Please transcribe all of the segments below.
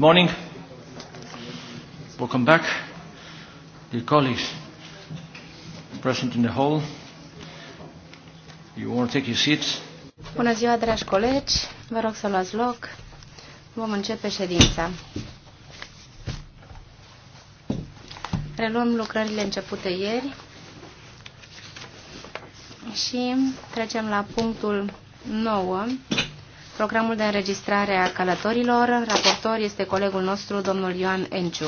morning. Welcome back, dear colleagues present in the hall. You want to take your seats? Bună ziua, dragi colegi. Vă rog să luați loc. Vom începe ședința. Reluăm lucrările începute ieri și trecem la punctul 9 programul de înregistrare a călătorilor. Raportor este colegul nostru, domnul Ioan Enciu.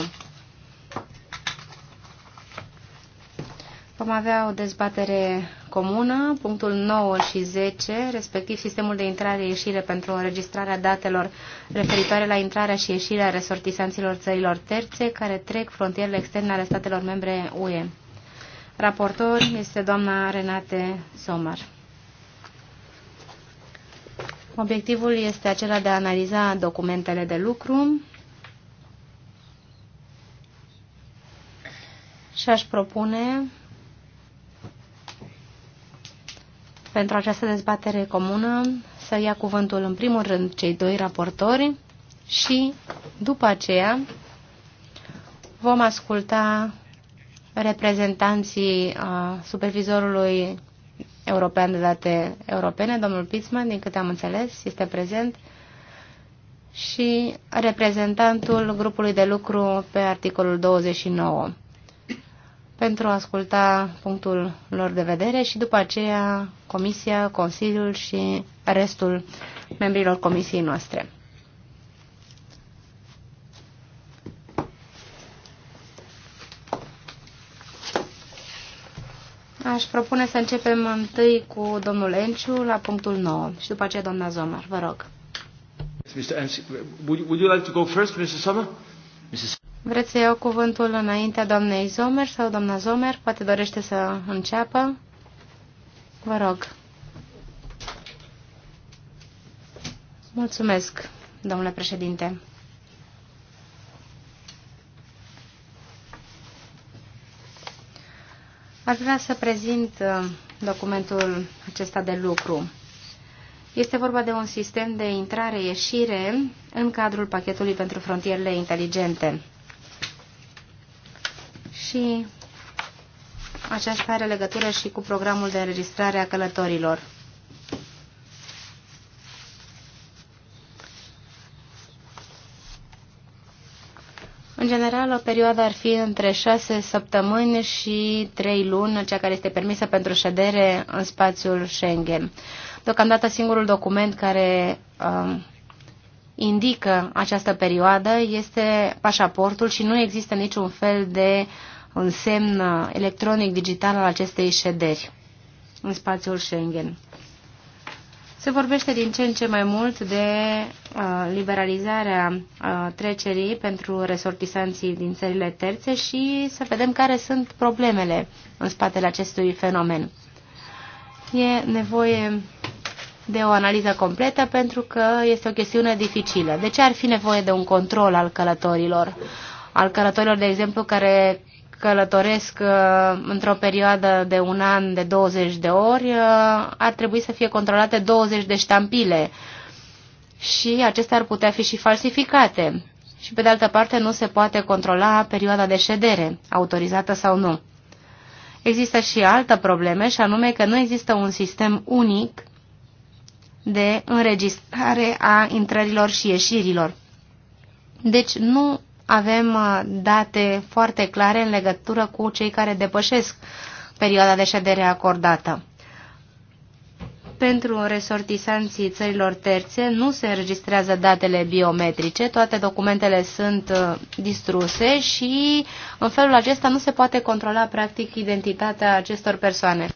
Vom avea o dezbatere comună, punctul 9 și 10, respectiv sistemul de intrare-ieșire pentru înregistrarea datelor referitoare la intrarea și ieșirea resortisanților țărilor terțe care trec frontierele externe ale statelor membre UE. Raportor este doamna Renate Somar. Obiectivul este acela de a analiza documentele de lucru și aș propune pentru această dezbatere comună să ia cuvântul în primul rând cei doi raportori și după aceea vom asculta reprezentanții a supervizorului European de Date Europene, domnul Pitsman, din câte am înțeles, este prezent, și reprezentantul grupului de lucru pe articolul 29 pentru a asculta punctul lor de vedere și după aceea Comisia, Consiliul și restul membrilor Comisiei noastre. Aș propune să începem întâi cu domnul Enciu la punctul 9 și după aceea doamna Zomar. Vă rog. Vreți să iau cuvântul înaintea doamnei Zomer sau doamna Zomer? Poate dorește să înceapă? Vă rog. Mulțumesc, domnule președinte. Aș vrea să prezint uh, documentul acesta de lucru. Este vorba de un sistem de intrare-ieșire în cadrul pachetului pentru frontierele inteligente. Și aceasta are legătură și cu programul de înregistrare a călătorilor. În general, o perioadă ar fi între 6 săptămâni și 3 luni, cea care este permisă pentru ședere în spațiul Schengen. Deocamdată singurul document care uh, indică această perioadă este pașaportul și nu există niciun fel de însemn electronic digital al acestei șederi în spațiul Schengen. Se vorbește din ce în ce mai mult de uh, liberalizarea uh, trecerii pentru resortisanții din țările terțe și să vedem care sunt problemele în spatele acestui fenomen. E nevoie de o analiză completă pentru că este o chestiune dificilă. De ce ar fi nevoie de un control al călătorilor? Al călătorilor, de exemplu, care călătoresc uh, într-o perioadă de un an de 20 de ori, uh, ar trebui să fie controlate 20 de ștampile și acestea ar putea fi și falsificate. Și pe de altă parte nu se poate controla perioada de ședere, autorizată sau nu. Există și alte probleme și anume că nu există un sistem unic de înregistrare a intrărilor și ieșirilor. Deci nu avem uh, date foarte clare în legătură cu cei care depășesc perioada de ședere acordată. Pentru resortisanții țărilor terțe nu se înregistrează datele biometrice, toate documentele sunt uh, distruse și în felul acesta nu se poate controla practic identitatea acestor persoane.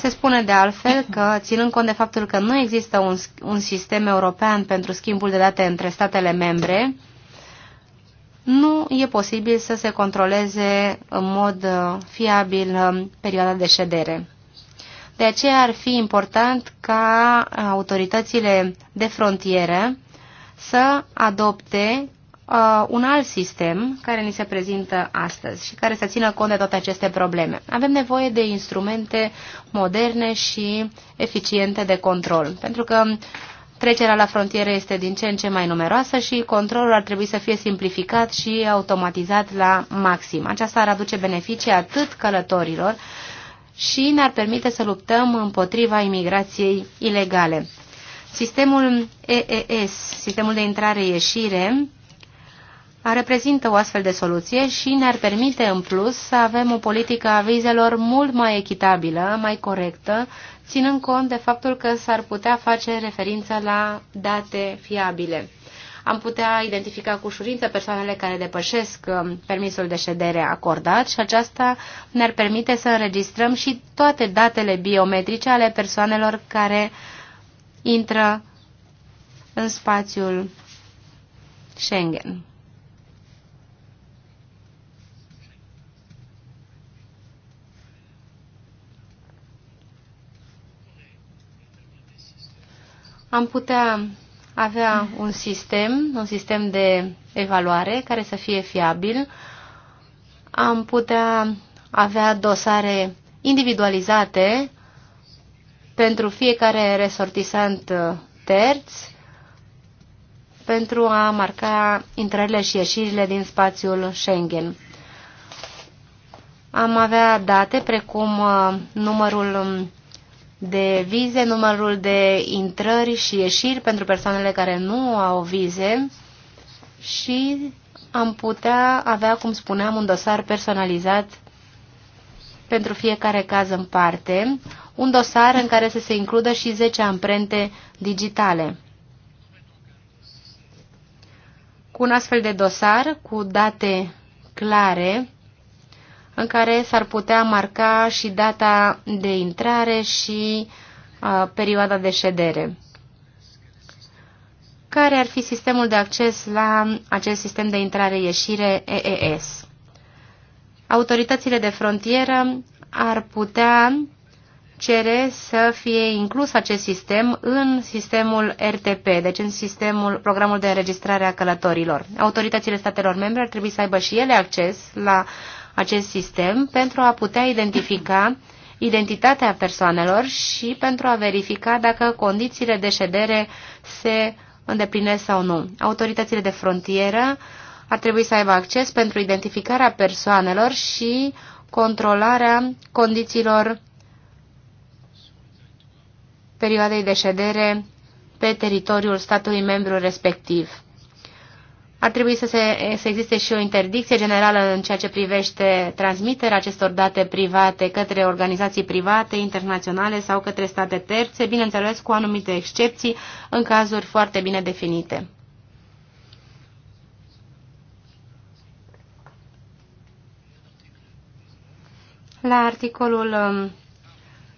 Se spune de altfel că, ținând cont de faptul că nu există un, un sistem european pentru schimbul de date între statele membre, nu e posibil să se controleze în mod uh, fiabil uh, perioada de ședere. De aceea ar fi important ca uh, autoritățile de frontieră să adopte uh, un alt sistem care ni se prezintă astăzi și care să țină cont de toate aceste probleme. Avem nevoie de instrumente moderne și eficiente de control, pentru că trecerea la frontieră este din ce în ce mai numeroasă și controlul ar trebui să fie simplificat și automatizat la maxim. Aceasta ar aduce beneficii atât călătorilor, și ne-ar permite să luptăm împotriva imigrației ilegale. Sistemul EES, sistemul de intrare-ieșire, reprezintă o astfel de soluție și ne-ar permite în plus să avem o politică a vizelor mult mai echitabilă, mai corectă, ținând cont de faptul că s-ar putea face referință la date fiabile. Am putea identifica cu ușurință persoanele care depășesc um, permisul de ședere acordat și aceasta ne-ar permite să înregistrăm și toate datele biometrice ale persoanelor care intră în spațiul Schengen. am putea avea un sistem, un sistem de evaluare care să fie fiabil, am putea avea dosare individualizate pentru fiecare resortisant uh, terț, pentru a marca intrările și ieșirile din spațiul Schengen. Am avea date precum uh, numărul um, de vize, numărul de intrări și ieșiri pentru persoanele care nu au vize și am putea avea, cum spuneam, un dosar personalizat pentru fiecare caz în parte, un dosar în care să se includă și 10 amprente digitale. Cu un astfel de dosar, cu date clare, în care s-ar putea marca și data de intrare și uh, perioada de ședere. Care ar fi sistemul de acces la acest sistem de intrare-ieșire EES? Autoritățile de frontieră ar putea cere să fie inclus acest sistem în sistemul RTP, deci în sistemul programul de înregistrare a călătorilor. Autoritățile statelor membre ar trebui să aibă și ele acces la acest sistem pentru a putea identifica identitatea persoanelor și pentru a verifica dacă condițiile de ședere se îndeplinesc sau nu. Autoritățile de frontieră ar trebui să aibă acces pentru identificarea persoanelor și controlarea condițiilor perioadei de ședere pe teritoriul statului membru respectiv. Ar trebui să, se, să existe și o interdicție generală în ceea ce privește transmiterea acestor date private către organizații private, internaționale sau către state terțe, bineînțeles cu anumite excepții în cazuri foarte bine definite. La articolul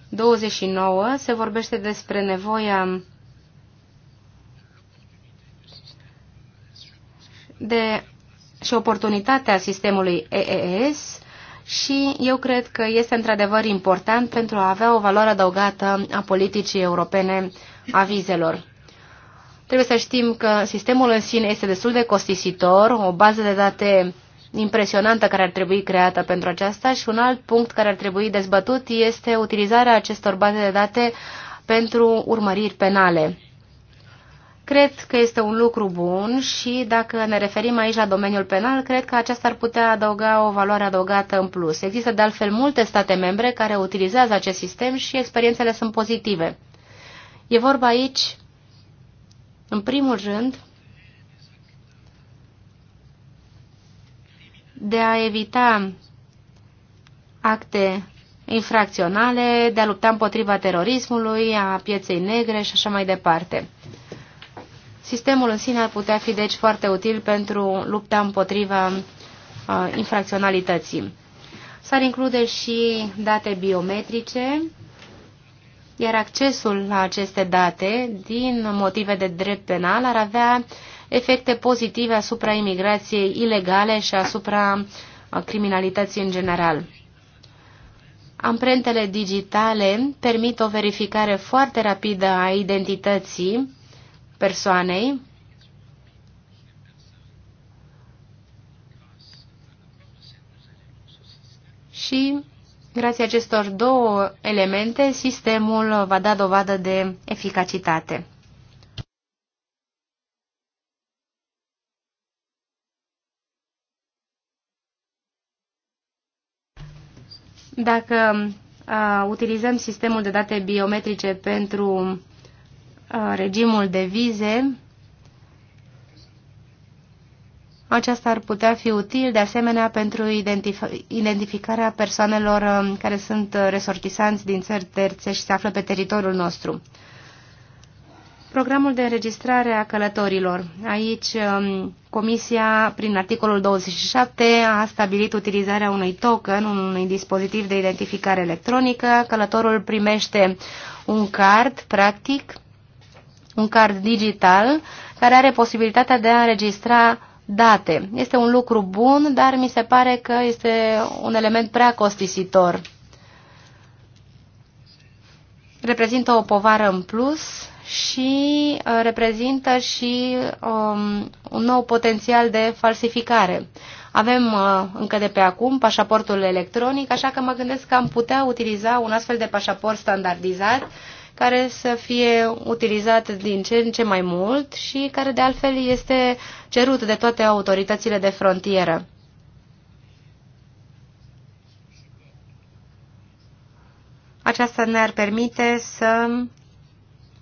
29 um, se vorbește despre nevoia de, și oportunitatea sistemului EES și eu cred că este într-adevăr important pentru a avea o valoare adăugată a politicii europene a vizelor. Trebuie să știm că sistemul în sine este destul de costisitor, o bază de date impresionantă care ar trebui creată pentru aceasta și un alt punct care ar trebui dezbătut este utilizarea acestor baze de date pentru urmăriri penale. Cred că este un lucru bun și dacă ne referim aici la domeniul penal, cred că aceasta ar putea adăuga o valoare adăugată în plus. Există de altfel multe state membre care utilizează acest sistem și experiențele sunt pozitive. E vorba aici, în primul rând, de a evita acte infracționale, de a lupta împotriva terorismului, a pieței negre și așa mai departe. Sistemul în sine ar putea fi deci foarte util pentru lupta împotriva uh, infracționalității. S-ar include și date biometrice, iar accesul la aceste date, din motive de drept penal, ar avea efecte pozitive asupra imigrației ilegale și asupra uh, criminalității în general. Amprentele digitale permit o verificare foarte rapidă a identității persoanei. Și grație acestor două elemente, sistemul va da dovadă de eficacitate. Dacă uh, utilizăm sistemul de date biometrice pentru regimul de vize, aceasta ar putea fi util, de asemenea, pentru identif- identificarea persoanelor care sunt resortisanți din țări terțe și se află pe teritoriul nostru. Programul de înregistrare a călătorilor. Aici, Comisia, prin articolul 27, a stabilit utilizarea unui token, unui dispozitiv de identificare electronică. Călătorul primește un card, practic, un card digital care are posibilitatea de a înregistra date. Este un lucru bun, dar mi se pare că este un element prea costisitor. Reprezintă o povară în plus și uh, reprezintă și um, un nou potențial de falsificare. Avem uh, încă de pe acum pașaportul electronic, așa că mă gândesc că am putea utiliza un astfel de pașaport standardizat uh, care să fie utilizat din ce în ce mai mult și care de altfel este cerut de toate autoritățile de frontieră. Aceasta ne-ar permite să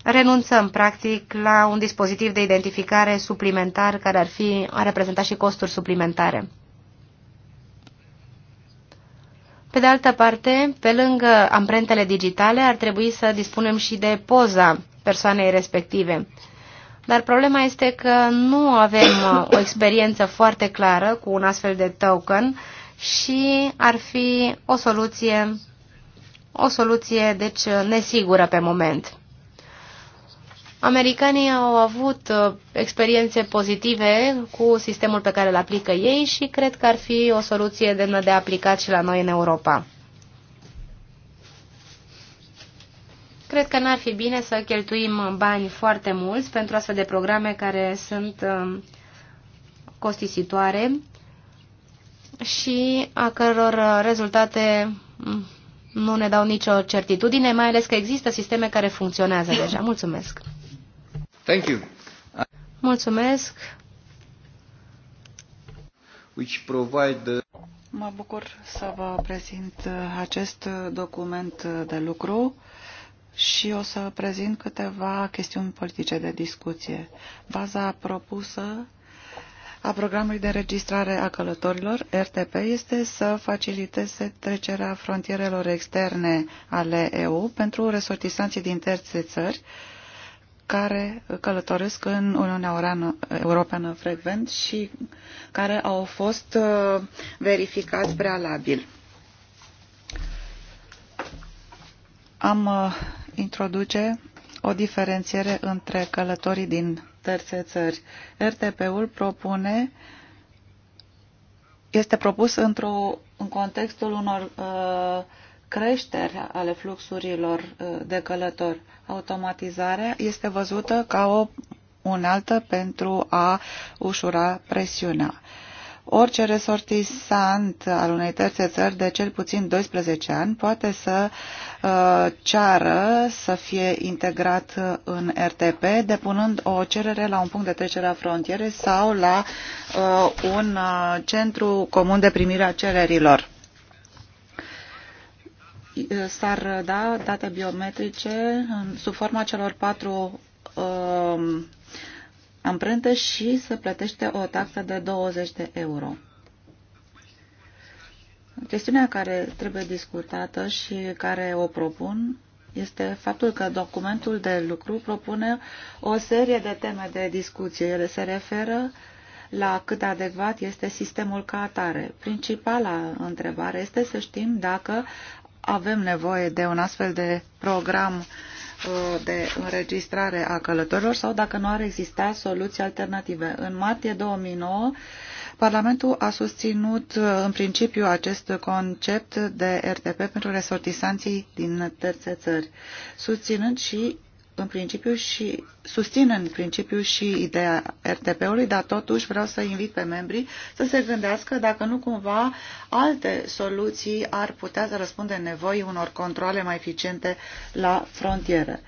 renunțăm, practic, la un dispozitiv de identificare suplimentar care ar, fi, ar reprezenta și costuri suplimentare. Pe de altă parte, pe lângă amprentele digitale, ar trebui să dispunem și de poza persoanei respective. Dar problema este că nu avem uh, o experiență foarte clară cu un astfel de token și ar fi o soluție, o soluție deci nesigură pe moment. Americanii au avut uh, experiențe pozitive cu sistemul pe care îl aplică ei și cred că ar fi o soluție demnă de aplicat și la noi în Europa. Cred că n-ar fi bine să cheltuim bani foarte mulți pentru astfel de programe care sunt um, costisitoare și a căror uh, rezultate mm, nu ne dau nicio certitudine, mai ales că există sisteme care funcționează deja. Mulțumesc! Thank you. Mulțumesc. Which provide Mă bucur să vă prezint acest document de lucru și o să prezint câteva chestiuni politice de discuție. Baza propusă a programului de înregistrare a călătorilor, RTP, este să faciliteze trecerea frontierelor externe ale EU pentru resortisanții din terțe țări, care călătoresc în Uniunea Europeană, frecvent și care au fost uh, verificați prealabil. Am uh, introduce o diferențiere între călătorii din terțe țări. RTP-ul propune este propus într-o în contextul unor uh, creșteri ale fluxurilor uh, de călători. Automatizarea este văzută ca o unaltă pentru a ușura presiunea. Orice resortisant al unei terțe țări de cel puțin 12 ani poate să uh, ceară să fie integrat în RTP, depunând o cerere la un punct de trecere a frontierei sau la uh, un uh, centru comun de primire a cererilor s-ar da date biometrice sub forma celor patru uh, amprente și se plătește o taxă de 20 de euro. Chestiunea care trebuie discutată și care o propun este faptul că documentul de lucru propune o serie de teme de discuție. Ele se referă la cât de adecvat este sistemul ca atare. Principala întrebare este să știm dacă avem nevoie de un astfel de program uh, de înregistrare a călătorilor sau dacă nu ar exista soluții alternative. În martie 2009, Parlamentul a susținut uh, în principiu acest concept de RTP pentru resortisanții din terțe țări, susținând și în principiu și susțin în principiu și ideea RTP-ului, dar totuși vreau să invit pe membrii să se gândească dacă nu cumva alte soluții ar putea să răspunde nevoii unor controle mai eficiente la frontieră.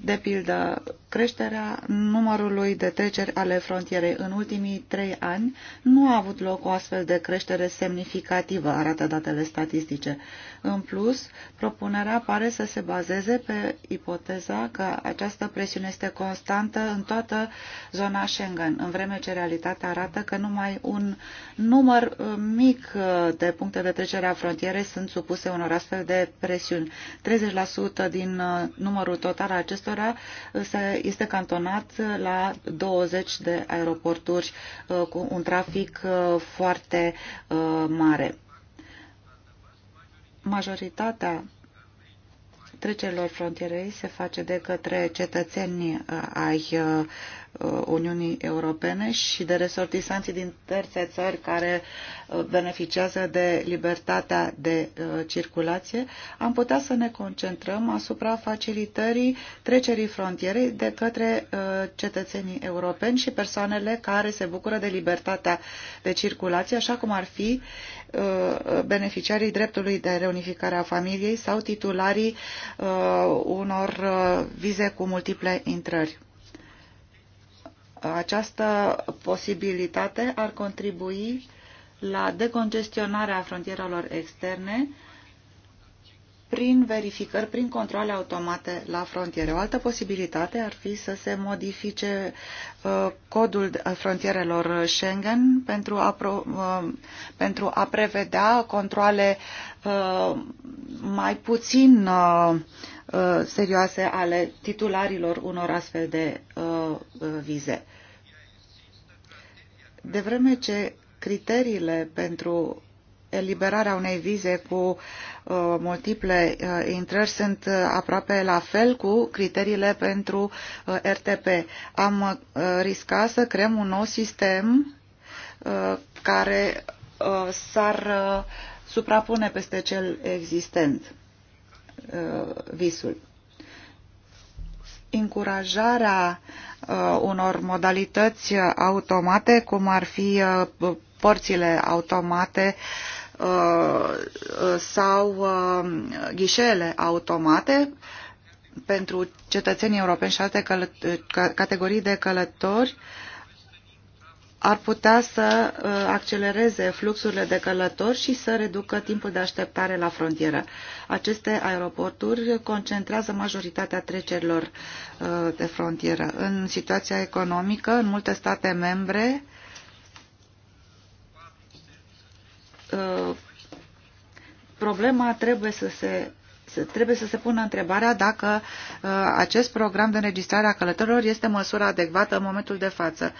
De pildă, Creșterea numărului de treceri ale frontierei în ultimii trei ani nu a avut loc o astfel de creștere semnificativă, arată datele statistice. În plus, propunerea pare să se bazeze pe ipoteza că această presiune este constantă în toată zona Schengen, în vreme ce realitatea arată că numai un număr uh, mic uh, de puncte de trecere a frontierei sunt supuse unor astfel de presiuni. 30% din uh, numărul total acestora se este cantonat la 20 de aeroporturi uh, cu un trafic uh, foarte uh, mare. Majoritatea trecerilor frontierei se face de către cetățenii ai Uh, Uniunii Europene și de resortisanții din terțe țări care uh, beneficiază de libertatea de uh, circulație, am putea să ne concentrăm asupra facilitării trecerii frontierei de către cetățenii europeni și persoanele care se bucură de libertatea de circulație, așa cum ar fi beneficiarii dreptului de reunificare a familiei sau titularii unor vize cu multiple intrări. Această posibilitate ar contribui la decongestionarea frontierelor externe prin verificări, prin controle automate la frontiere. O altă posibilitate ar fi să se modifice uh, codul uh, frontierelor Schengen pentru a, pro, uh, pentru a prevedea controle Uh, mai puțin uh, uh, serioase ale titularilor unor astfel de vize. De vreme ce criteriile pentru eliberarea unei vize cu multiple intrări sunt aproape la fel cu criteriile pentru RTP. Am riscat să creăm un nou sistem care s-ar uh, suprapune peste cel existent uh, visul. Încurajarea uh, unor modalități automate, cum ar fi uh, porțile automate sau ghișele automate, pentru cetățenii europeni și alte categorii de călători uh, ar putea să uh, accelereze fluxurile de călători și să reducă timpul de așteptare la frontieră. Aceste aeroporturi concentrează majoritatea trecerilor uh, de frontieră. În situația economică, în multe state membre, uh, problema trebuie să se trebuie să se pună întrebarea dacă uh, acest program de înregistrare a călătorilor este măsura adecvată în momentul de față.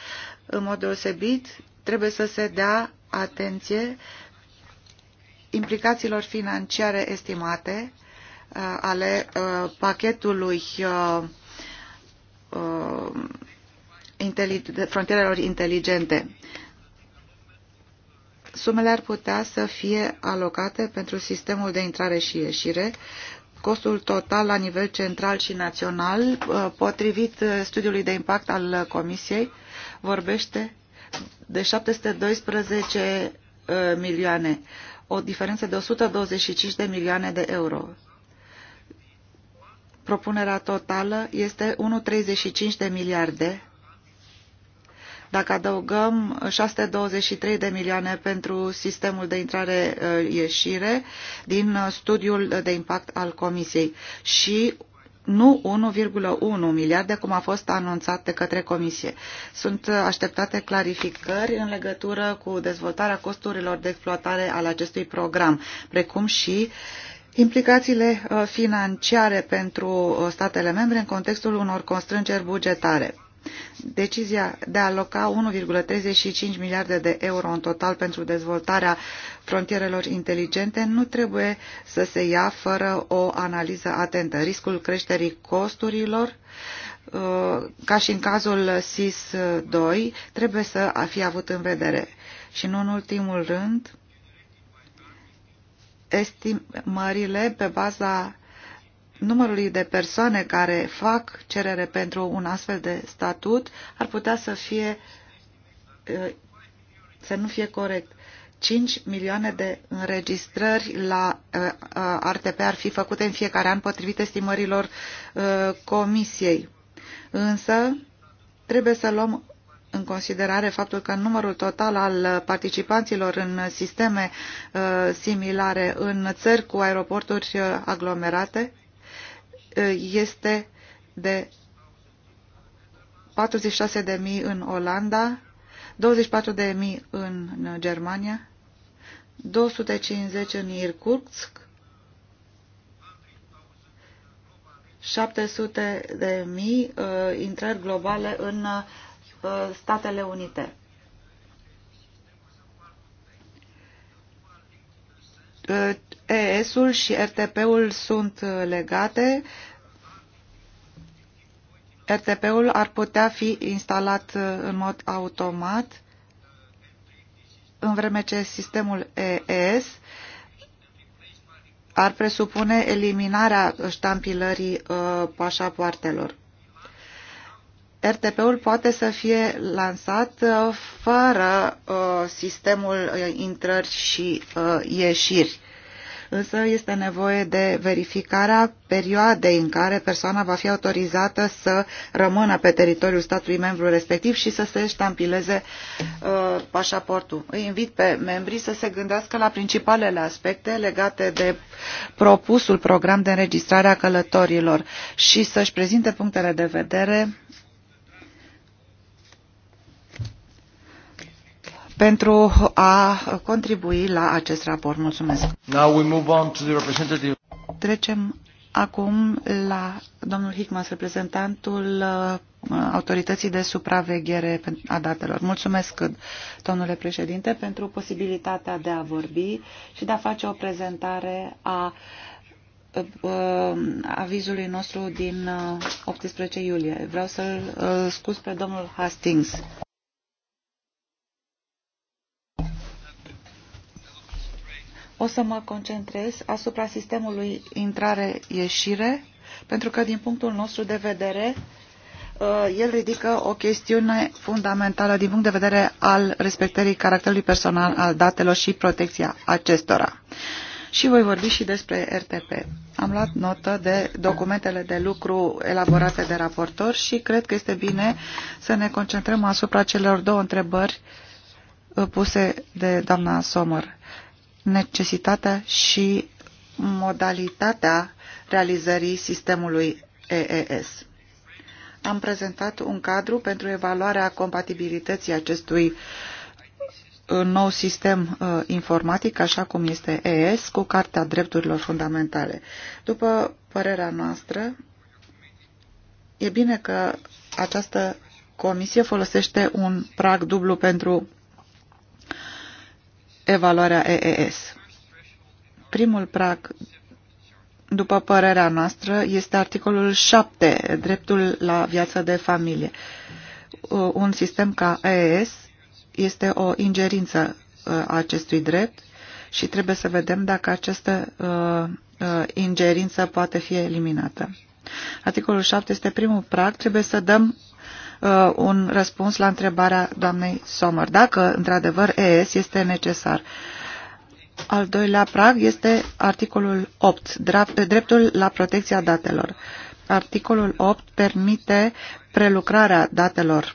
În mod deosebit, trebuie să se dea atenție implicațiilor financiare estimate uh, ale uh, pachetului frontierelor inteligente. Sumele ar putea să fie alocate pentru sistemul de intrare și ieșire, costul total la nivel central și național, uh, potrivit uh, studiului de impact al uh, Comisiei, vorbește de 712 milioane, o diferență de 125 de milioane de euro. Propunerea totală este 1,35 de miliarde dacă adăugăm 623 de milioane pentru sistemul de intrare-ieșire uh, din uh, studiul de impact al Comisiei și nu 1,1 miliarde, cum a fost anunțat de către Comisie. Sunt uh, așteptate clarificări în legătură cu dezvoltarea costurilor de exploatare al acestui program, precum și implicațiile financiare pentru statele membre în contextul unor constrângeri bugetare. Decizia de a aloca 1,35 miliarde de euro în total pentru dezvoltarea frontierelor inteligente nu trebuie să se ia fără o analiză atentă. Riscul creșterii costurilor, uh, ca și în cazul SIS-2, trebuie să fie avut în vedere. Și nu în ultimul rând, estimările pe baza numărului de persoane care fac cerere pentru un astfel de statut ar putea să fie eh, să nu fie corect. 5 milioane de înregistrări la eh, RTP ar fi făcute în fiecare an potrivit estimărilor eh, comisiei. Însă trebuie să luăm în considerare faptul că numărul total al participanților în sisteme similare în țări cu aeroporturi aglomerate este de 46.000 în Olanda, 24.000 în Germania, 250 în Irkutsk, 700 de mii uh, intrări globale în uh, Statele Unite. Uh, ES-ul și RTP-ul sunt legate RTP-ul ar putea fi instalat uh, în mod automat în vreme ce sistemul ES ar presupune eliminarea ștampilării uh, pașapoartelor. RTP-ul poate să fie lansat uh, fără sistemul intrări și ieșiri însă este nevoie de verificarea perioadei în care persoana va fi autorizată să rămână pe teritoriul statului membru respectiv și să se ștampileze uh, pașaportul. Îi invit pe membrii să se gândească la principalele aspecte legate de propusul program de înregistrare a călătorilor și să-și prezinte punctele de vedere pentru a contribui la acest raport. Mulțumesc. Now we move on to the representative. Trecem acum la domnul Hickmas, reprezentantul uh, autorității de supraveghere a datelor. Mulțumesc, domnule președinte, pentru posibilitatea de a vorbi și de a face o prezentare a uh, avizului nostru din 18 uh, iulie. Vreau să-l scuz pe domnul Hastings. O să mă concentrez asupra sistemului intrare-ieșire, pentru că, din punctul nostru de vedere, uh, el ridică o chestiune fundamentală din punct de vedere al respectării caracterului personal al datelor și protecția acestora. Și voi vorbi și despre RTP. Am luat notă de documentele de lucru elaborate de raportor și cred că este bine să ne concentrăm asupra celor două întrebări uh, puse de doamna Sommer necesitatea și modalitatea realizării sistemului EES. Am prezentat un cadru pentru evaluarea compatibilității acestui uh, nou sistem uh, informatic, așa cum este ES, cu cartea Drepturilor Fundamentale. După părerea noastră, e bine că această comisie folosește un prag dublu pentru evaluarea EES. Primul prag, după părerea noastră, este articolul 7, dreptul la viață de familie. Uh, un sistem ca EES este o ingerință a uh, acestui drept și trebuie să vedem dacă această uh, ingerință poate fi eliminată. Articolul 7 este primul prag, trebuie să dăm uh, un răspuns la întrebarea doamnei Sommer, dacă într-adevăr ES este necesar. Al doilea prag este articolul 8, dreptul la protecția datelor. Articolul 8 permite prelucrarea datelor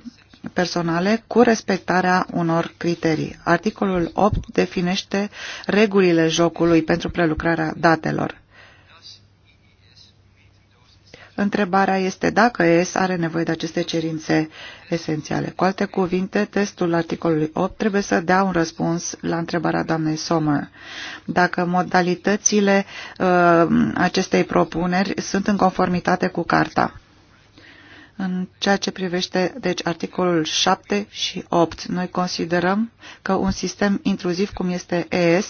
personale cu respectarea unor criterii. Articolul 8 definește regulile jocului pentru prelucrarea datelor. Întrebarea este dacă ES are nevoie de aceste cerințe esențiale. Cu alte cuvinte, testul articolului 8 trebuie să dea un răspuns la întrebarea doamnei Sommer. Dacă modalitățile uh, acestei propuneri sunt în conformitate cu Carta. În ceea ce privește deci, articolul 7 și 8, noi considerăm că un sistem intruziv cum este ES,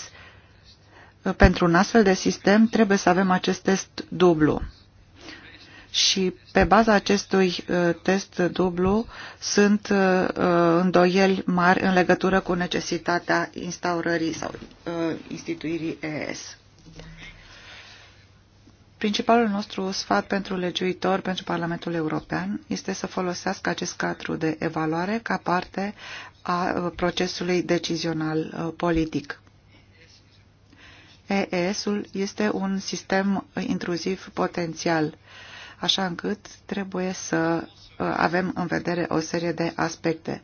uh, pentru un astfel de sistem trebuie să avem acest test dublu și pe baza acestui uh, test dublu sunt uh, uh, îndoieli mari în legătură cu necesitatea instaurării sau instituirii ES. Principalul nostru sfat pentru legiuitor, pentru Parlamentul European, este să folosească acest cadru de evaluare ca parte a procesului decizional politic. es ul este un sistem intruziv potențial uh, așa încât trebuie să uh, avem în vedere o serie de aspecte.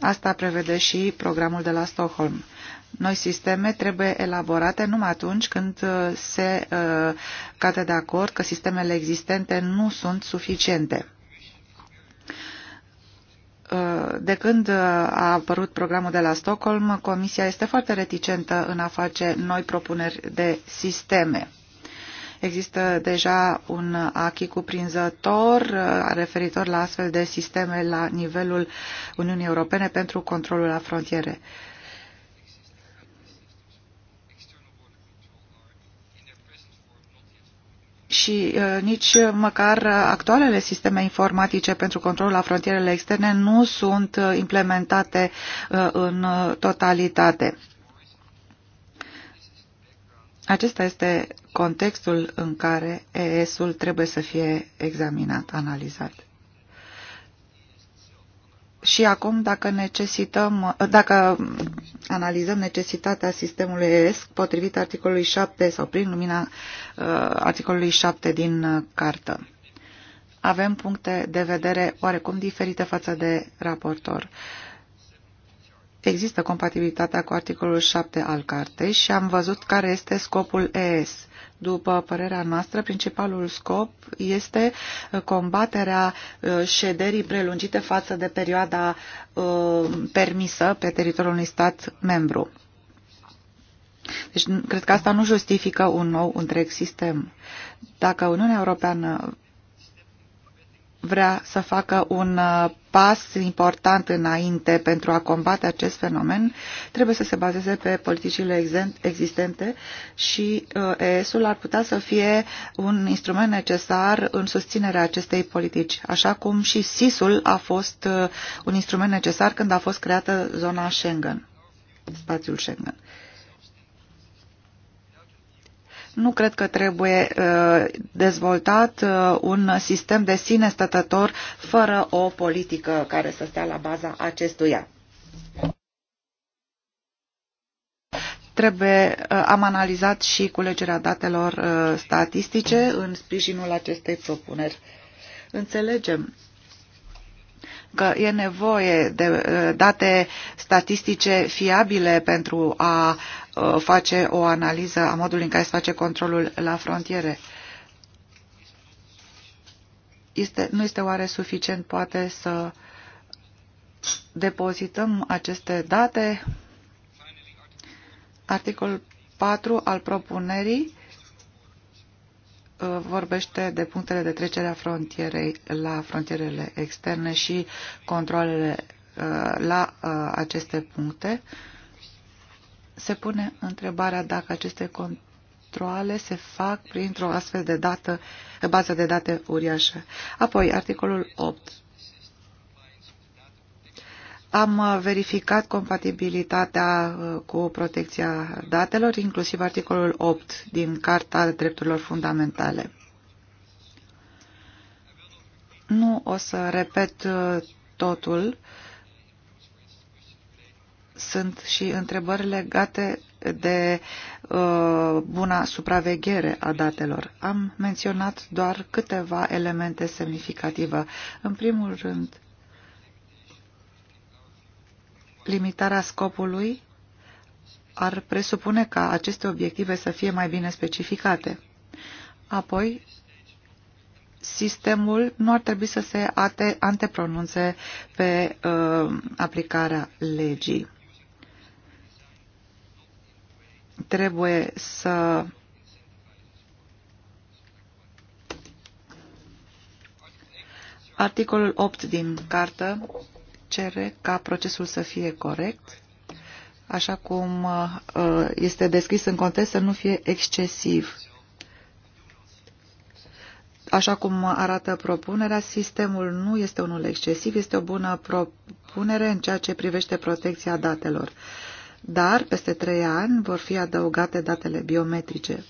Asta prevede și programul de la Stockholm. Noi sisteme trebuie elaborate numai atunci când uh, se uh, cade de acord că sistemele existente nu sunt suficiente. De când a apărut programul de la Stockholm, Comisia este foarte reticentă în a face noi propuneri de sisteme Există deja un achi cuprinzător uh, referitor la astfel de sisteme la nivelul Uniunii Europene pentru controlul la frontiere. și uh, nici măcar actualele sisteme informatice pentru controlul la frontierele externe nu sunt uh, implementate uh, în uh, totalitate. Acesta este contextul în care ES-ul trebuie să fie examinat, analizat. Și acum, dacă, necesităm, dacă analizăm necesitatea sistemului ES potrivit articolului 7 sau prin lumina uh, articolului 7 din uh, cartă, avem puncte de vedere oarecum diferite față de raportor. Există compatibilitatea cu articolul 7 al cartei și am văzut care este scopul ES. După părerea noastră, principalul scop este uh, combaterea uh, șederii prelungite față de perioada uh, permisă pe teritoriul unui stat membru. Deci, cred că asta nu justifică un nou întreg sistem. Dacă Uniunea Europeană vrea să facă un uh, pas important înainte pentru a combate acest fenomen, trebuie să se bazeze pe politicile existente și uh, ES-ul ar putea să fie un instrument necesar în susținerea acestei politici, așa cum și SIS-ul a fost uh, un instrument necesar când a fost creată zona Schengen, spațiul Schengen. Nu cred că trebuie uh, dezvoltat uh, un sistem de sine stătător fără o politică care să stea la baza acestuia. Trebuie, uh, am analizat și culegerea datelor statistice în sprijinul acestei propuneri. Înțelegem că e nevoie de date statistice fiabile pentru a Uh, face o analiză a modului în care se face controlul la frontiere. Este, nu este oare suficient poate să depozităm aceste date? Articolul 4 al propunerii uh, vorbește de punctele de trecere a frontierei la frontierele externe și controlele uh, la aceste puncte se pune întrebarea dacă aceste controle se fac printr-o astfel de dată, bază de date uriașă. Apoi, articolul 8. Am verificat compatibilitatea uh, cu protecția datelor, inclusiv articolul 8 din Carta Drepturilor Fundamentale. Nu o să repet uh, totul, sunt și întrebări legate de uh, buna supraveghere a datelor. Am menționat doar câteva elemente semnificative. În primul rând, limitarea scopului ar presupune ca aceste obiective să fie mai bine specificate. Apoi, sistemul nu ar trebui să se ate, antepronunțe pe uh, aplicarea legii trebuie să Articolul 8 din cartă cere ca procesul să fie corect, așa cum uh, este descris în context, să nu fie excesiv. Așa cum arată propunerea, sistemul nu este unul excesiv, este o bună propunere în ceea ce privește protecția datelor dar peste trei ani vor fi adăugate datele biometrice.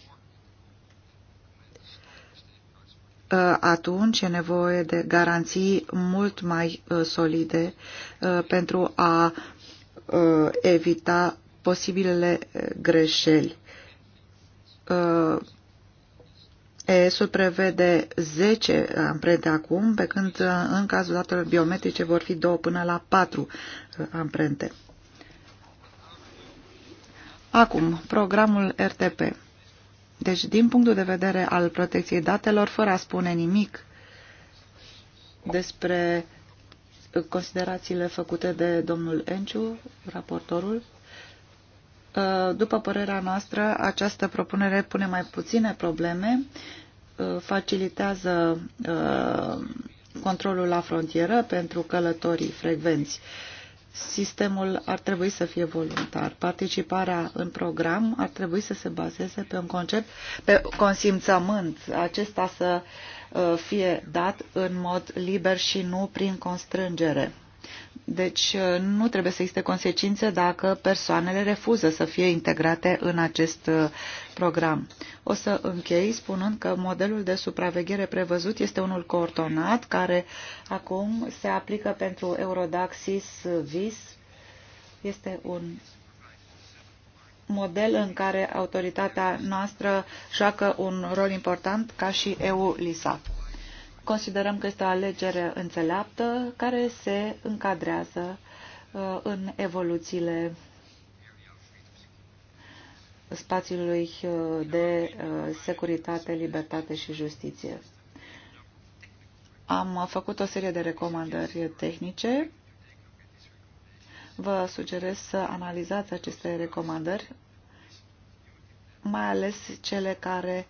Uh, atunci e nevoie de garanții mult mai uh, solide uh, pentru a evita posibilele greșeli. ES-ul prevede 10 amprente acum, pe când în cazul datelor biometrice vor fi 2 până la 4 amprente. Acum, programul RTP. Deci, din punctul de vedere al protecției datelor, fără a spune nimic despre considerațiile făcute de domnul Enciu, raportorul, uh, după părerea noastră, această propunere pune mai puține probleme, uh, facilitează uh, controlul la frontieră pentru călătorii frecvenți sistemul ar trebui să fie voluntar. Participarea în program ar trebui să se bazeze pe un concept, pe consimțământ, acesta să uh, fie dat în mod liber și nu prin constrângere. Deci uh, nu trebuie să existe consecințe dacă persoanele refuză să fie integrate în acest uh, program. O să închei spunând că modelul de supraveghere prevăzut este unul coordonat care acum se aplică pentru Eurodaxis VIS. Este un model în care autoritatea noastră joacă un rol important ca și eu lisap Considerăm că este o alegere înțeleaptă care se încadrează uh, în evoluțiile spațiului uh, de uh, securitate, libertate și justiție. Am făcut o serie de recomandări tehnice. Vă sugerez să analizați aceste recomandări, mai ales cele care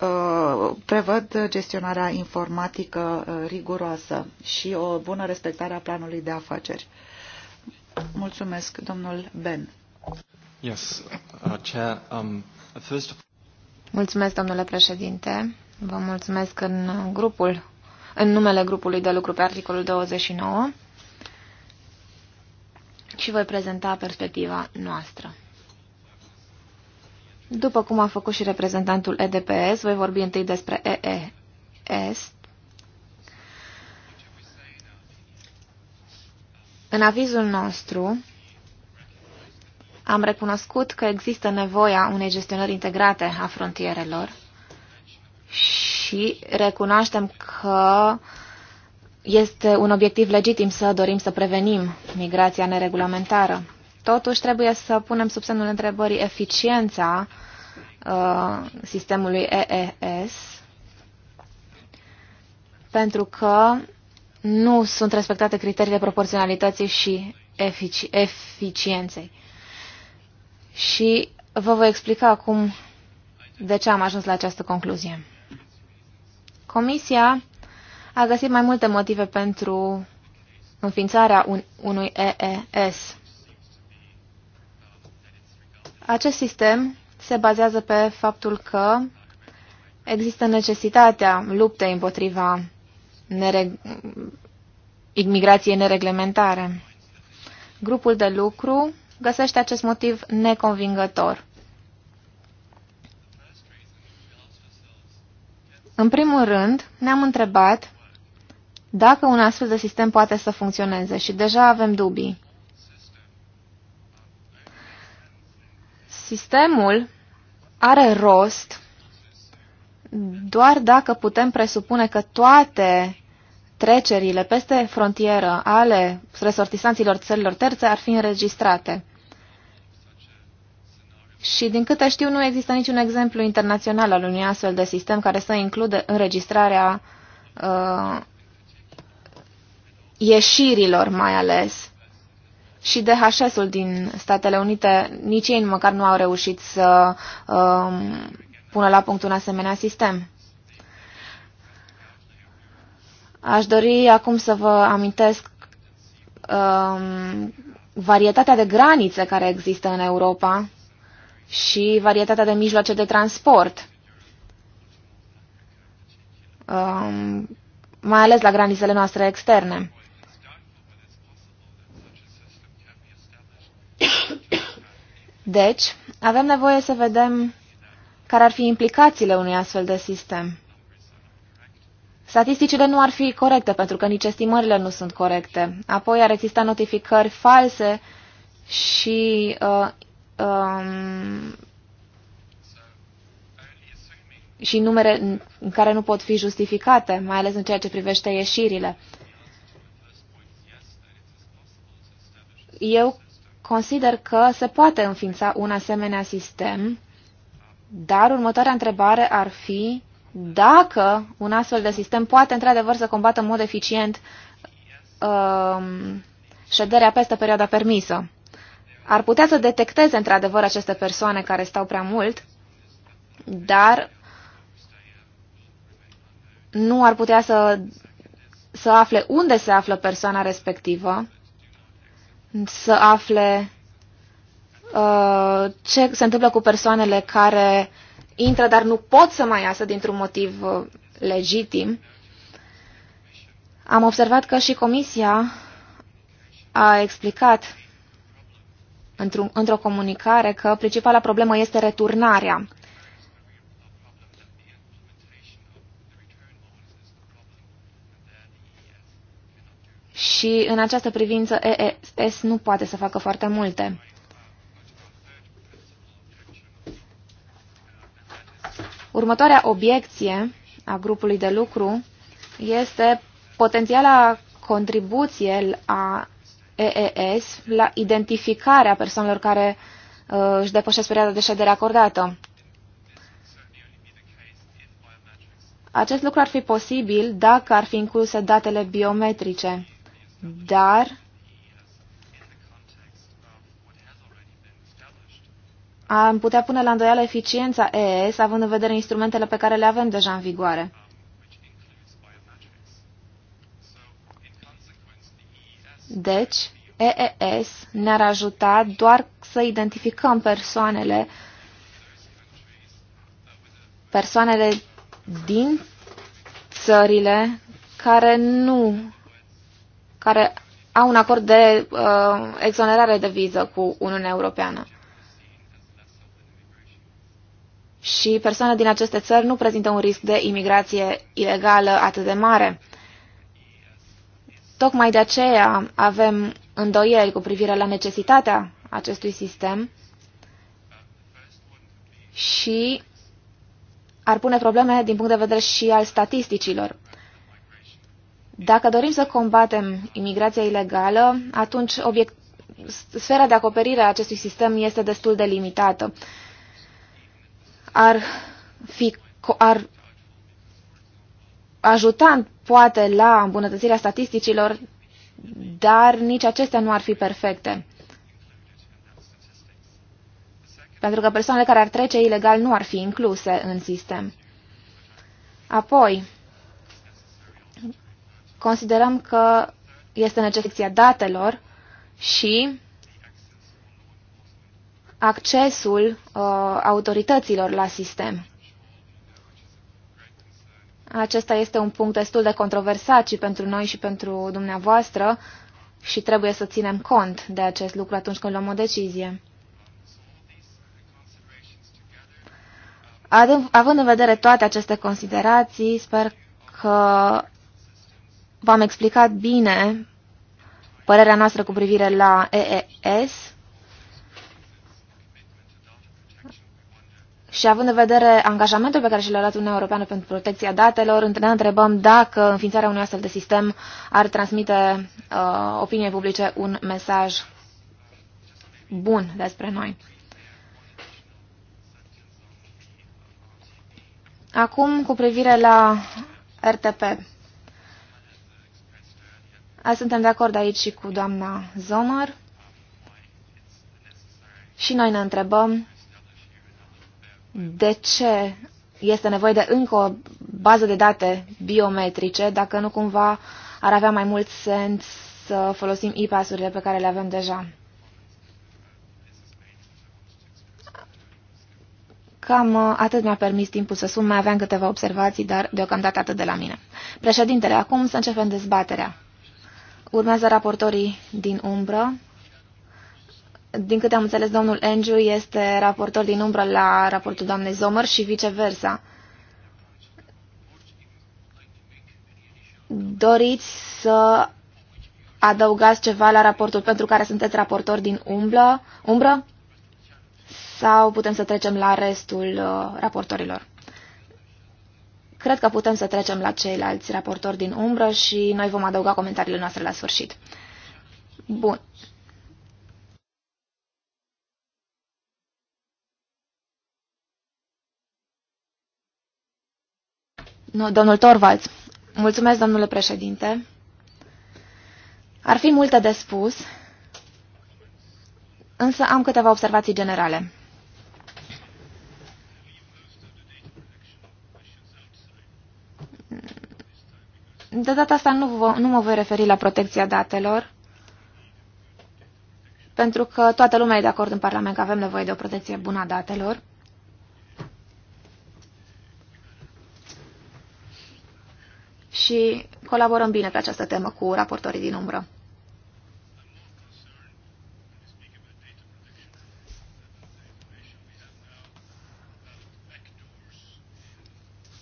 Uh, prevăd gestionarea informatică uh, riguroasă și o bună respectare a planului de afaceri. Mulțumesc, domnul Ben. Yes, uh, chair, um, first of... Mulțumesc, domnule președinte. Vă mulțumesc în grupul, în numele grupului de lucru pe articolul 29 și voi prezenta perspectiva noastră. După cum a făcut și reprezentantul EDPS, voi vorbi întâi despre EES. În avizul nostru am recunoscut că există nevoia unei gestionări integrate a frontierelor și recunoaștem că este un obiectiv legitim să dorim să prevenim migrația neregulamentară. Totuși, trebuie să punem sub semnul întrebării eficiența uh, sistemului EES, pentru că nu sunt respectate criteriile proporționalității și efici- eficienței. Și vă voi explica acum de ce am ajuns la această concluzie. Comisia a găsit mai multe motive pentru înființarea un, unui EES. Acest sistem se bazează pe faptul că există necesitatea luptei împotriva nereg- imigrației nereglementare. Grupul de lucru găsește acest motiv neconvingător. În primul rând, ne-am întrebat dacă un astfel de sistem poate să funcționeze și deja avem dubii. Sistemul are rost doar dacă putem presupune că toate trecerile peste frontieră ale resortisanților țărilor terțe ar fi înregistrate. Și din câte știu, nu există niciun exemplu internațional al unui astfel de sistem care să includă înregistrarea uh, ieșirilor mai ales și DHS-ul din Statele Unite, nici ei măcar nu au reușit să um, pună la punct un asemenea sistem. Aș dori acum să vă amintesc um, varietatea de granițe care există în Europa și varietatea de mijloace de transport, um, mai ales la granițele noastre externe. Deci, avem nevoie să vedem care ar fi implicațiile unui astfel de sistem. Statisticile nu ar fi corecte, pentru că nici estimările nu sunt corecte. Apoi ar exista notificări false și uh, um, și numere în care nu pot fi justificate, mai ales în ceea ce privește ieșirile. Eu Consider că se poate înființa un asemenea sistem, dar următoarea întrebare ar fi dacă un astfel de sistem poate într-adevăr să combată în mod eficient uh, șederea peste perioada permisă. Ar putea să detecteze într-adevăr aceste persoane care stau prea mult, dar nu ar putea să, să afle unde se află persoana respectivă să afle uh, ce se întâmplă cu persoanele care intră, dar nu pot să mai iasă dintr-un motiv uh, legitim. Am observat că și Comisia a explicat într-o într comunicare că principala problemă este returnarea. Și în această privință, PES nu poate să facă foarte multe. Următoarea obiecție a grupului de lucru este potențiala contribuție a EES la identificarea persoanelor care uh, își depășesc perioada de ședere acordată. Acest lucru ar fi posibil dacă ar fi incluse datele biometrice, dar am putea pune la îndoială eficiența EES, având în vedere instrumentele pe care le avem deja în vigoare. Deci, EES ne-ar ajuta doar să identificăm persoanele persoanele din țările care nu care au un acord de uh, exonerare de viză cu Uniunea Europeană. și persoane din aceste țări nu prezintă un risc de imigrație ilegală atât de mare. Tocmai de aceea avem îndoieli cu privire la necesitatea acestui sistem și ar pune probleme din punct de vedere și al statisticilor. Dacă dorim să combatem imigrația ilegală, atunci obiect... sfera de acoperire a acestui sistem este destul de limitată ar, fi, ar ajuta poate la îmbunătățirea statisticilor, dar nici acestea nu ar fi perfecte. Pentru că persoanele care ar trece ilegal nu ar fi incluse în sistem. Apoi, considerăm că este necesitatea datelor și accesul uh, autorităților la sistem. Acesta este un punct destul de controversat și pentru noi și pentru dumneavoastră și trebuie să ținem cont de acest lucru atunci când luăm o decizie. Având în vedere toate aceste considerații, sper că v-am explicat bine părerea noastră cu privire la EES Și având în vedere angajamentul pe care și l-a luat Uniunea Europeană pentru protecția datelor, ne întrebăm dacă înființarea unui astfel de sistem ar transmite uh, opiniei publice un mesaj bun despre noi. Acum, cu privire la RTP. Azi suntem de acord aici și cu doamna Zomer. Și noi ne întrebăm de ce este nevoie de încă o bază de date biometrice, dacă nu cumva ar avea mai mult sens să folosim e urile pe care le avem deja. Cam uh, atât mi-a permis timpul să sun, mai aveam câteva observații, dar deocamdată atât de la mine. Președintele, acum să începem dezbaterea. Urmează raportorii din umbră din câte am înțeles, domnul Andrew este raportor din umbră la raportul doamnei Zomer și viceversa. Doriți să adăugați ceva la raportul pentru care sunteți raportor din umblă, umbră? Sau putem să trecem la restul uh, raportorilor? Cred că putem să trecem la ceilalți raportori din umbră și noi vom adăuga comentariile noastre la sfârșit. Bun. Nu, domnul Torvalds. Mulțumesc, domnule președinte. Ar fi multe de spus, însă am câteva observații generale. De data asta nu, vă, nu mă voi referi la protecția datelor, pentru că toată lumea e de acord în Parlament că avem nevoie de o protecție bună a datelor. și colaborăm bine pe această temă cu raportorii din umbră.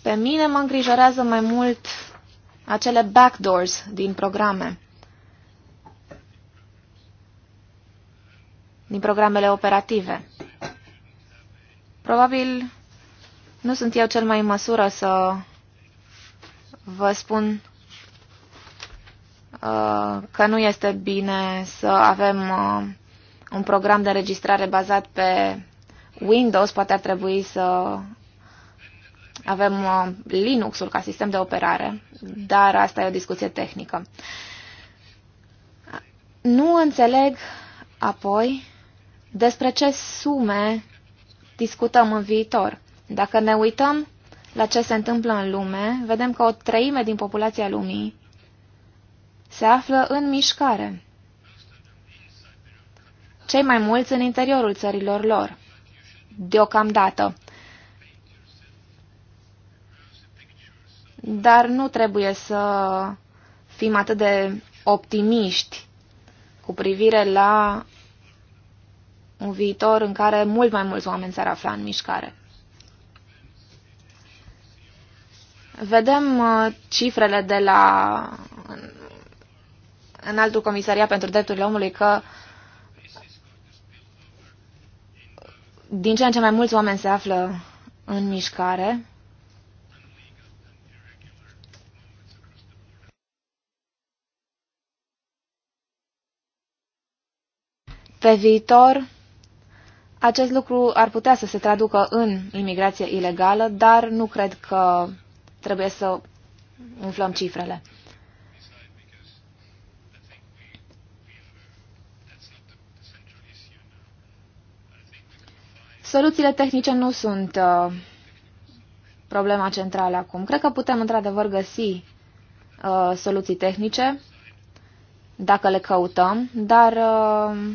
Pe mine mă îngrijorează mai mult acele backdoors din programe. Din programele operative. Probabil nu sunt eu cel mai în măsură să vă spun uh, că nu este bine să avem uh, un program de înregistrare bazat pe Windows, poate ar trebui să avem uh, Linux-ul ca sistem de operare, dar asta e o discuție tehnică. Nu înțeleg apoi despre ce sume discutăm în viitor. Dacă ne uităm la ce se întâmplă în lume, vedem că o treime din populația lumii se află în mișcare. Cei mai mulți în interiorul țărilor lor, deocamdată. Dar nu trebuie să fim atât de optimiști cu privire la un viitor în care mult mai mulți oameni s-ar afla în mișcare. Vedem uh, cifrele de la în altul comisariat pentru drepturile omului că din ce în ce mai mulți oameni se află în mișcare. Pe viitor, acest lucru ar putea să se traducă în imigrație ilegală, dar nu cred că trebuie să umflăm cifrele. Soluțiile tehnice nu sunt uh, problema centrală acum. Cred că putem într-adevăr găsi uh, soluții tehnice dacă le căutăm, dar uh,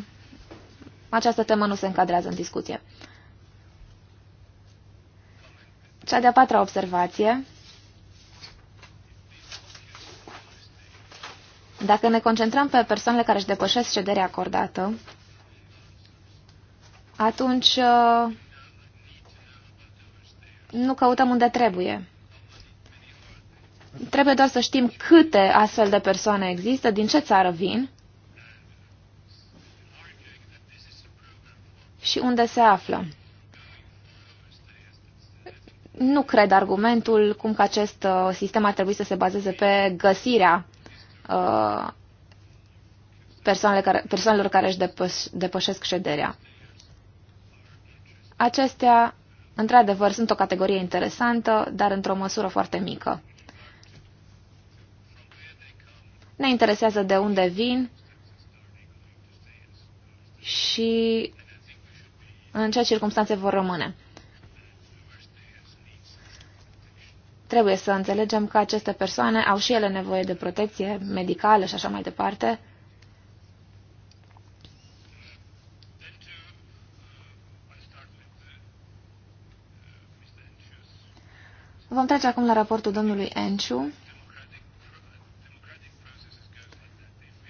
această temă nu se încadrează în discuție. Cea de-a patra observație Dacă ne concentrăm pe persoanele care își depășesc cederea acordată, atunci uh, nu căutăm unde trebuie. Trebuie doar să știm câte astfel de persoane există, din ce țară vin și unde se află. Nu cred argumentul cum că acest uh, sistem ar trebui să se bazeze pe găsirea uh, persoanele care, persoanelor care își depăș, depășesc șederea. Acestea, într-adevăr, sunt o categorie interesantă, dar într-o măsură foarte mică. Ne interesează de unde vin și în ce circunstanțe vor rămâne. Trebuie să înțelegem că aceste persoane au și ele nevoie de protecție medicală și așa mai departe. Vom trece acum la raportul domnului Enciu.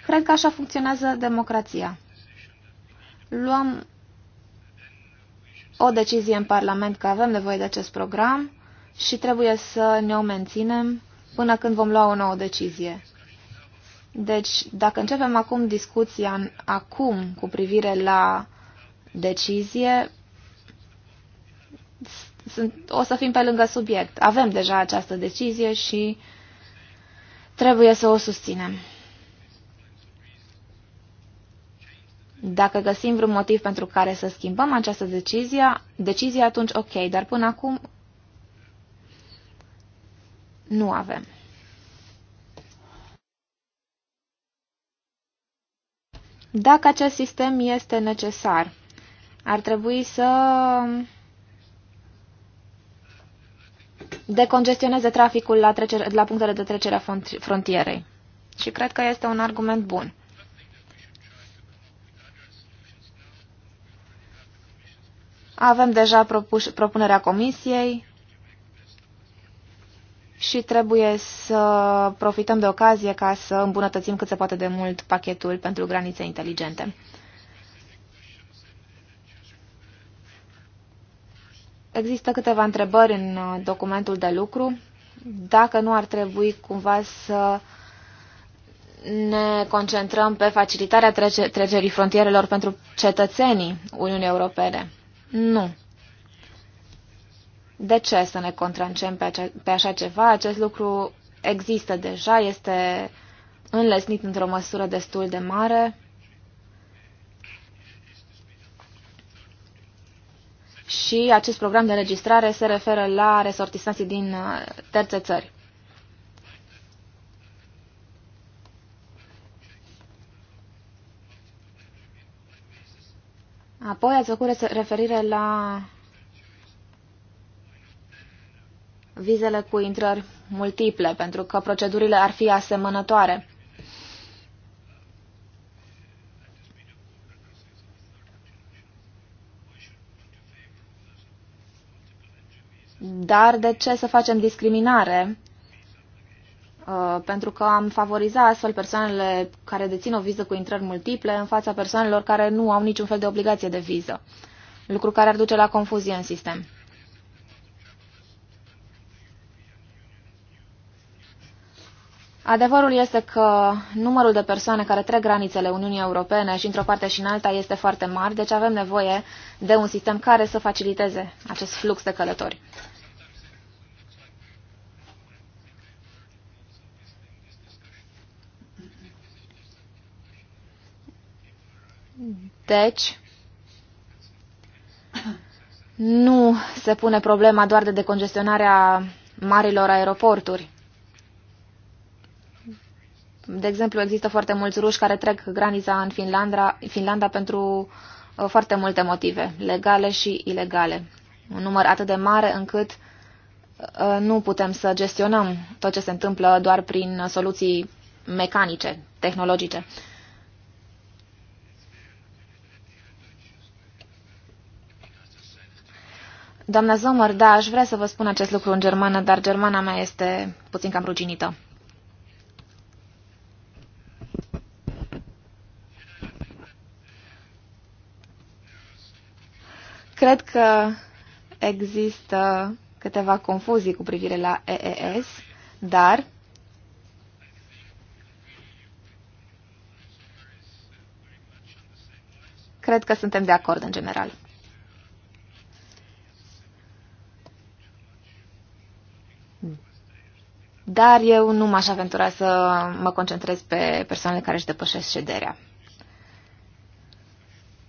Cred că așa funcționează democrația. Luăm o decizie în Parlament că avem nevoie de acest program și trebuie să ne o menținem până când vom lua o nouă decizie. Deci, dacă începem acum discuția acum cu privire la decizie, sunt, o să fim pe lângă subiect. Avem deja această decizie și trebuie să o susținem. Dacă găsim vreun motiv pentru care să schimbăm această decizie, decizie atunci ok, dar până acum nu avem. Dacă acest sistem este necesar, ar trebui să decongestioneze traficul la, trecere, la punctele de trecere a frontierei. Și cred că este un argument bun. Avem deja propunerea comisiei, și trebuie să profităm de ocazie ca să îmbunătățim cât se poate de mult pachetul pentru granițe inteligente. Există câteva întrebări în documentul de lucru. Dacă nu ar trebui cumva să ne concentrăm pe facilitarea trece trecerii frontierelor pentru cetățenii Uniunii Europene? Nu. De ce să ne contrancem pe, acea, pe așa ceva? Acest lucru există deja, este înlesnit într-o măsură destul de mare. Și acest program de registrare se referă la resortisanții din uh, terțe țări. Apoi ați făcut referire la vizele cu intrări multiple, pentru că procedurile ar fi asemănătoare. Dar de ce să facem discriminare? Uh, pentru că am favorizat astfel persoanele care dețin o viză cu intrări multiple în fața persoanelor care nu au niciun fel de obligație de viză, lucru care ar duce la confuzie în sistem. Adevărul este că numărul de persoane care trec granițele Uniunii Europene și într-o parte și în alta este foarte mare, deci avem nevoie de un sistem care să faciliteze acest flux de călători. Deci, nu se pune problema doar de decongestionarea marilor aeroporturi. De exemplu, există foarte mulți ruși care trec granița în Finlanda, Finlanda pentru uh, foarte multe motive, legale și ilegale. Un număr atât de mare încât uh, nu putem să gestionăm tot ce se întâmplă doar prin soluții mecanice, tehnologice. Doamna Zomăr, da, aș vrea să vă spun acest lucru în germană, dar germana mea este puțin cam ruginită. Cred că există câteva confuzii cu privire la EES, dar cred că suntem de acord în general. Dar eu nu m-aș aventura să mă concentrez pe persoanele care își depășesc șederea.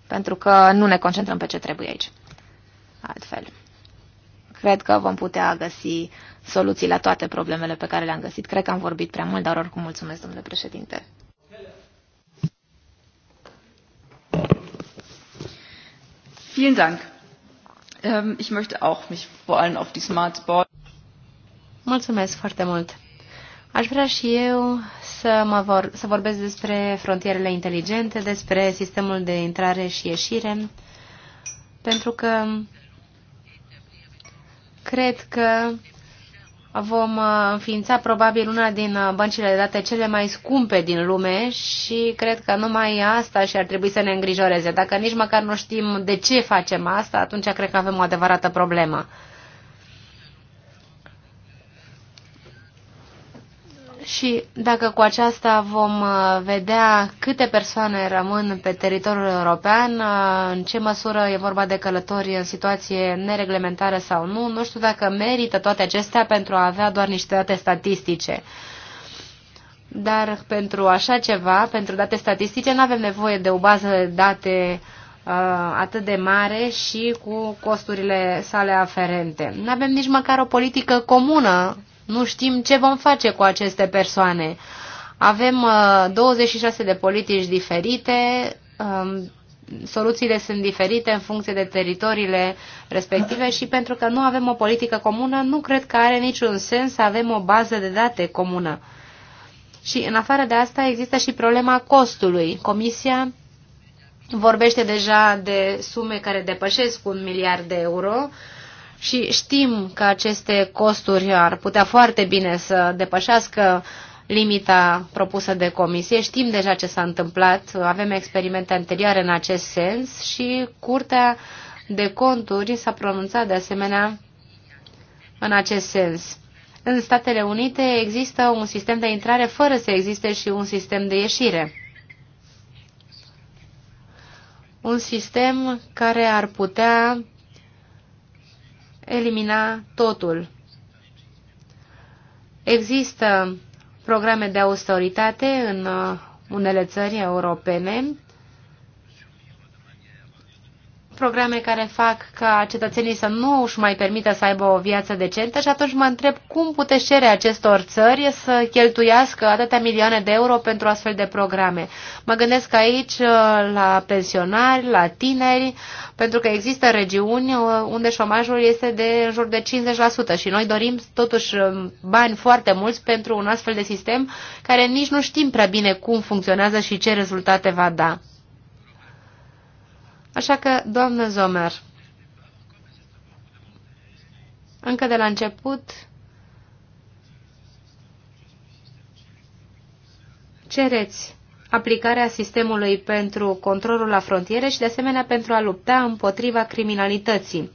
Pentru că nu ne concentrăm pe ce trebuie aici altfel. Cred că vom putea găsi soluții la toate problemele pe care le-am găsit. Cred că am vorbit prea mult, dar oricum mulțumesc, domnule președinte. Vielen Dank. Ähm, ich möchte auch mich vor allem auf die Smart Board. Mulțumesc foarte mult. Aș vrea și eu să, mă vor, să vorbesc despre frontierele inteligente, despre sistemul de intrare și ieșire, pentru că cred că vom uh, înființa probabil una din uh, băncile de date cele mai scumpe din lume și cred că numai asta și ar trebui să ne îngrijoreze. Dacă nici măcar nu știm de ce facem asta, atunci cred că avem o adevărată problemă. Și dacă cu aceasta vom uh, vedea câte persoane rămân pe teritoriul european, uh, în ce măsură e vorba de călători în situație nereglementară sau nu, nu știu dacă merită toate acestea pentru a avea doar niște date statistice. Dar pentru așa ceva, pentru date statistice, nu avem nevoie de o bază de date uh, atât de mare și cu costurile sale aferente. Nu avem nici măcar o politică comună nu știm ce vom face cu aceste persoane. Avem uh, 26 de politici diferite, um, soluțiile sunt diferite în funcție de teritoriile respective și pentru că nu avem o politică comună, nu cred că are niciun sens să avem o bază de date comună. Și în afară de asta există și problema costului. Comisia vorbește deja de sume care depășesc un miliard de euro și știm că aceste costuri ar putea foarte bine să depășească limita propusă de comisie. Știm deja ce s-a întâmplat, avem experimente anterioare în acest sens și Curtea de Conturi s-a pronunțat de asemenea în acest sens. În Statele Unite există un sistem de intrare fără să existe și un sistem de ieșire. Un sistem care ar putea elimina totul. Există programe de austeritate în uh, unele țări europene programe care fac ca cetățenii să nu își mai permită să aibă o viață decentă și atunci mă întreb cum puteți cere acestor țări să cheltuiască atâtea milioane de euro pentru astfel de programe. Mă gândesc aici uh, la pensionari, la tineri, pentru că există regiuni uh, unde șomajul este de în jur de 50% și noi dorim totuși uh, bani foarte mulți pentru un astfel de sistem care nici nu știm prea bine cum funcționează și ce rezultate va da. Așa că, doamnă Zomer, încă de la început cereți aplicarea sistemului pentru controlul la frontiere și, de asemenea, pentru a lupta împotriva criminalității,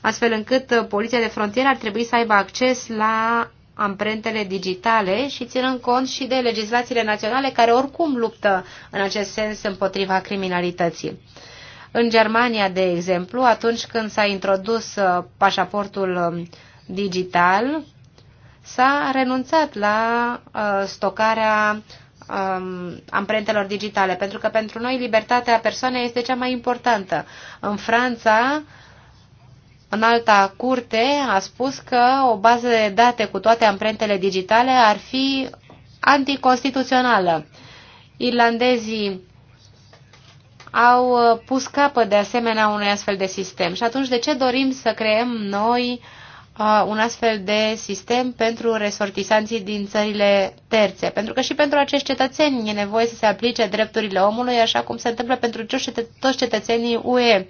astfel încât uh, poliția de frontieră ar trebui să aibă acces la amprentele digitale și ținând cont și de legislațiile naționale care oricum luptă în acest sens împotriva criminalității. În Germania, de exemplu, atunci când s-a introdus uh, pașaportul um, digital, s-a renunțat la uh, stocarea um, amprentelor digitale, pentru că pentru noi libertatea persoanei este cea mai importantă. În Franța, în alta curte a spus că o bază de date cu toate amprentele digitale ar fi anticonstituțională. Irlandezii au uh, pus capăt de asemenea unui astfel de sistem. Și atunci de ce dorim să creăm noi uh, un astfel de sistem pentru resortisanții din țările terțe? Pentru că și pentru acești cetățeni e nevoie să se aplice drepturile omului, așa cum se întâmplă pentru toți cetățenii UE.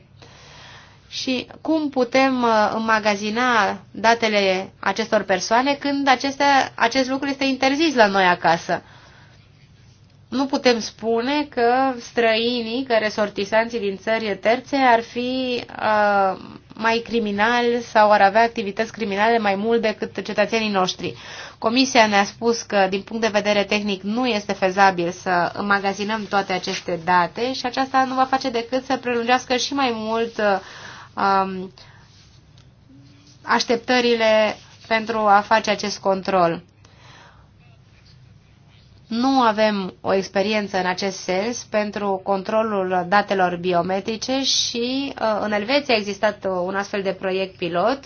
Și cum putem uh, înmagazina datele acestor persoane când acestea, acest lucru este interzis la noi acasă? nu putem spune că străinii, că resortisanții din țări terțe ar fi uh, mai criminali sau ar avea activități criminale mai mult decât cetățenii noștri. Comisia ne-a spus că, din punct de vedere tehnic, nu este fezabil să înmagazinăm toate aceste date și aceasta nu va face decât să prelungească și mai mult uh, așteptările pentru a face acest control. Nu avem o experiență în acest sens pentru controlul datelor biometrice și uh, în Elveția a existat uh, un astfel de proiect pilot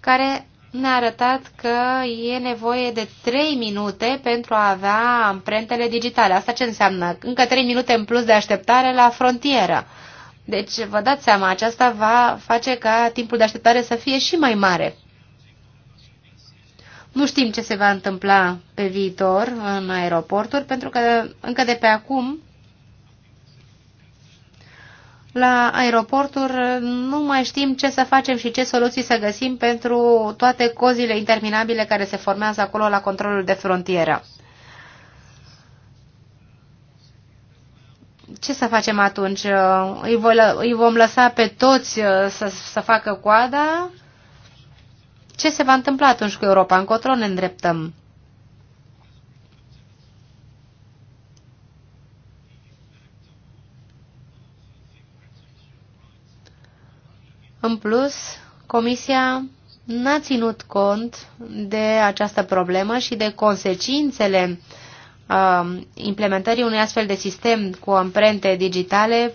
care ne-a arătat că e nevoie de 3 minute pentru a avea amprentele digitale. Asta ce înseamnă? Încă 3 minute în plus de așteptare la frontieră. Deci, vă dați seama, aceasta va face ca timpul de așteptare să fie și mai mare. Nu știm ce se va întâmpla pe viitor în aeroporturi, pentru că încă de pe acum la aeroporturi nu mai știm ce să facem și ce soluții să găsim pentru toate cozile interminabile care se formează acolo la controlul de frontieră. Ce să facem atunci? Îi, vom lăsa pe toți uh, să, să facă coada? Ce se va întâmpla atunci cu Europa? Încotro ne îndreptăm? În plus, Comisia n-a ținut cont de această problemă și de consecințele uh, implementării unui astfel de sistem cu amprente digitale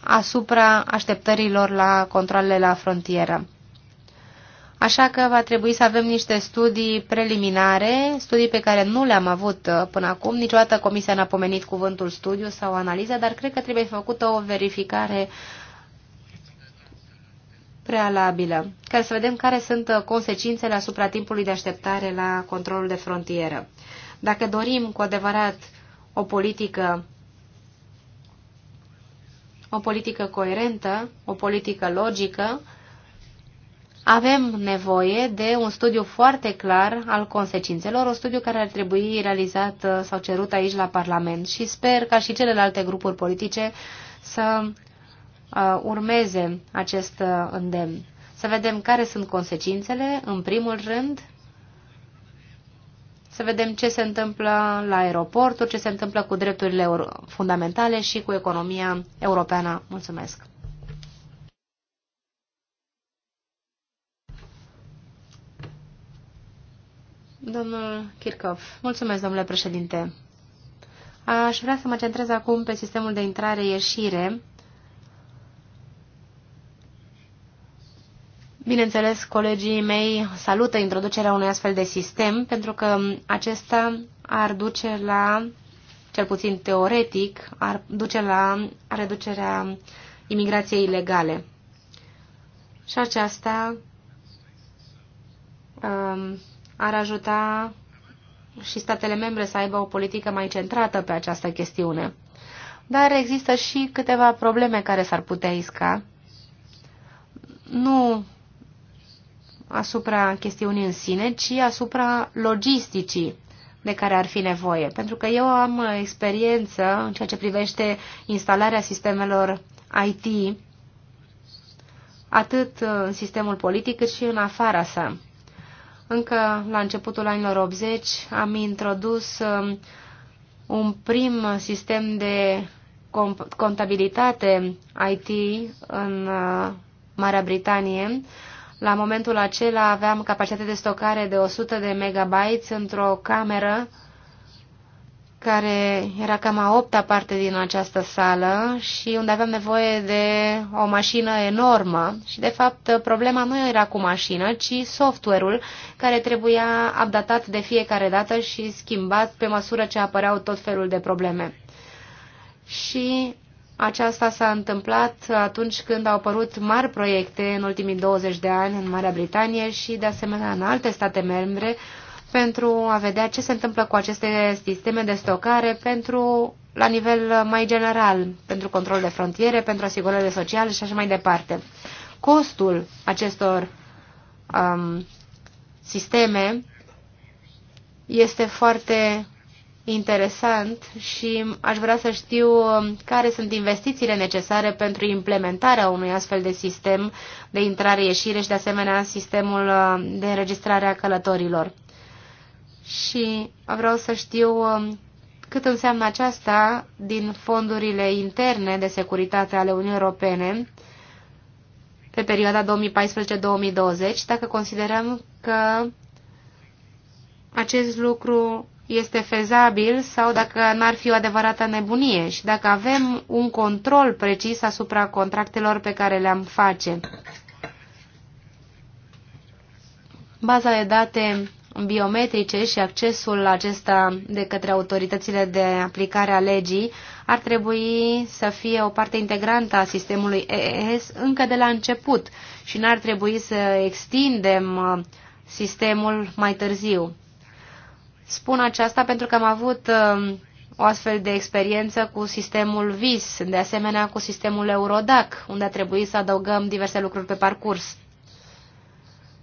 asupra așteptărilor la controlele la frontieră. Așa că va trebui să avem niște studii preliminare, studii pe care nu le-am avut uh, până acum. Niciodată Comisia n-a pomenit cuvântul studiu sau analiză, dar cred că trebuie făcută o verificare prealabilă, ca să vedem care sunt uh, consecințele asupra timpului de așteptare la controlul de frontieră. Dacă dorim cu adevărat o politică o politică coerentă, o politică logică, avem nevoie de un studiu foarte clar al consecințelor, un studiu care ar trebui realizat uh, sau cerut aici la Parlament și sper ca și celelalte grupuri politice să uh, urmeze acest uh, îndemn. Să vedem care sunt consecințele, în primul rând, să vedem ce se întâmplă la aeroporturi, ce se întâmplă cu drepturile fundamentale și cu economia europeană. Mulțumesc! Domnul Kirchhoff. Mulțumesc, domnule președinte. Aș vrea să mă centrez acum pe sistemul de intrare-ieșire. Bineînțeles, colegii mei salută introducerea unui astfel de sistem, pentru că acesta ar duce la, cel puțin teoretic, ar duce la reducerea imigrației ilegale. Și aceasta um, ar ajuta și statele membre să aibă o politică mai centrată pe această chestiune. Dar există și câteva probleme care s-ar putea isca. Nu asupra chestiunii în sine, ci asupra logisticii de care ar fi nevoie. Pentru că eu am experiență în ceea ce privește instalarea sistemelor IT, atât în sistemul politic cât și în afara sa. Încă la începutul anilor 80 am introdus um, un prim sistem de contabilitate IT în uh, Marea Britanie. La momentul acela aveam capacitate de stocare de 100 de megabytes într-o cameră care era cam a opta parte din această sală și unde aveam nevoie de o mașină enormă și de fapt problema nu era cu mașină, ci software-ul care trebuia updatat de fiecare dată și schimbat pe măsură ce apăreau tot felul de probleme. Și aceasta s-a întâmplat atunci când au apărut mari proiecte în ultimii 20 de ani în Marea Britanie și de asemenea în alte state membre, pentru a vedea ce se întâmplă cu aceste sisteme de stocare pentru, la nivel mai general, pentru control de frontiere, pentru asigurările sociale și așa mai departe. Costul acestor um, sisteme este foarte interesant și aș vrea să știu um, care sunt investițiile necesare pentru implementarea unui astfel de sistem de intrare-ieșire și de asemenea sistemul uh, de înregistrare a călătorilor și vreau să știu um, cât înseamnă aceasta din fondurile interne de securitate ale Uniunii Europene pe perioada 2014-2020, dacă considerăm că acest lucru este fezabil sau dacă n-ar fi o adevărată nebunie și dacă avem un control precis asupra contractelor pe care le-am face. Baza de date biometrice și accesul acesta de către autoritățile de aplicare a legii ar trebui să fie o parte integrantă a sistemului EES încă de la început și n-ar trebui să extindem uh, sistemul mai târziu. Spun aceasta pentru că am avut uh, o astfel de experiență cu sistemul VIS, de asemenea cu sistemul Eurodac, unde a trebuit să adăugăm diverse lucruri pe parcurs.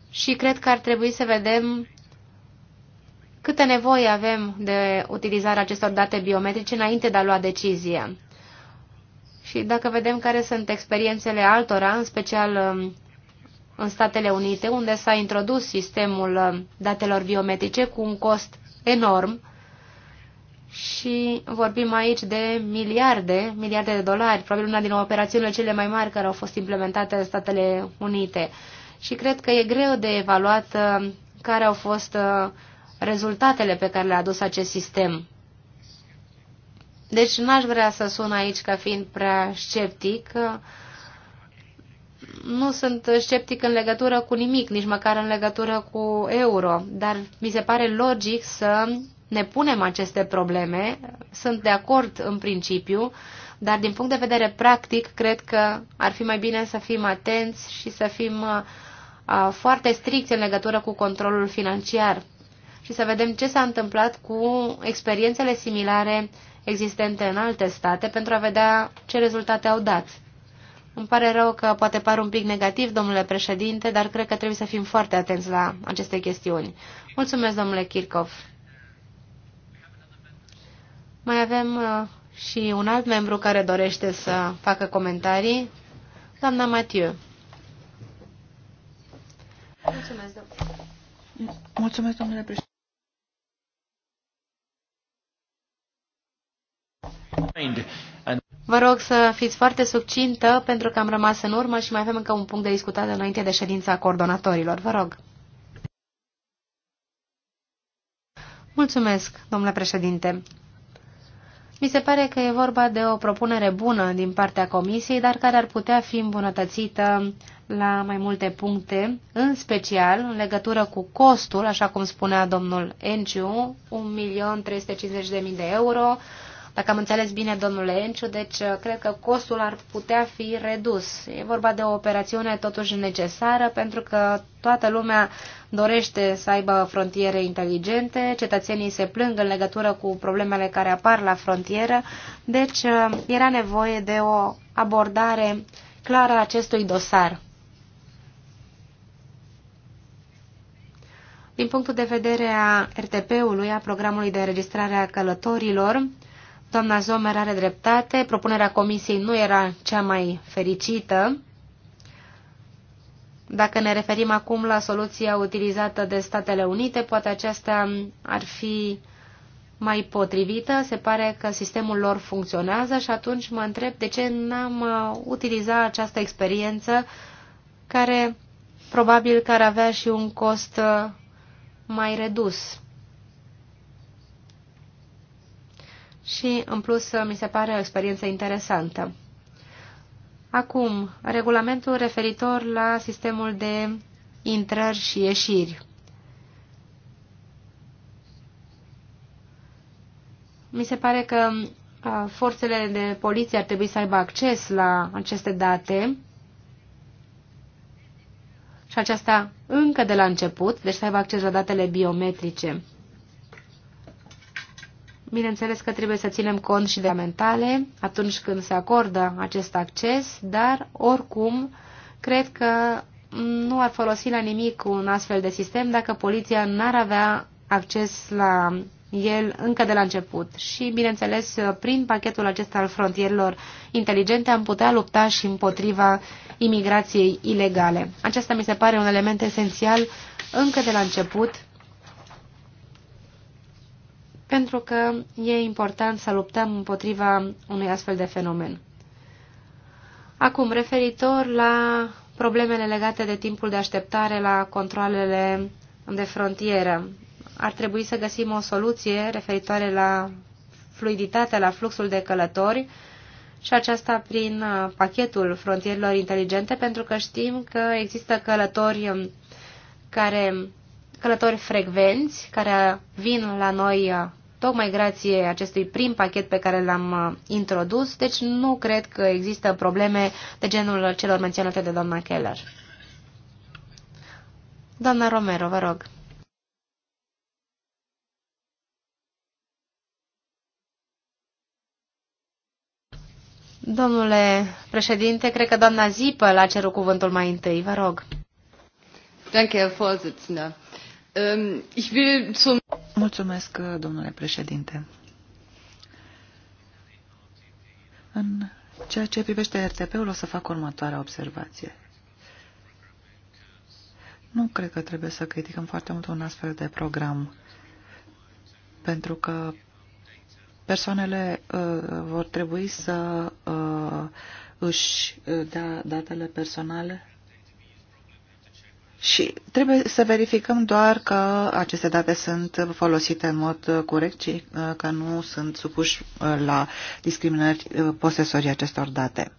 Și cred că ar trebui să vedem câtă nevoie avem de utilizarea acestor date biometrice înainte de a lua decizie. Și dacă vedem care sunt experiențele altora, în special um, în Statele Unite, unde s-a introdus sistemul um, datelor biometrice cu un cost enorm, și vorbim aici de miliarde, miliarde de dolari, probabil una din operațiunile cele mai mari care au fost implementate în Statele Unite. Și cred că e greu de evaluat um, care au fost uh, rezultatele pe care le-a adus acest sistem. Deci n-aș vrea să sun aici ca fiind prea sceptic. Nu sunt sceptic în legătură cu nimic, nici măcar în legătură cu euro, dar mi se pare logic să ne punem aceste probleme. Sunt de acord în principiu, dar din punct de vedere practic, cred că ar fi mai bine să fim atenți și să fim foarte stricți în legătură cu controlul financiar și să vedem ce s-a întâmplat cu experiențele similare existente în alte state pentru a vedea ce rezultate au dat. Îmi pare rău că poate par un pic negativ, domnule președinte, dar cred că trebuie să fim foarte atenți la aceste chestiuni. Mulțumesc, domnule Kirchhoff. Mai avem uh, și un alt membru care dorește să facă comentarii, doamna Mathieu. Mulțumesc, domnule. președinte. Vă rog să fiți foarte succintă pentru că am rămas în urmă și mai avem încă un punct de discutat înainte de ședința coordonatorilor. Vă rog. Mulțumesc, domnule președinte. Mi se pare că e vorba de o propunere bună din partea Comisiei, dar care ar putea fi îmbunătățită la mai multe puncte, în special în legătură cu costul, așa cum spunea domnul Enciu, 1.350.000 de euro, dacă am înțeles bine, domnule Enciu, deci uh, cred că costul ar putea fi redus. E vorba de o operațiune totuși necesară, pentru că toată lumea dorește să aibă frontiere inteligente, cetățenii se plâng în legătură cu problemele care apar la frontieră, deci uh, era nevoie de o abordare clară a acestui dosar. Din punctul de vedere a RTP-ului, a programului de înregistrare a călătorilor, Doamna Zomer are dreptate, propunerea comisiei nu era cea mai fericită. Dacă ne referim acum la soluția utilizată de Statele Unite, poate aceasta ar fi mai potrivită. Se pare că sistemul lor funcționează și atunci mă întreb de ce n-am uh, utilizat această experiență care probabil că ar avea și un cost uh, mai redus. și, în plus, mi se pare o experiență interesantă. Acum, regulamentul referitor la sistemul de intrări și ieșiri. Mi se pare că uh, forțele de poliție ar trebui să aibă acces la aceste date și aceasta încă de la început, deci să aibă acces la datele biometrice. Bineînțeles că trebuie să ținem cont și de mentale atunci când se acordă acest acces, dar oricum cred că nu ar folosi la nimic un astfel de sistem dacă poliția n-ar avea acces la el încă de la început. Și, bineînțeles, prin pachetul acesta al frontierilor inteligente am putea lupta și împotriva imigrației ilegale. Acesta mi se pare un element esențial încă de la început pentru că e important să luptăm împotriva unui astfel de fenomen. Acum, referitor la problemele legate de timpul de așteptare la controlele de frontieră, ar trebui să găsim o soluție referitoare la fluiditatea, la fluxul de călători și aceasta prin uh, pachetul frontierilor inteligente, pentru că știm că există călători um, care călători frecvenți care vin la noi uh, tocmai grație acestui prim pachet pe care l-am uh, introdus, deci nu cred că există probleme de genul celor menționate de doamna Keller. Doamna Romero, vă rog. Domnule președinte, cred că doamna Zipă l-a cerut cuvântul mai întâi. Vă rog. Thank you, Ehm, Mulțumesc, domnule președinte. În ceea ce privește RTP-ul, o să fac următoarea observație. Nu cred că trebuie să criticăm foarte mult un astfel de program, pentru că persoanele uh, vor trebui să uh, își uh, dea datele personale și trebuie să verificăm doar că aceste date sunt folosite în mod corect și uh, că nu sunt supuși uh, la discriminări uh, posesorii acestor date.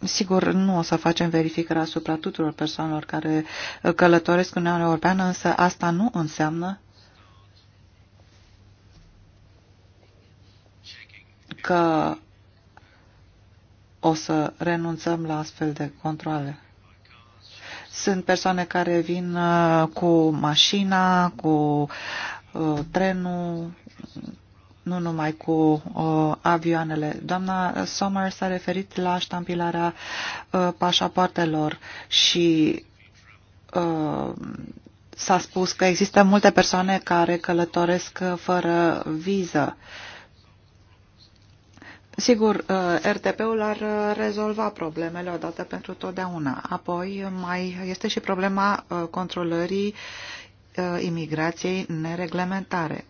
Sigur, nu o să facem verificarea asupra tuturor persoanelor care călătoresc în Uniunea Europeană, însă asta nu înseamnă că o să renunțăm la astfel de controle. Sunt persoane care vin uh, cu mașina, cu uh, trenul, nu numai cu uh, avioanele. Doamna Sommer s-a referit la ștampilarea pașapoartelor și s-a spus că există multe persoane care călătoresc fără viză. Sigur, uh, RTP-ul ar uh, rezolva problemele odată pentru totdeauna. Apoi mai este și problema uh, controlării imigrației nereglementare.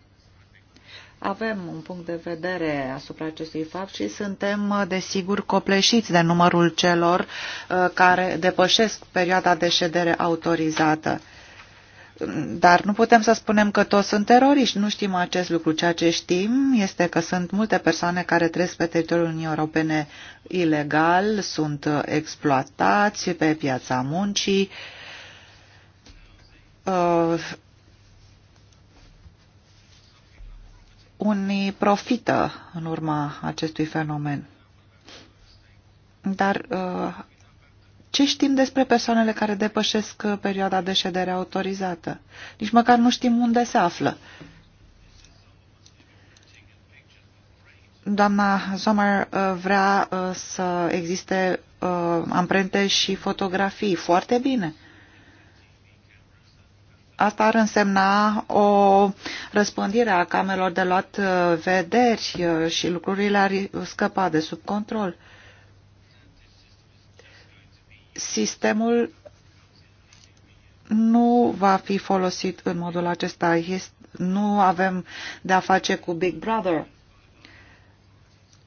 Avem un punct de vedere asupra acestui fapt și suntem, desigur, copleșiți de numărul celor care depășesc perioada de ședere autorizată. Dar nu putem să spunem că toți sunt teroriști, nu știm acest lucru. Ceea ce știm este că sunt multe persoane care trăiesc pe teritoriul Uniunii Europene ilegal, sunt exploatați pe piața muncii, uh, unii profită în urma acestui fenomen. Dar uh, ce știm despre persoanele care depășesc uh, perioada de ședere autorizată? Nici măcar nu știm unde se află. Doamna Sommer uh, vrea uh, să existe amprente și fotografii. Foarte bine. Asta ar însemna o răspândire a camelor de luat vederi și lucrurile ar scăpa de sub control sistemul nu va fi folosit în modul acesta. Nu avem de a face cu Big Brother.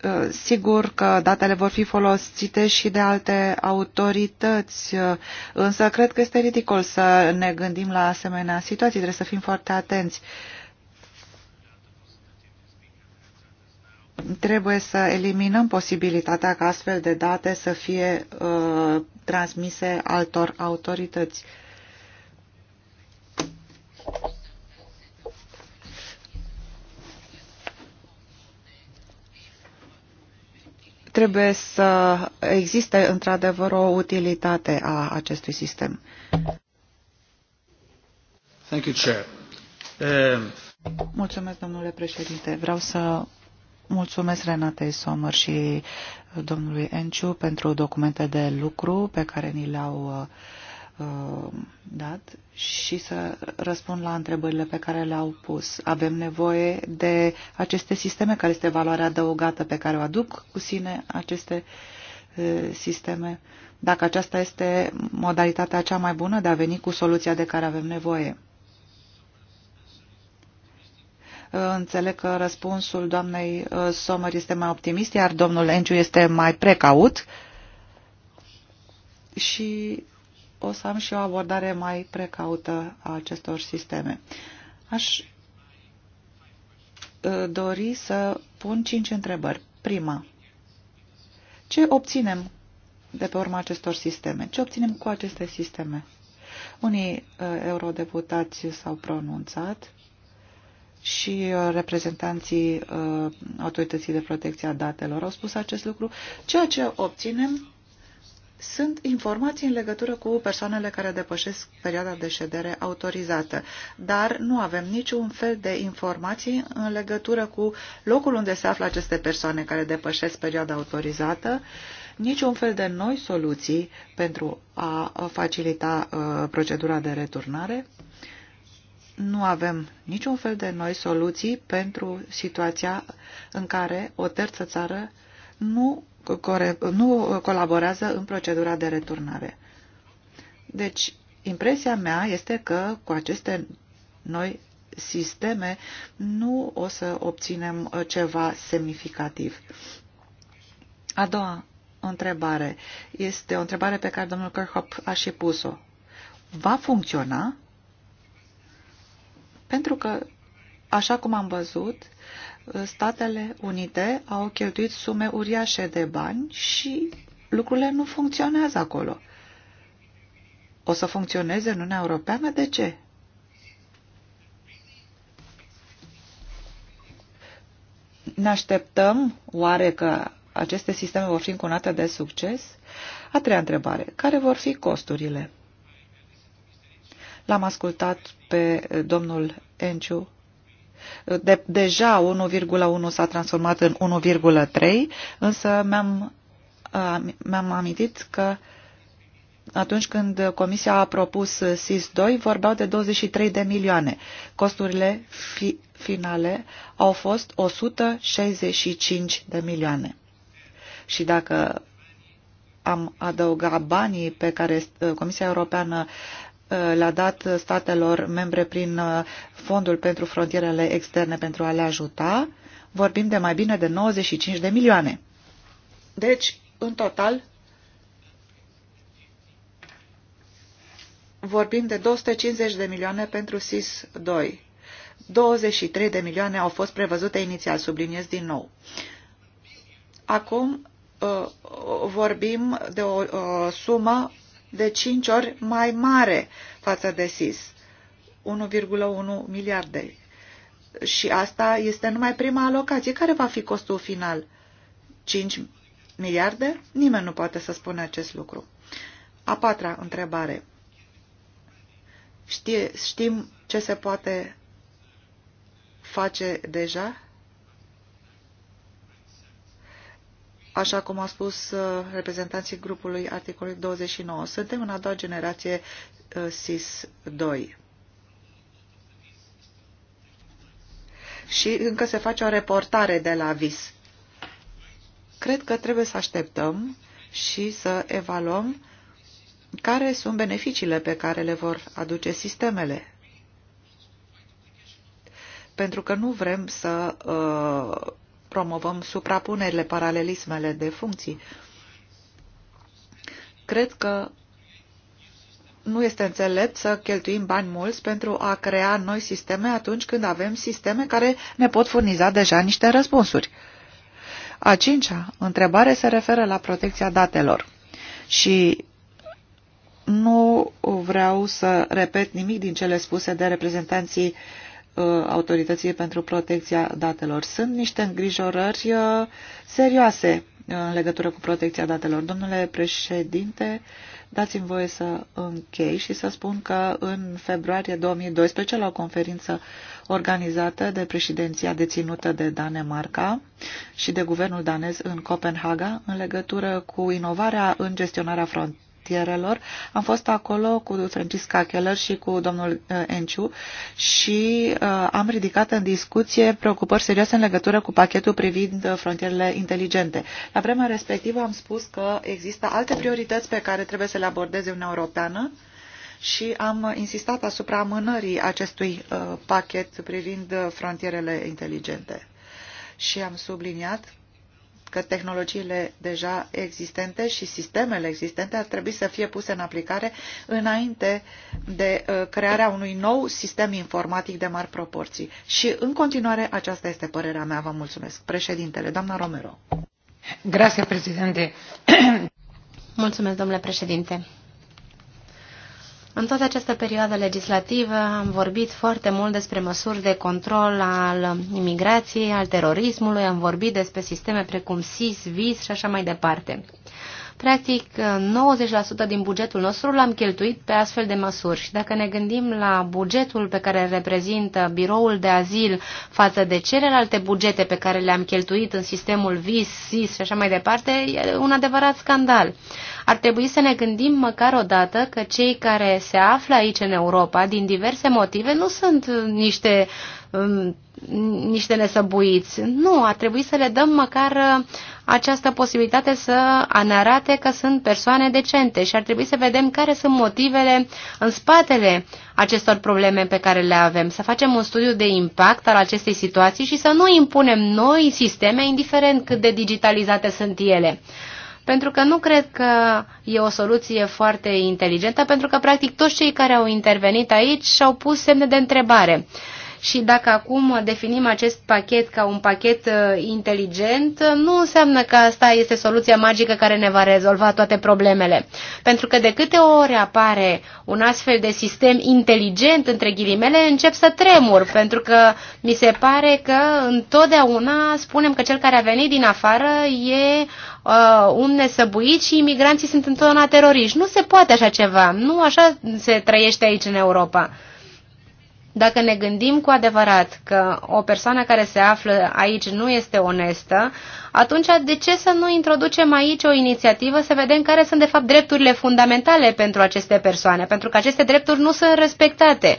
Uh, sigur că datele vor fi folosite și de alte autorități, uh, însă cred că este ridicol să ne gândim la asemenea situații. Trebuie să fim foarte atenți. Uh, trebuie să eliminăm posibilitatea ca astfel de date să fie uh, transmise altor autorități. Trebuie să existe într-adevăr o utilitate a acestui sistem. Thank you, Chair. Uh... Mulțumesc, domnule președinte. Vreau să Mulțumesc Renatei Somăr și domnului Enciu pentru documente de lucru pe care ni le-au uh, dat și să răspund la întrebările pe care le-au pus. Avem nevoie de aceste sisteme, care este valoarea adăugată pe care o aduc cu sine aceste uh, sisteme, dacă aceasta este modalitatea cea mai bună de a veni cu soluția de care avem nevoie. Înțeleg că răspunsul doamnei uh, Sommer este mai optimist, iar domnul Enciu este mai precaut și o să am și o abordare mai precaută a acestor sisteme. Aș uh, dori să pun cinci întrebări. Prima, ce obținem de pe urma acestor sisteme? Ce obținem cu aceste sisteme? Unii uh, eurodeputați s-au pronunțat și uh, reprezentanții uh, autorității de protecție a datelor au spus acest lucru. Ceea ce obținem sunt informații în legătură cu persoanele care depășesc perioada de ședere autorizată, dar nu avem niciun fel de informații în legătură cu locul unde se află aceste persoane care depășesc perioada autorizată, niciun fel de noi soluții pentru a facilita uh, procedura de returnare nu avem niciun fel de noi soluții pentru situația în care o terță țară nu, nu colaborează în procedura de returnare. Deci, impresia mea este că cu aceste noi sisteme nu o să obținem uh, ceva semnificativ. A doua întrebare este o întrebare pe care domnul Kerhop a și pus-o. Va funcționa pentru că, așa cum am văzut, Statele Unite au cheltuit sume uriașe de bani și lucrurile nu funcționează acolo. O să funcționeze în Uniunea Europeană? De ce? Ne așteptăm oare că aceste sisteme vor fi încunate de succes? A treia întrebare. Care vor fi costurile? L-am ascultat pe domnul Enciu. De, deja 1,1 s-a transformat în 1,3, însă mi-am mi-am amintit că atunci când Comisia a propus SIS-2, vorbeau de 23 de milioane. Costurile fi finale au fost 165 de milioane. Și dacă am adăugat banii pe care Comisia Europeană Uh, le-a dat statelor membre prin uh, Fondul pentru Frontierele Externe pentru a le ajuta, vorbim de mai bine de 95 de milioane. Deci, în total, vorbim de 250 de milioane pentru SIS 2. 23 de milioane au fost prevăzute inițial, subliniez din nou. Acum uh, vorbim de o sumă de 5 ori mai mare față de SIS, 1,1 miliarde. Și asta este numai prima alocație. Care va fi costul final? 5 miliarde? Nimeni nu poate să spună acest lucru. A patra întrebare. Știe, știm ce se poate face deja? așa cum au spus uh, reprezentanții grupului articolului 29. Suntem în a doua generație uh, SIS-2. Și încă se face o reportare de la VIS. Cred că trebuie să așteptăm și să evaluăm care sunt beneficiile pe care le vor aduce sistemele. Pentru că nu vrem să uh, promovăm suprapunerile, paralelismele de funcții. Cred că nu este înțelept să cheltuim bani mulți pentru a crea noi sisteme atunci când avem sisteme care ne pot furniza deja niște răspunsuri. A cincea întrebare se referă la protecția datelor și nu vreau să repet nimic din cele spuse de reprezentanții Uh, Autorității pentru Protecția Datelor. Sunt niște îngrijorări uh, serioase în legătură cu protecția datelor. Domnule președinte, dați-mi voie să închei și să spun că în februarie 2012, la o conferință organizată de președinția deținută de Danemarca și de guvernul danez în Copenhaga, în legătură cu inovarea în gestionarea frontierei, cartierelor. Am fost acolo cu Francisca Keller și cu domnul eh, Enciu și eh, am ridicat în discuție preocupări serioase în legătură cu pachetul privind frontierele inteligente. La vremea respectivă am spus că există alte priorități pe care trebuie să le abordeze Uniunea Europeană și am insistat asupra amânării acestui eh, pachet privind frontierele inteligente. Și am subliniat că tehnologiile deja existente și sistemele existente ar trebui să fie puse în aplicare înainte de uh, crearea unui nou sistem informatic de mari proporții. Și în continuare aceasta este părerea mea. Vă mulțumesc. Președintele, doamna Romero. Grazie, președinte. Mulțumesc, domnule președinte. În toată această perioadă legislativă am vorbit foarte mult despre măsuri de control al imigrației, al terorismului, am vorbit despre sisteme precum SIS, VIS și așa mai departe. Practic, 90% din bugetul nostru l-am cheltuit pe astfel de măsuri și dacă ne gândim la bugetul pe care îl reprezintă biroul de azil față de celelalte bugete pe care le-am cheltuit în sistemul VIS, SIS și așa mai departe, e un adevărat scandal. Ar trebui să ne gândim măcar o dată că cei care se află aici în Europa, din diverse motive, nu sunt niște um, niște nesăbuiți. Nu, ar trebui să le dăm măcar uh, această posibilitate să ne arate că sunt persoane decente și ar trebui să vedem care sunt motivele în spatele acestor probleme pe care le avem, să facem un studiu de impact al acestei situații și să nu impunem noi sisteme, indiferent cât de digitalizate sunt ele pentru că nu cred că e o soluție foarte inteligentă, pentru că practic toți cei care au intervenit aici și-au pus semne de întrebare. Și dacă acum definim acest pachet ca un pachet uh, inteligent, nu înseamnă că asta este soluția magică care ne va rezolva toate problemele. Pentru că de câte ori apare un astfel de sistem inteligent, între ghilimele, încep să tremur, pentru că mi se pare că întotdeauna spunem că cel care a venit din afară e uh, un nesăbuit și imigranții sunt întotdeauna teroriști. Nu se poate așa ceva. Nu așa se trăiește aici în Europa. Dacă ne gândim cu adevărat că o persoană care se află aici nu este onestă, atunci de ce să nu introducem aici o inițiativă să vedem care sunt de fapt drepturile fundamentale pentru aceste persoane, pentru că aceste drepturi nu sunt respectate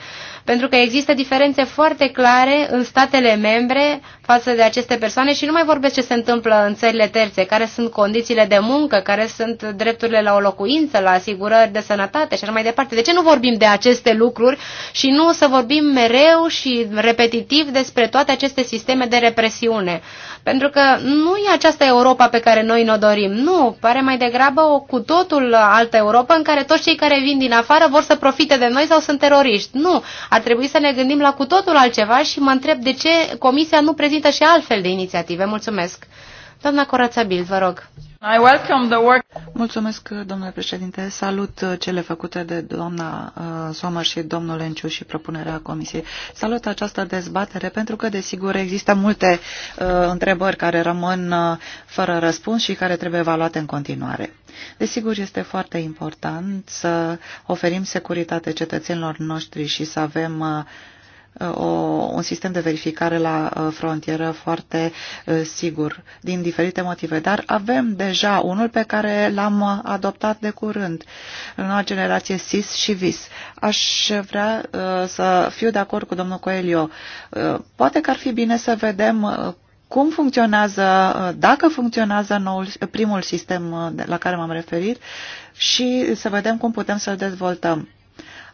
pentru că există diferențe foarte clare în statele membre față de aceste persoane și nu mai vorbesc ce se întâmplă în țările terțe, care sunt condițiile de muncă, care sunt drepturile la o locuință, la asigurări de sănătate și așa mai departe. De ce nu vorbim de aceste lucruri și nu să vorbim mereu și repetitiv despre toate aceste sisteme de represiune? Pentru că nu e această Europa pe care noi ne-o dorim. Nu, pare mai degrabă o cu totul altă Europa în care toți cei care vin din afară vor să profite de noi sau sunt teroriști. Nu, ar trebui să ne gândim la cu totul altceva și mă întreb de ce Comisia nu prezintă și altfel de inițiative. Mulțumesc. Doamna Corața vă rog. I welcome the work. Mulțumesc, domnule președinte. Salut uh, cele făcute de doamna uh, Sommer și domnul Enciu și propunerea comisiei. Salut această dezbatere pentru că, desigur, există multe uh, întrebări care rămân uh, fără răspuns și care trebuie evaluate în continuare. Desigur, este foarte important să oferim securitate cetățenilor noștri și să avem uh, o, un sistem de verificare la uh, frontieră foarte uh, sigur, din diferite motive. Dar avem deja unul pe care l-am adoptat de curând, în noua generație SIS și VIS. Aș vrea uh, să fiu de acord cu domnul Coelio. Poate că ar fi bine să vedem cum funcționează, dacă funcționează noul, primul sistem la care m-am referit și să vedem cum putem să-l dezvoltăm.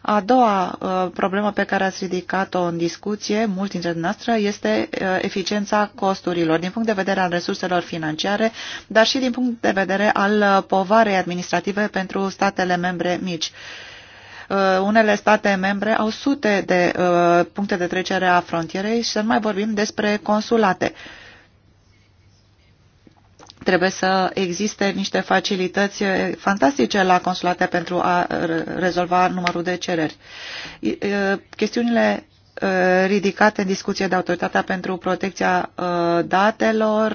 A doua uh, problemă pe care ați ridicat-o în discuție, mulți dintre noastre, este uh, eficiența costurilor din punct de vedere al resurselor financiare, dar și din punct de vedere al uh, povarei administrative pentru statele membre mici unele state membre au sute de puncte de trecere a frontierei și să nu mai vorbim despre consulate. Uh, Trebuie să existe niște facilități fantastice la consulate pentru a rezolva numărul de cereri. Chestiunile Uh, ridicate în discuție de Autoritatea pentru Protecția uh, Datelor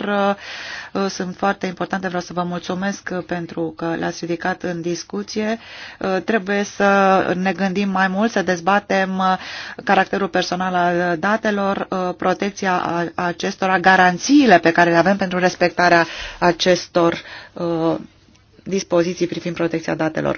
uh, sunt foarte importante. Vreau să vă mulțumesc pentru că le-ați ridicat în discuție. Trebuie să ne gândim mai mult, să dezbatem caracterul personal al datelor, protecția acestora, garanțiile pe care le avem pentru respectarea acestor dispoziții privind protecția datelor.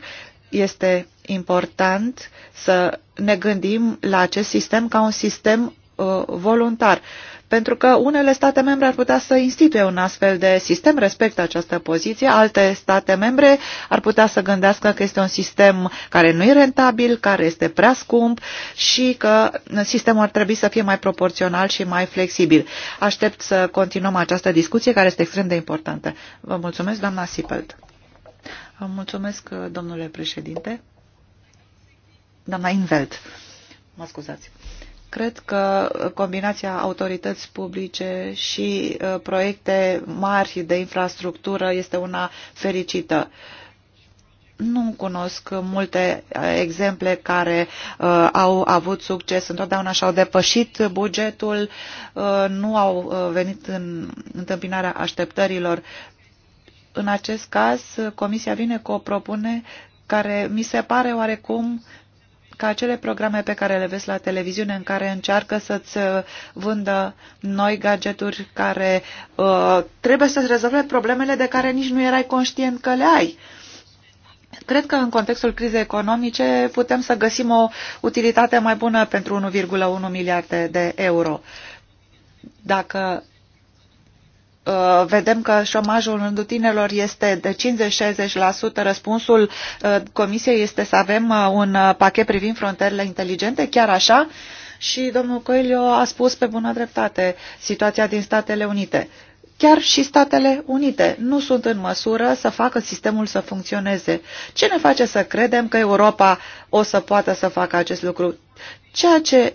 Este important să ne gândim la acest sistem ca un sistem uh, voluntar, pentru că unele state membre ar putea să instituie un astfel de sistem, respectă această poziție, alte state membre ar putea să gândească că este un sistem care nu e rentabil, care este prea scump și că sistemul ar trebui să fie mai proporțional și mai flexibil. Aștept să continuăm această discuție care este extrem de importantă. Vă mulțumesc, doamna Sipelt mulțumesc, domnule președinte. Doamna Invelt, mă scuzați. Cred că combinația autorități publice și uh, proiecte mari de infrastructură este una fericită. Nu cunosc multe uh, exemple care uh, au avut succes, întotdeauna și-au depășit bugetul, uh, nu au uh, venit în întâmpinarea așteptărilor. În acest caz, Comisia vine cu o propune care mi se pare oarecum ca acele programe pe care le vezi la televiziune în care încearcă să-ți vândă noi gadgeturi care uh, trebuie să-ți rezolve problemele de care nici nu erai conștient că le ai. Cred că în contextul crizei economice putem să găsim o utilitate mai bună pentru 1,1 miliarde de euro. Dacă Uh, vedem că șomajul în rândul tinerilor este de 50-60%. Răspunsul uh, Comisiei este să avem uh, un pachet privind frontierele inteligente, chiar așa? Și domnul Coelho a spus pe bună dreptate situația din Statele Unite. Chiar și Statele Unite nu sunt în măsură să facă sistemul să funcționeze. Ce ne face să credem că Europa o să poată să facă acest lucru? Ceea ce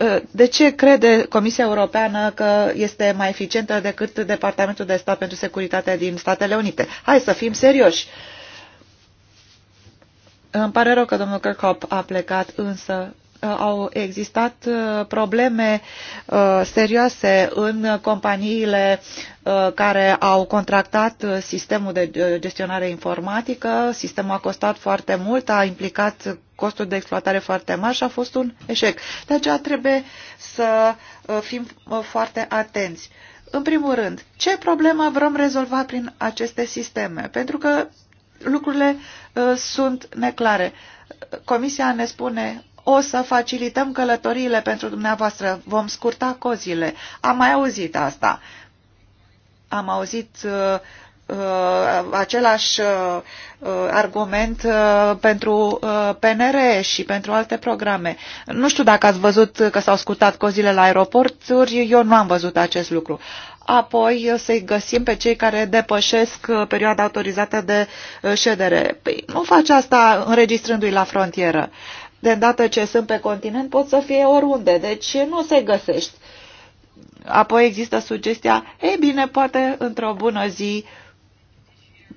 Ă, de ce crede Comisia Europeană că este mai eficientă decât Departamentul de Stat pentru Securitatea din Statele Unite? Hai să fim serioși. Îmi pare rău că domnul Kirchhoff a plecat, însă Uh, au existat uh, probleme uh, serioase în companiile care au contractat sistemul de gestionare informatică. Sistemul a costat foarte mult, a implicat costuri de exploatare foarte mari și a fost un eșec. De aceea trebuie să fim foarte atenți. În primul rând, ce problemă vrem rezolva prin aceste sisteme? Pentru că lucrurile sunt neclare. Comisia ne spune o să facilităm călătoriile pentru dumneavoastră, vom scurta cozile. Am mai auzit asta. Am auzit uh, uh, același uh, uh argument uh, pentru uh, PNR și pentru alte programe. Nu știu dacă ați văzut că s-au scurtat cozile la aeroporturi, eu nu am văzut acest lucru. Apoi uh, să-i găsim pe cei care depășesc uh, perioada autorizată de ședere. Păi nu face asta înregistrându-i la frontieră de îndată ce sunt pe continent pot să fie oriunde, deci nu se găsești. Apoi există sugestia, ei bine, poate într-o bună zi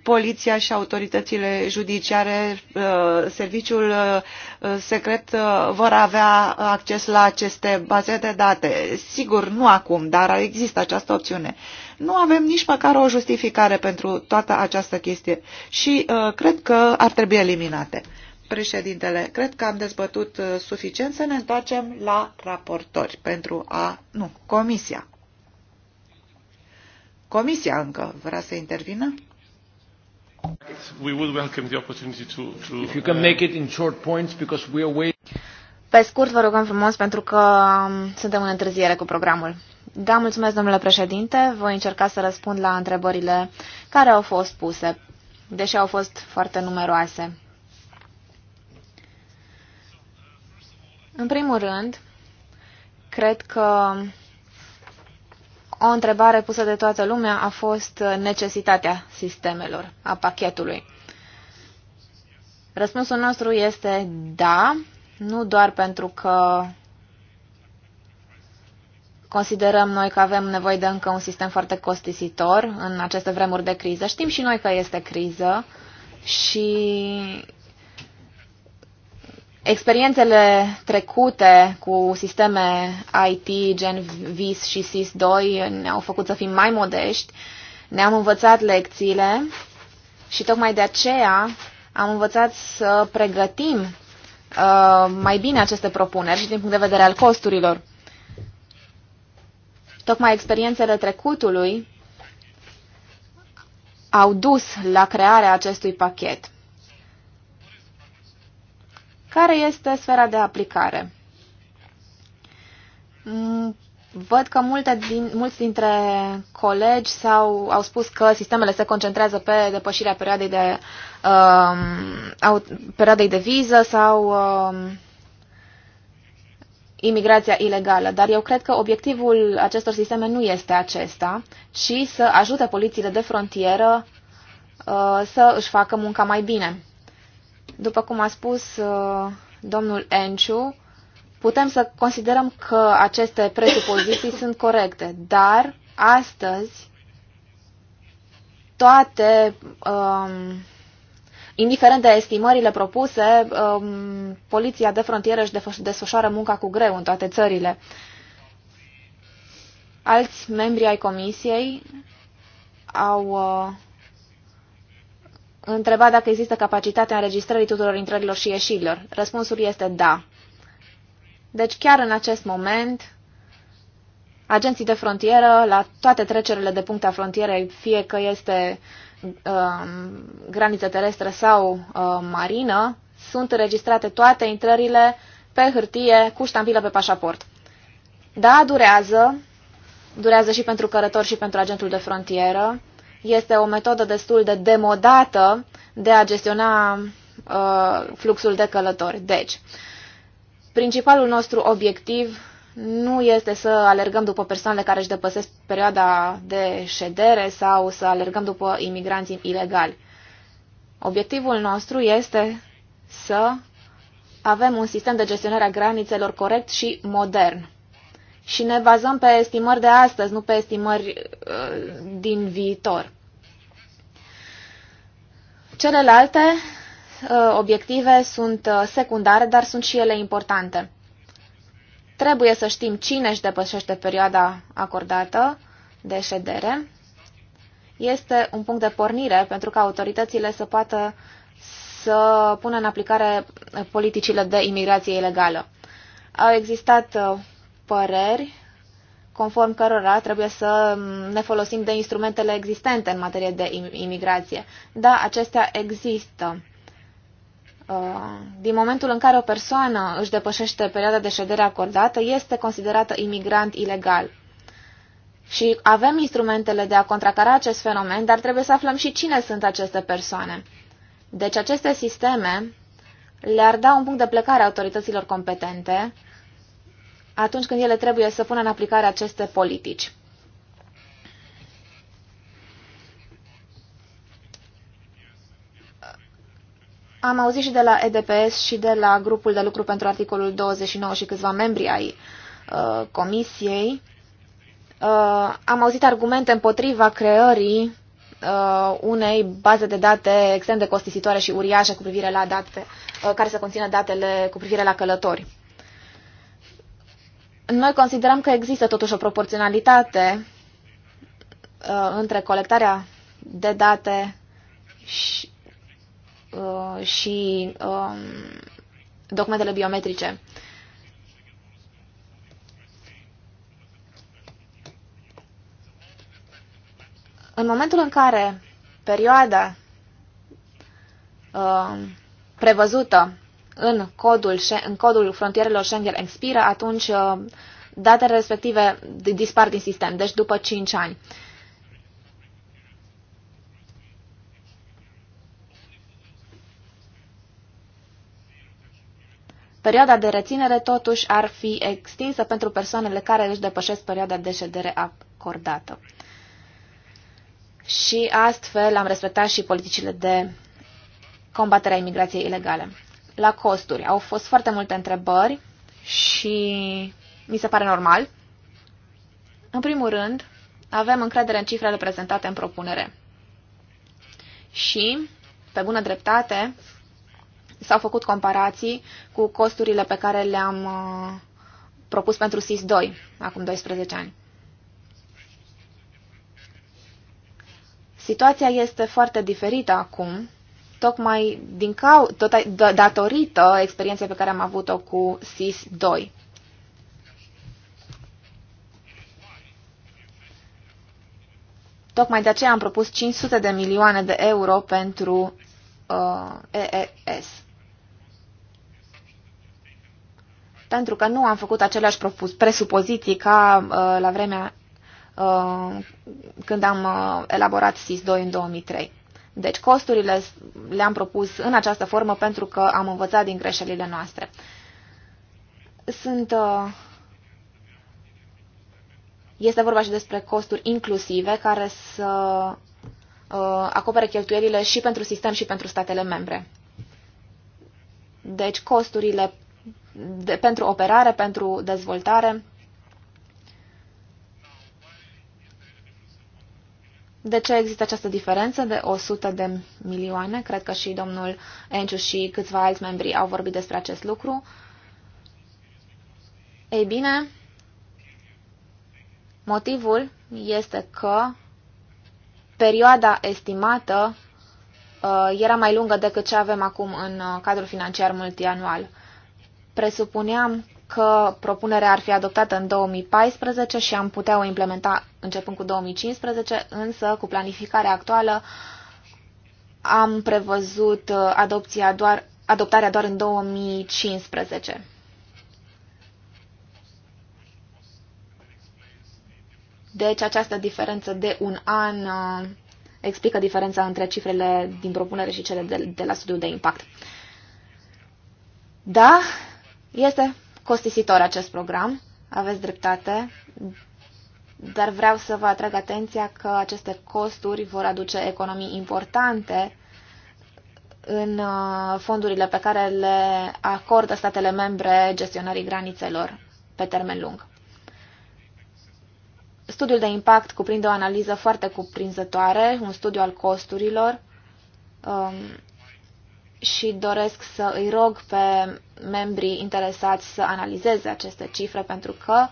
poliția și autoritățile judiciare, uh, serviciul uh, secret uh, vor avea acces la aceste baze de date. Sigur, nu acum, dar există această opțiune. Nu avem nici măcar o justificare pentru toată această chestie și cred că ar trebui eliminate. Președintele, cred că am dezbătut uh, suficient să ne întoarcem la raportori pentru a... Nu, comisia. Comisia încă vrea să intervină? Pe scurt, vă rugăm frumos pentru că um, suntem în întârziere cu programul. Da, mulțumesc, domnule președinte. Voi încerca să răspund la întrebările care au fost puse, deși au fost foarte numeroase. În primul rând, cred că o întrebare pusă de toată lumea a fost necesitatea sistemelor, a pachetului. Răspunsul nostru este da, nu doar pentru că considerăm noi că avem nevoie de încă un sistem foarte costisitor în aceste vremuri de criză. Știm și noi că este criză și Experiențele trecute cu sisteme IT, gen VIS și SIS-2, ne-au făcut să fim mai modești, ne-am învățat lecțiile și tocmai de aceea am învățat să pregătim uh, mai bine aceste propuneri și din punct de vedere al costurilor. Tocmai experiențele trecutului au dus la crearea acestui pachet. Care este sfera de aplicare? Mm, văd că multe din, mulți dintre colegi s-au, au spus că sistemele se concentrează pe depășirea perioadei de, uh, perioadei de viză sau uh, imigrația ilegală, dar eu cred că obiectivul acestor sisteme nu este acesta, ci să ajute polițiile de frontieră uh, să își facă munca mai bine. După cum a spus uh, domnul Enciu, putem să considerăm că aceste presupoziții sunt corecte, dar astăzi toate, um, indiferent de estimările propuse, um, poliția de frontieră își desfășoară munca cu greu în toate țările. Alți membri ai comisiei au uh, întreba dacă există capacitatea înregistrării tuturor intrărilor și ieșirilor. Răspunsul este da. Deci chiar în acest moment, agenții de frontieră, la toate trecerile de puncte a frontierei, fie că este um, graniță terestră sau uh, marină, sunt înregistrate toate intrările pe hârtie cu ștampilă pe pașaport. Da, durează, durează și pentru cărători și pentru agentul de frontieră, este o metodă destul de demodată de a gestiona uh, fluxul de călători. Deci, principalul nostru obiectiv nu este să alergăm după persoanele care își depăsesc perioada de ședere sau să alergăm după imigranții ilegali. Obiectivul nostru este să avem un sistem de gestionare a granițelor corect și modern și ne bazăm pe estimări de astăzi, nu pe estimări uh, din viitor. Celelalte uh, obiective sunt uh, secundare, dar sunt și ele importante. Trebuie să știm cine își depășește perioada acordată de ședere. Este un punct de pornire pentru ca autoritățile să poată să pună în aplicare politicile de imigrație ilegală. Au existat păreri conform cărora trebuie să ne folosim de instrumentele existente în materie de imigrație. Da, acestea există. Uh, din momentul în care o persoană își depășește perioada de ședere acordată, este considerată imigrant ilegal. Și avem instrumentele de a contracara acest fenomen, dar trebuie să aflăm și cine sunt aceste persoane. Deci aceste sisteme le-ar da un punct de plecare autorităților competente atunci când ele trebuie să pună în aplicare aceste politici. Am auzit și de la EDPS și de la grupul de lucru pentru articolul 29 și câțiva membri ai uh, comisiei. Uh, am auzit argumente împotriva creării uh, unei baze de date extrem de costisitoare și uriașe cu privire la date, uh, care să conțină datele cu privire la călători. Noi considerăm că există totuși o proporționalitate uh, între colectarea de date și, uh, și uh, documentele biometrice. În momentul în care perioada uh, prevăzută în codul, în codul frontierelor Schengen expiră, atunci uh, datele respective dispar din sistem, deci după 5 ani. Perioada de reținere totuși ar fi extinsă pentru persoanele care își depășesc perioada de ședere acordată. Și astfel am respectat și politicile de combatere a imigrației ilegale la costuri. Au fost foarte multe întrebări și mi se pare normal. În primul rând, avem încredere în cifrele prezentate în propunere. Și, pe bună dreptate, s-au făcut comparații cu costurile pe care le-am uh, propus pentru SIS-2 acum 12 ani. Situația este foarte diferită acum tocmai din cau, tot, datorită experienței pe care am avut-o cu SIS-2. Tocmai de aceea am propus 500 de milioane de euro pentru uh, EES. Pentru că nu am făcut aceleași presupoziții ca uh, la vremea uh, când am uh, elaborat SIS-2 în 2003. Deci costurile le-am propus în această formă pentru că am învățat din greșelile noastre. Sunt, uh, este vorba și despre costuri inclusive care să uh, acopere cheltuielile și pentru sistem și pentru statele membre. Deci costurile de, pentru operare, pentru dezvoltare, De ce există această diferență de 100 de milioane? Cred că și domnul Enciu și câțiva alți membri au vorbit despre acest lucru. Ei bine, motivul este că perioada estimată uh, era mai lungă decât ce avem acum în uh, cadrul financiar multianual. Presupuneam că propunerea ar fi adoptată în 2014 și am putea o implementa începând cu 2015, însă cu planificarea actuală am prevăzut uh, adopția doar, adoptarea doar în 2015. Deci această diferență de un an uh, explică diferența între cifrele din propunere și cele de, de la studiul de impact. Da, este costisitor acest program, aveți dreptate, dar vreau să vă atrag atenția că aceste costuri vor aduce economii importante în uh, fondurile pe care le acordă statele membre gestionării granițelor pe termen lung. Studiul de impact cuprinde o analiză foarte cuprinzătoare, un studiu al costurilor um, și doresc să îi rog pe membrii interesați să analizeze aceste cifre, pentru că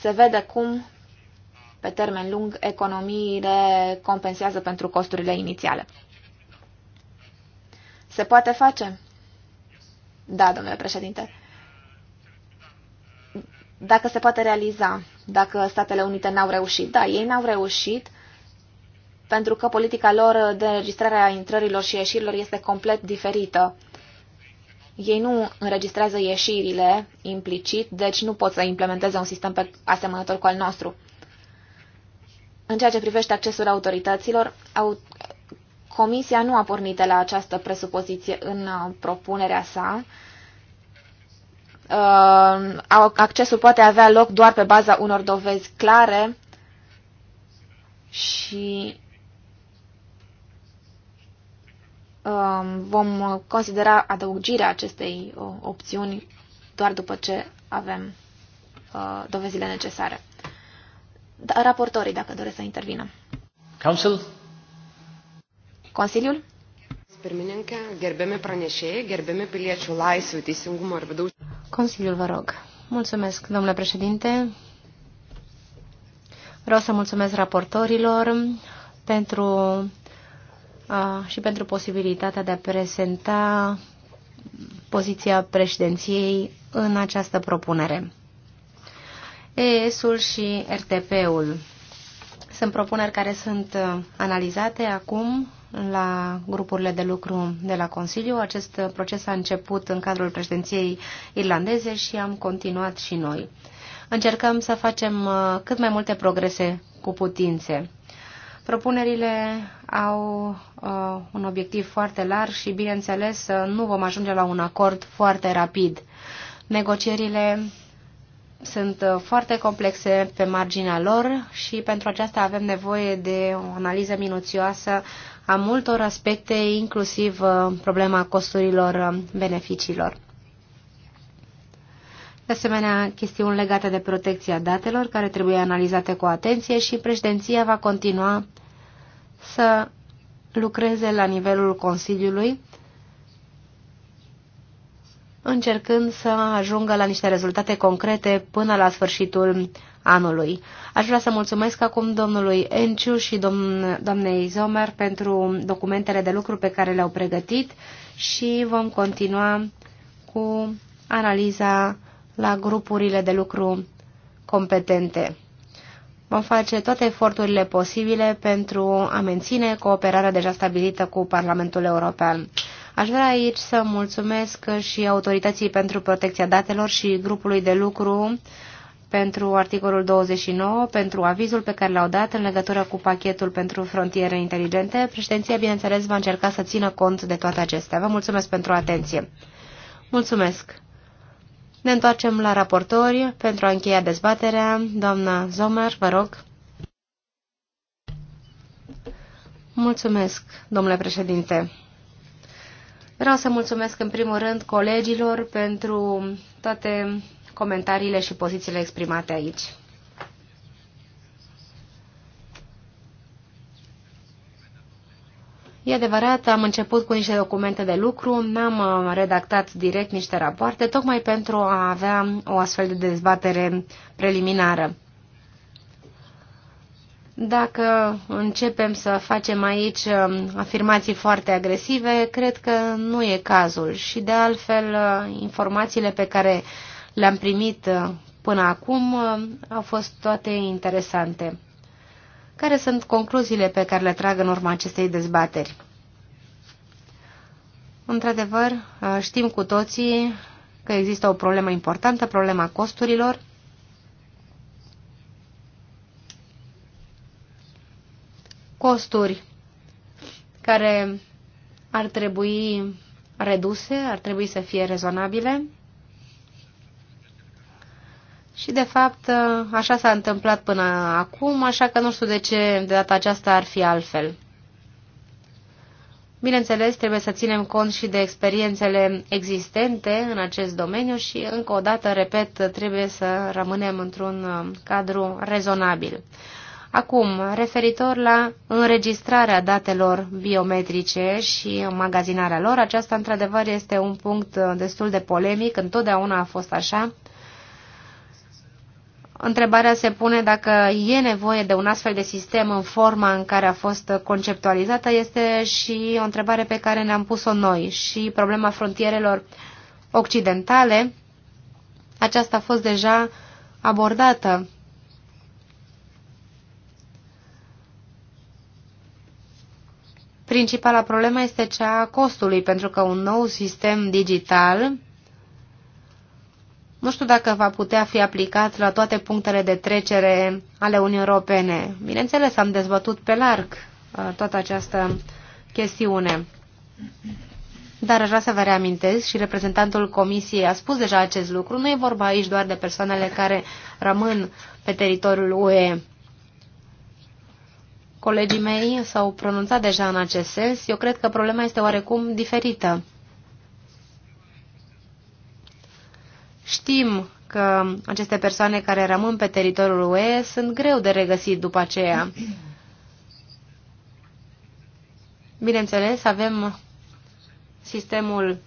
se vede cum, pe termen lung, economiile compensează pentru costurile inițiale. Se poate face? Da, domnule președinte. Dacă se poate realiza, dacă Statele Unite n-au reușit, da, ei n-au reușit pentru că politica lor de înregistrare a intrărilor și ieșirilor este complet diferită ei nu înregistrează ieșirile implicit, deci nu pot să implementeze un sistem pe asemănător cu al nostru. În ceea ce privește accesul autorităților, au, Comisia nu a pornit de la această presupoziție în uh, propunerea sa. Uh, accesul poate avea loc doar pe baza unor dovezi clare și Um, vom considera adăugirea acestei uh, opțiuni doar după ce avem uh, dovezile necesare. Da, raportorii, dacă doresc să intervină. Council? Consiliul? piliečių laisvių, teisingumo ir vidaus. Consiliul, vă rog. Mulțumesc, domnule președinte. Vreau să mulțumesc raportorilor pentru și pentru posibilitatea de a prezenta poziția președinției în această propunere. EES-ul și RTP-ul sunt propuneri care sunt uh, analizate acum la grupurile de lucru de la Consiliu. Acest proces a început în cadrul președinției irlandeze și am continuat și noi. Încercăm să facem uh, cât mai multe progrese cu putințe. Propunerile au uh, un obiectiv foarte larg și, bineînțeles, uh, nu vom ajunge la un acord foarte rapid. Negocierile sunt uh, foarte complexe pe marginea lor și pentru aceasta avem nevoie de o analiză minuțioasă a multor aspecte, inclusiv uh, problema costurilor beneficiilor de asemenea chestiuni legate de protecția datelor care trebuie analizate cu atenție și președinția va continua să lucreze la nivelul Consiliului încercând să ajungă la niște rezultate concrete până la sfârșitul anului. Aș vrea să mulțumesc acum domnului Enciu și domn, doamnei Zomer pentru documentele de lucru pe care le-au pregătit și vom continua cu analiza la grupurile de lucru competente. Vom face toate eforturile posibile pentru a menține cooperarea deja stabilită cu Parlamentul European. Aș vrea aici să mulțumesc și Autorității pentru Protecția Datelor și grupului de lucru pentru articolul 29, pentru avizul pe care l-au dat în legătură cu pachetul pentru frontiere inteligente. Președinția, bineînțeles, va încerca să țină cont de toate acestea. Vă mulțumesc pentru atenție. Mulțumesc! Ne întoarcem la raportori pentru a încheia dezbaterea. Doamna Zomer, vă rog. Mulțumesc, domnule președinte. Vreau să mulțumesc în primul rând colegilor pentru toate comentariile și pozițiile exprimate aici. E adevărat, am început cu niște documente de lucru, n-am uh, redactat direct niște rapoarte, tocmai pentru a avea o astfel de dezbatere preliminară. Dacă începem să facem aici um, afirmații foarte agresive, cred că nu e cazul și de altfel uh, informațiile pe care le-am primit uh, până acum au fost toate interesante. Care sunt concluziile pe care le trag în urma acestei dezbateri? Într-adevăr, știm cu toții că există o problemă importantă, problema costurilor. Costuri care ar trebui reduse, ar trebui să fie rezonabile. Și, de fapt, așa s-a întâmplat până acum, așa că nu știu de ce de data aceasta ar fi altfel. Bineînțeles, trebuie să ținem cont și de experiențele existente în acest domeniu și, încă o dată, repet, trebuie să rămânem într-un um, cadru rezonabil. Acum, referitor la înregistrarea datelor biometrice și magazinarea lor, aceasta într-adevăr este un punct uh, destul de polemic, întotdeauna a fost așa întrebarea se pune dacă e nevoie de un astfel de sistem în forma în care a fost conceptualizată. Este și o întrebare pe care ne-am pus-o noi și problema frontierelor occidentale. Aceasta a fost deja abordată Principala problemă este cea a costului, pentru că un nou sistem digital nu știu dacă va putea fi aplicat la toate punctele de trecere ale Uniunii Europene. Bineînțeles, am dezbătut pe larg uh, toată această chestiune. Dar aș vrea să vă reamintesc și reprezentantul Comisiei a spus deja acest lucru. Nu e vorba aici doar de persoanele care rămân pe teritoriul UE. Colegii mei s-au pronunțat deja în acest sens. Eu cred că problema este oarecum diferită. Știm că aceste persoane care rămân pe teritoriul UE sunt greu de regăsit după aceea. Bineînțeles, avem sistemul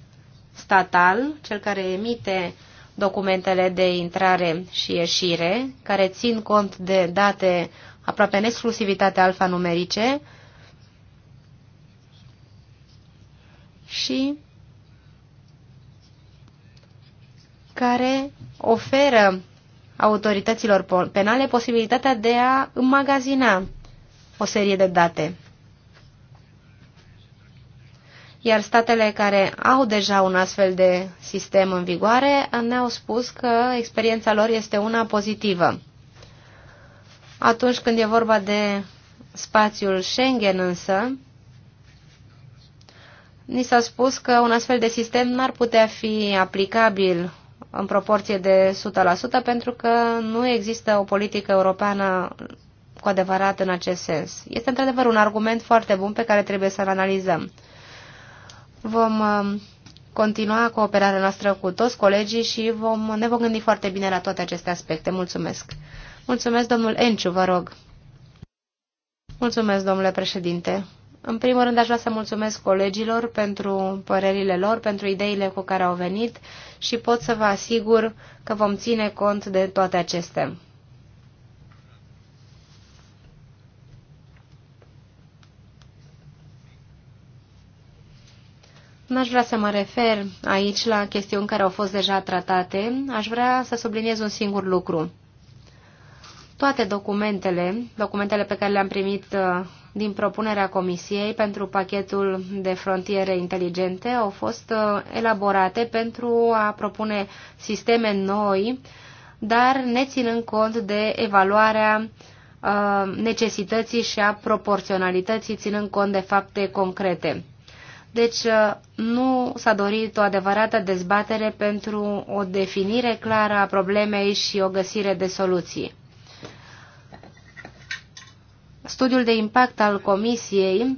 statal, cel care emite documentele de intrare și ieșire, care țin cont de date aproape în exclusivitate alfanumerice și care oferă autorităților penale posibilitatea de a înmagazina o serie de date. Iar statele care au deja un astfel de sistem în vigoare ne-au spus că experiența lor este una pozitivă. Atunci când e vorba de spațiul Schengen însă, ni s-a spus că un astfel de sistem n-ar putea fi aplicabil în proporție de 100% pentru că nu există o politică europeană cu adevărat în acest sens. Este într-adevăr un argument foarte bun pe care trebuie să-l analizăm. Vom uh, continua cooperarea noastră cu toți colegii și vom, ne vom gândi foarte bine la toate aceste aspecte. Mulțumesc! Mulțumesc, domnul Enciu, vă rog! Mulțumesc, domnule președinte! În primul rând aș vrea să mulțumesc colegilor pentru părerile lor, pentru ideile cu care au venit și pot să vă asigur că vom ține cont de toate acestea. N-aș vrea să mă refer aici la chestiuni care au fost deja tratate, aș vrea să subliniez un singur lucru. Toate documentele, documentele pe care le-am primit uh, din propunerea Comisiei pentru pachetul de frontiere inteligente au fost uh, elaborate pentru a propune sisteme noi, dar ne ținând cont de evaluarea uh, necesității și a proporționalității, ținând cont de fapte concrete. Deci uh, nu s-a dorit o adevărată dezbatere pentru o definire clară a problemei și o găsire de soluții. Studiul de impact al Comisiei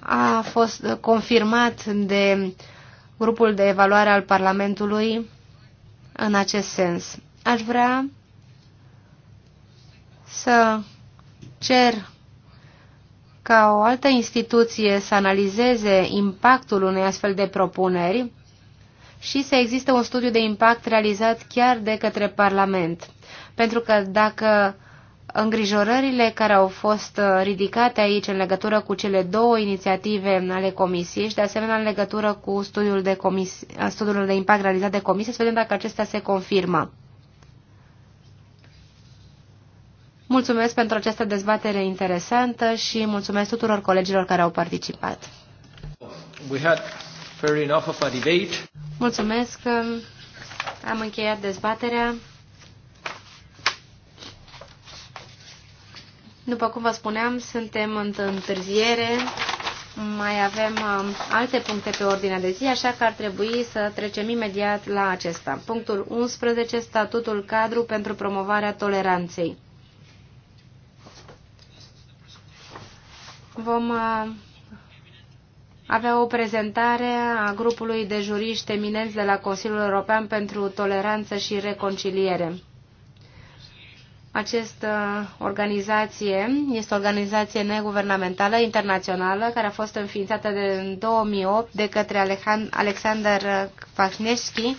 a fost confirmat de grupul de evaluare al Parlamentului în acest sens. Aș vrea să cer ca o altă instituție să analizeze impactul unei astfel de propuneri și să existe un studiu de impact realizat chiar de către Parlament. Pentru că dacă îngrijorările care au fost uh, ridicate aici în legătură cu cele două inițiative ale Comisiei și de asemenea în legătură cu studiul de, comisie, studiul de impact realizat de Comisie, să vedem dacă acestea se confirmă. Mulțumesc pentru această dezbatere interesantă și mulțumesc tuturor colegilor care au participat. We had fair enough of a debate. Mulțumesc. Am încheiat dezbaterea. După cum vă spuneam, suntem în întârziere, mai avem um, alte puncte pe ordinea de zi, așa că ar trebui să trecem imediat la acesta. Punctul 11, statutul cadru pentru promovarea toleranței. Vom uh, avea o prezentare a grupului de juriști eminenți de la Consiliul European pentru Toleranță și Reconciliere. Această organizație este o organizație neguvernamentală internațională care a fost înființată de, în 2008 de către Alexander Kwasniewski,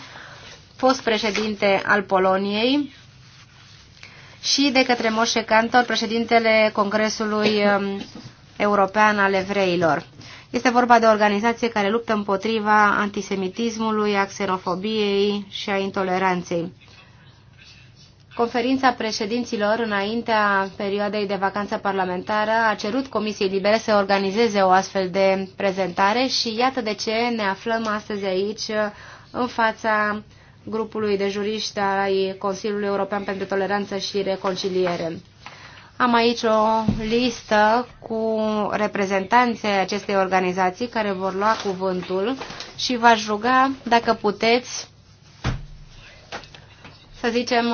fost președinte al Poloniei, și de către Moshe Cantor, președintele Congresului um, European al Evreilor. Este vorba de o organizație care luptă împotriva antisemitismului, a xenofobiei și a intoleranței. Conferința președinților, înaintea perioadei de vacanță parlamentară, a cerut Comisiei Libere să organizeze o astfel de prezentare și iată de ce ne aflăm astăzi aici în fața grupului de juriști ai Consiliului European pentru Toleranță și Reconciliere. Am aici o listă cu reprezentanții acestei organizații care vor lua cuvântul și v-aș ruga, dacă puteți, să zicem,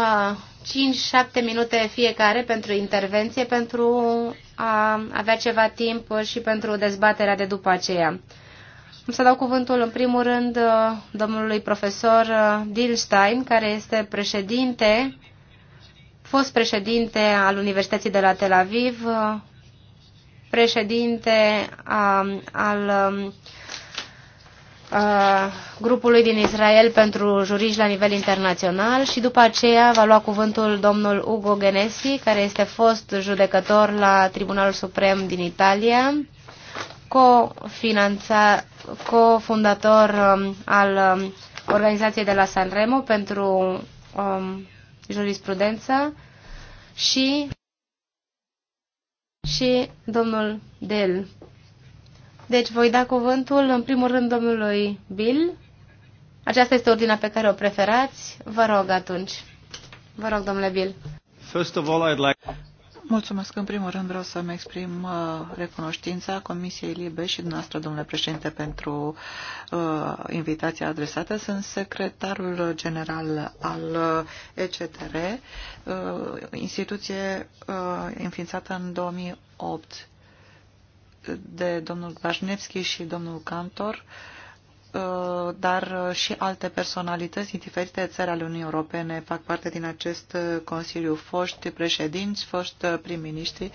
5-7 minute fiecare pentru intervenție, pentru a avea ceva timp și pentru dezbaterea de după aceea. Am să dau cuvântul în primul rând domnului profesor Dilstein, care este președinte, fost președinte al Universității de la Tel Aviv, președinte al grupului din Israel pentru juriști la nivel internațional și după aceea va lua cuvântul domnul Ugo Genesi, care este fost judecător la Tribunalul Suprem din Italia, cofondator co um, al um, organizației de la Sanremo pentru um, jurisprudență și, și domnul Del deci voi da cuvântul în primul rând domnului Bill. Aceasta este ordinea pe care o preferați. Vă rog atunci. Vă rog, domnule Bill. First of all, I'd like... Mulțumesc. În primul rând vreau să-mi exprim uh, recunoștința Comisiei Libe și dumneavoastră, domnule președinte, pentru uh, invitația adresată. Sunt secretarul general al uh, ECTR, uh, instituție uh, înființată în 2008 de domnul Bașnevski și domnul Cantor, uh, dar și alte personalități din diferite țări ale Uniunii Europene fac parte din acest Consiliu. Foști președinți, foști prim-ministri,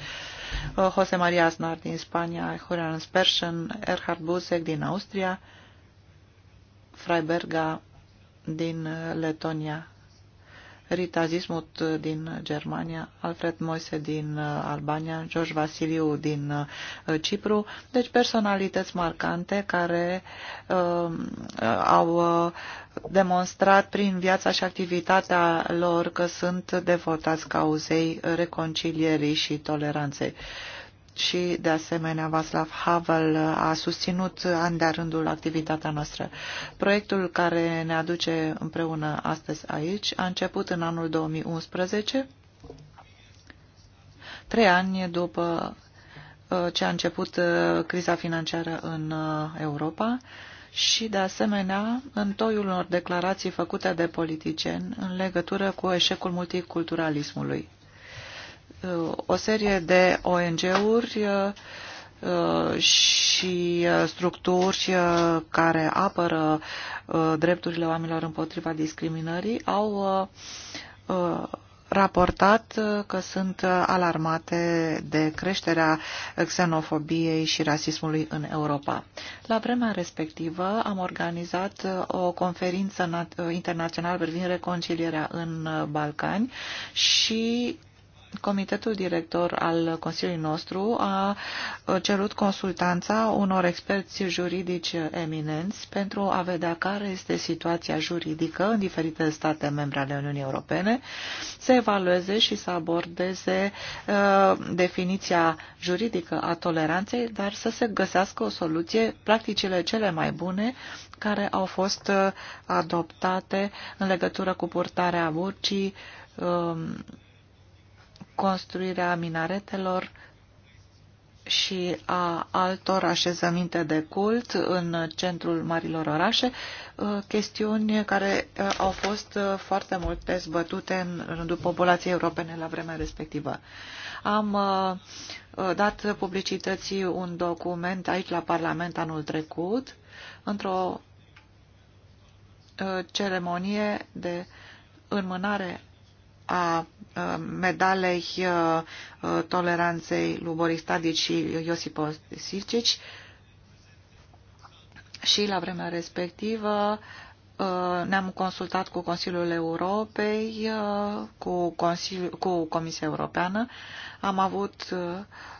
uh, Jose Maria Aznar din Spania, Julian Spersen, Erhard Busek din Austria, Freiberga din Letonia, Rita Zismut din Germania, Alfred Moise din uh, Albania, George Vasiliu din uh, Cipru, deci personalități marcante care um, uh, au uh, demonstrat prin viața și activitatea lor că sunt devotați cauzei reconcilierii și toleranței. Uh, și, de asemenea, Václav Havel a susținut an de rândul activitatea noastră. Proiectul care ne aduce împreună astăzi aici a început în anul 2011, trei ani după uh, ce a început uh, criza financiară în uh, Europa și, de asemenea, în toiul unor declarații făcute de politicieni în legătură cu eșecul multiculturalismului o serie de ONG-uri uh, uh, și uh, structuri care apără drepturile oamenilor împotriva discriminării au raportat că sunt alarmate de creșterea xenofobiei și rasismului în Europa. La vremea respectivă am organizat o conferință internațională privind reconcilierea în Balcani și Comitetul director al Consiliului nostru a cerut consultanța unor experți juridici eminenți pentru a vedea care este situația juridică în diferite state membre ale Uniunii Europene, să evalueze și să abordeze uh, definiția juridică a toleranței, dar să se găsească o soluție, practicile cele mai bune care au fost uh, adoptate în legătură cu purtarea burcii, uh, um, construirea minaretelor și a altor așezăminte de cult în centrul marilor orașe, uh, chestiuni care uh, au fost uh, foarte mult dezbătute în rândul populației europene la vremea respectivă. Am dat publicității un document aici la Parlament anul trecut, într-o ceremonie de înmânare a medalei uh, uh, toleranței lui Boris Tadic și Iosip Sircici. și la vremea respectivă uh, ne-am consultat cu Consiliul Europei, cu, Consiliul, cu Comisia Europeană. Am avut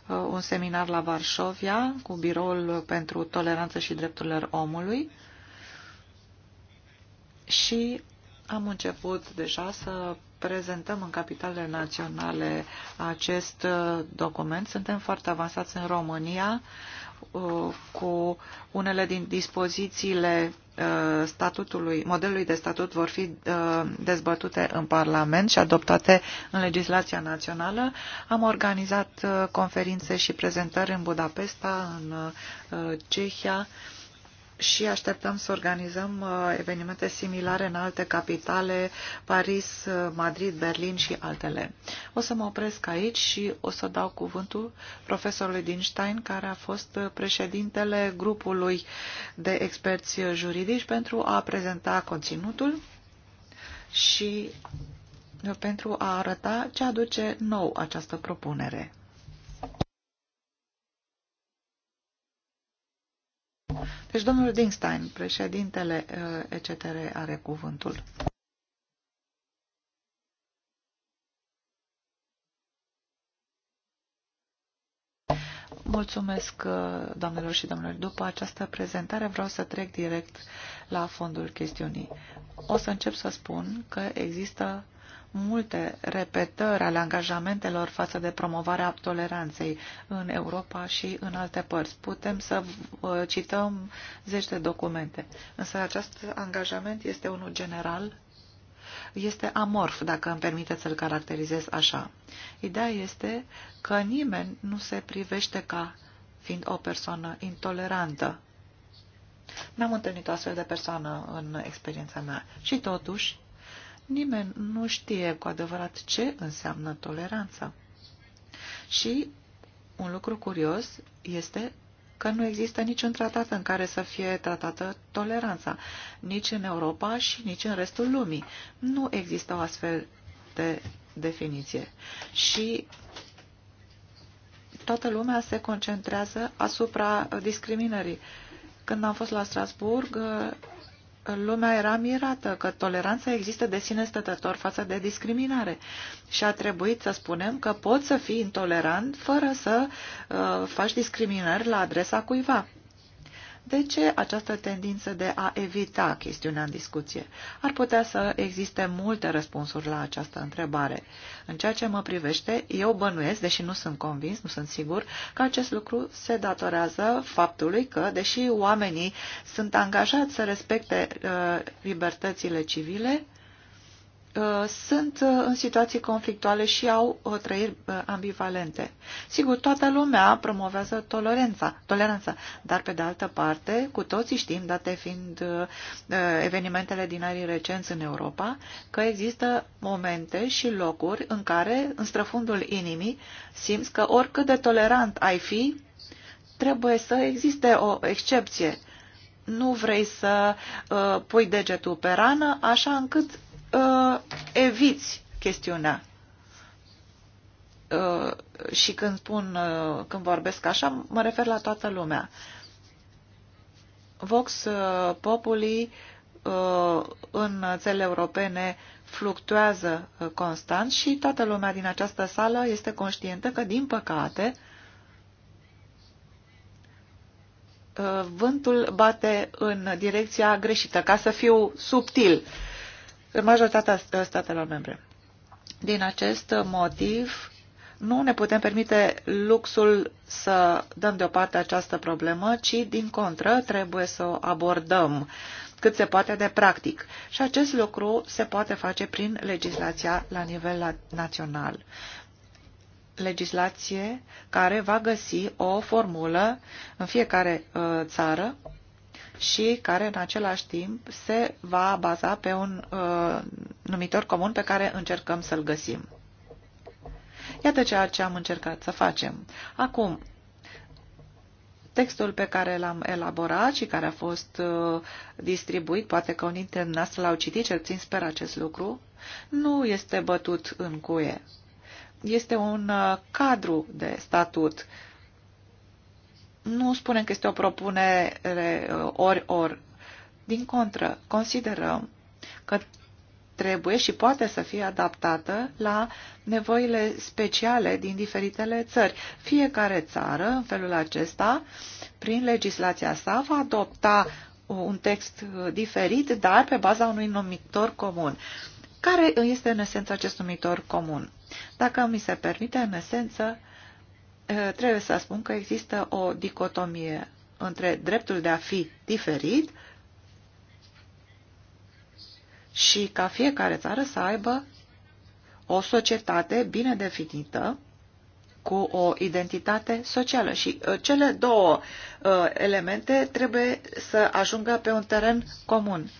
un seminar la Varșovia cu Biroul pentru Toleranță și Drepturile Omului și am început deja să prezentăm în capitalele naționale acest uh, document. Suntem foarte avansați în România uh, cu unele din dispozițiile uh, statutului, modelului de statut vor fi dezbătute în Parlament și adoptate în legislația națională. Am organizat conferințe și prezentări în Budapesta, în Cehia, și așteptăm să organizăm uh, evenimente similare în alte capitale, Paris, uh, Madrid, Berlin și altele. O să mă opresc aici și o să dau cuvântul profesorului Dinstein, care a fost uh, președintele grupului de experți juridici pentru a prezenta conținutul și pentru a arăta ce aduce nou această propunere. Deci, domnul Dingstein, președintele uh, ECTR, are cuvântul. Mulțumesc, uh, doamnelor și domnilor. După această prezentare vreau să trec direct la fondul chestiunii. O să încep să spun că există multe repetări ale angajamentelor față de promovarea toleranței în Europa și în alte părți. Putem să uh, cităm zeci de documente, însă acest angajament este unul general, este amorf, dacă îmi permiteți să-l caracterizez așa. Ideea este că nimeni nu se privește ca fiind o persoană intolerantă. N-am întâlnit o astfel de persoană în experiența mea. Și totuși, Nimeni nu știe cu adevărat ce înseamnă toleranța. Și un lucru curios este că nu există niciun tratat în care să fie tratată toleranța, nici în Europa și nici în restul lumii. Nu există o astfel de definiție. Și toată lumea se concentrează asupra discriminării. Când am fost la Strasburg, lumea era mirată că toleranța există de sine stătător față de discriminare și a trebuit să spunem că poți să fii intolerant fără să uh, faci discriminări la adresa cuiva. De ce această tendință de a evita chestiunea în discuție? Ar putea să existe multe răspunsuri la această întrebare. În ceea ce mă privește, eu bănuiesc, deși nu sunt convins, nu sunt sigur, că acest lucru se datorează faptului că, deși oamenii sunt angajați să respecte uh, libertățile civile, uh, Uh, sunt uh, în situații conflictuale și au o uh, trăiri ambivalente. Sigur, toată lumea promovează toleranța, toleranța, dar pe de altă parte, cu toții știm, date fiind evenimentele din anii recenți în Europa, că există momente și locuri în care, în străfundul inimii, simți că oricât de tolerant ai fi, trebuie să existe o excepție. Nu vrei să uh, pui degetul pe rană, așa încât uh, eviți chestiunea. Uh, și când spun, uh, când vorbesc așa, mă refer la toată lumea. Vox uh, Populi uh, în țele europene fluctuează uh, constant și toată lumea din această sală este conștientă că, din păcate, uh, vântul bate în direcția greșită, ca să fiu subtil. Uh, în majoritatea statelor membre. Din acest motiv, nu ne putem permite luxul să dăm deoparte această problemă, ci, din contră, trebuie să o abordăm cât se poate de practic. Și acest lucru se poate face prin legislația la nivel național. Legislație care va găsi o formulă în fiecare uh, țară și care în același timp se va baza pe un uh, numitor comun pe care încercăm să-l găsim. Iată ceea ce am încercat să facem. Acum, textul pe care l-am elaborat și care a fost uh, distribuit, poate că unii dintre noastre l-au citit, cel țin sper acest lucru, nu este bătut în cuie. Este un uh, cadru de statut uh, nu spunem că este o propunere ori-ori. Uh, din contră, considerăm că trebuie și poate să fie adaptată la nevoile speciale din diferitele țări. Fiecare țară, în felul acesta, prin legislația sa, va adopta un text uh, diferit, dar pe baza unui numitor comun. Care este în esență acest numitor comun? Dacă mi se permite, în esență, Eh, trebuie să spun că există o dicotomie între dreptul de a fi diferit și ca fiecare țară să aibă o societate bine definită cu o identitate socială. Și eh, cele două eh, elemente trebuie să ajungă pe un teren comun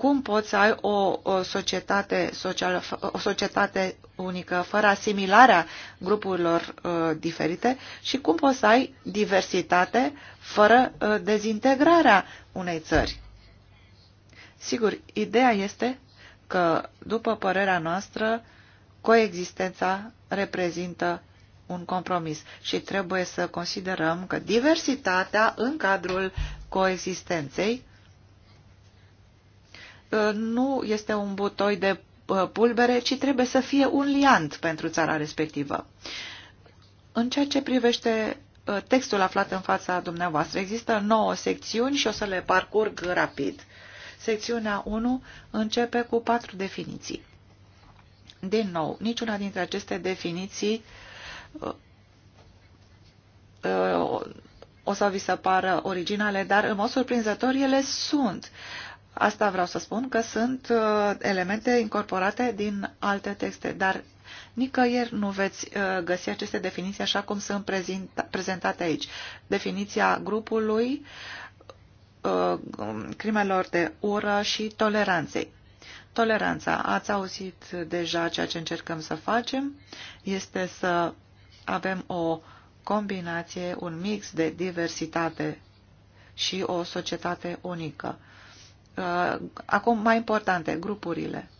cum poți să ai o, o societate socială, o societate unică fără asimilarea grupurilor uh, diferite și cum poți să ai diversitate fără uh, dezintegrarea unei țări. Sigur, ideea este că, după părerea noastră, coexistența reprezintă un compromis și trebuie să considerăm că diversitatea în cadrul coexistenței Uh, nu este un butoi de uh, pulbere, ci trebuie să fie un liant pentru țara respectivă. În ceea ce privește uh, textul aflat în fața dumneavoastră, există nouă secțiuni și o să le parcurg rapid. Secțiunea 1 începe cu patru definiții. Din nou, niciuna dintre aceste definiții o să vi se pară originale, dar în mod surprinzător ele sunt. Uh, Asta vreau să spun că sunt uh, elemente incorporate din alte texte, dar nicăieri nu veți uh, găsi aceste definiții așa cum sunt prezentate aici. Definiția grupului, uh, crimelor de ură și toleranței. Toleranța. Ați auzit deja ceea ce încercăm să facem. Este să avem o combinație, un mix de diversitate și o societate unică. Uh, acum, mai importante, grupurile.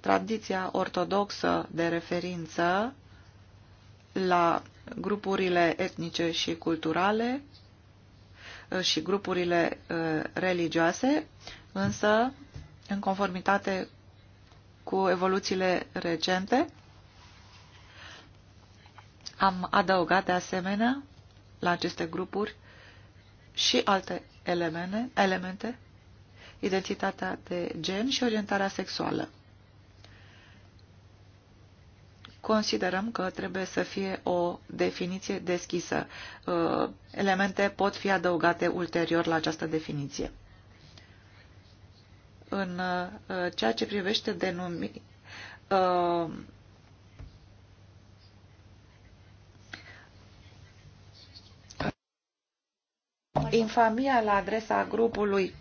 Tradiția ortodoxă de referință la grupurile etnice și culturale uh, și grupurile uh, religioase, însă, în conformitate cu evoluțiile recente, am adăugat de asemenea la aceste grupuri și alte elemente, elemente identitatea de gen și orientarea sexuală. Considerăm că trebuie să fie o definiție deschisă. Uh, elemente pot fi adăugate ulterior la această definiție. În uh, ceea ce privește denumi, uh, infamia la adresa grupului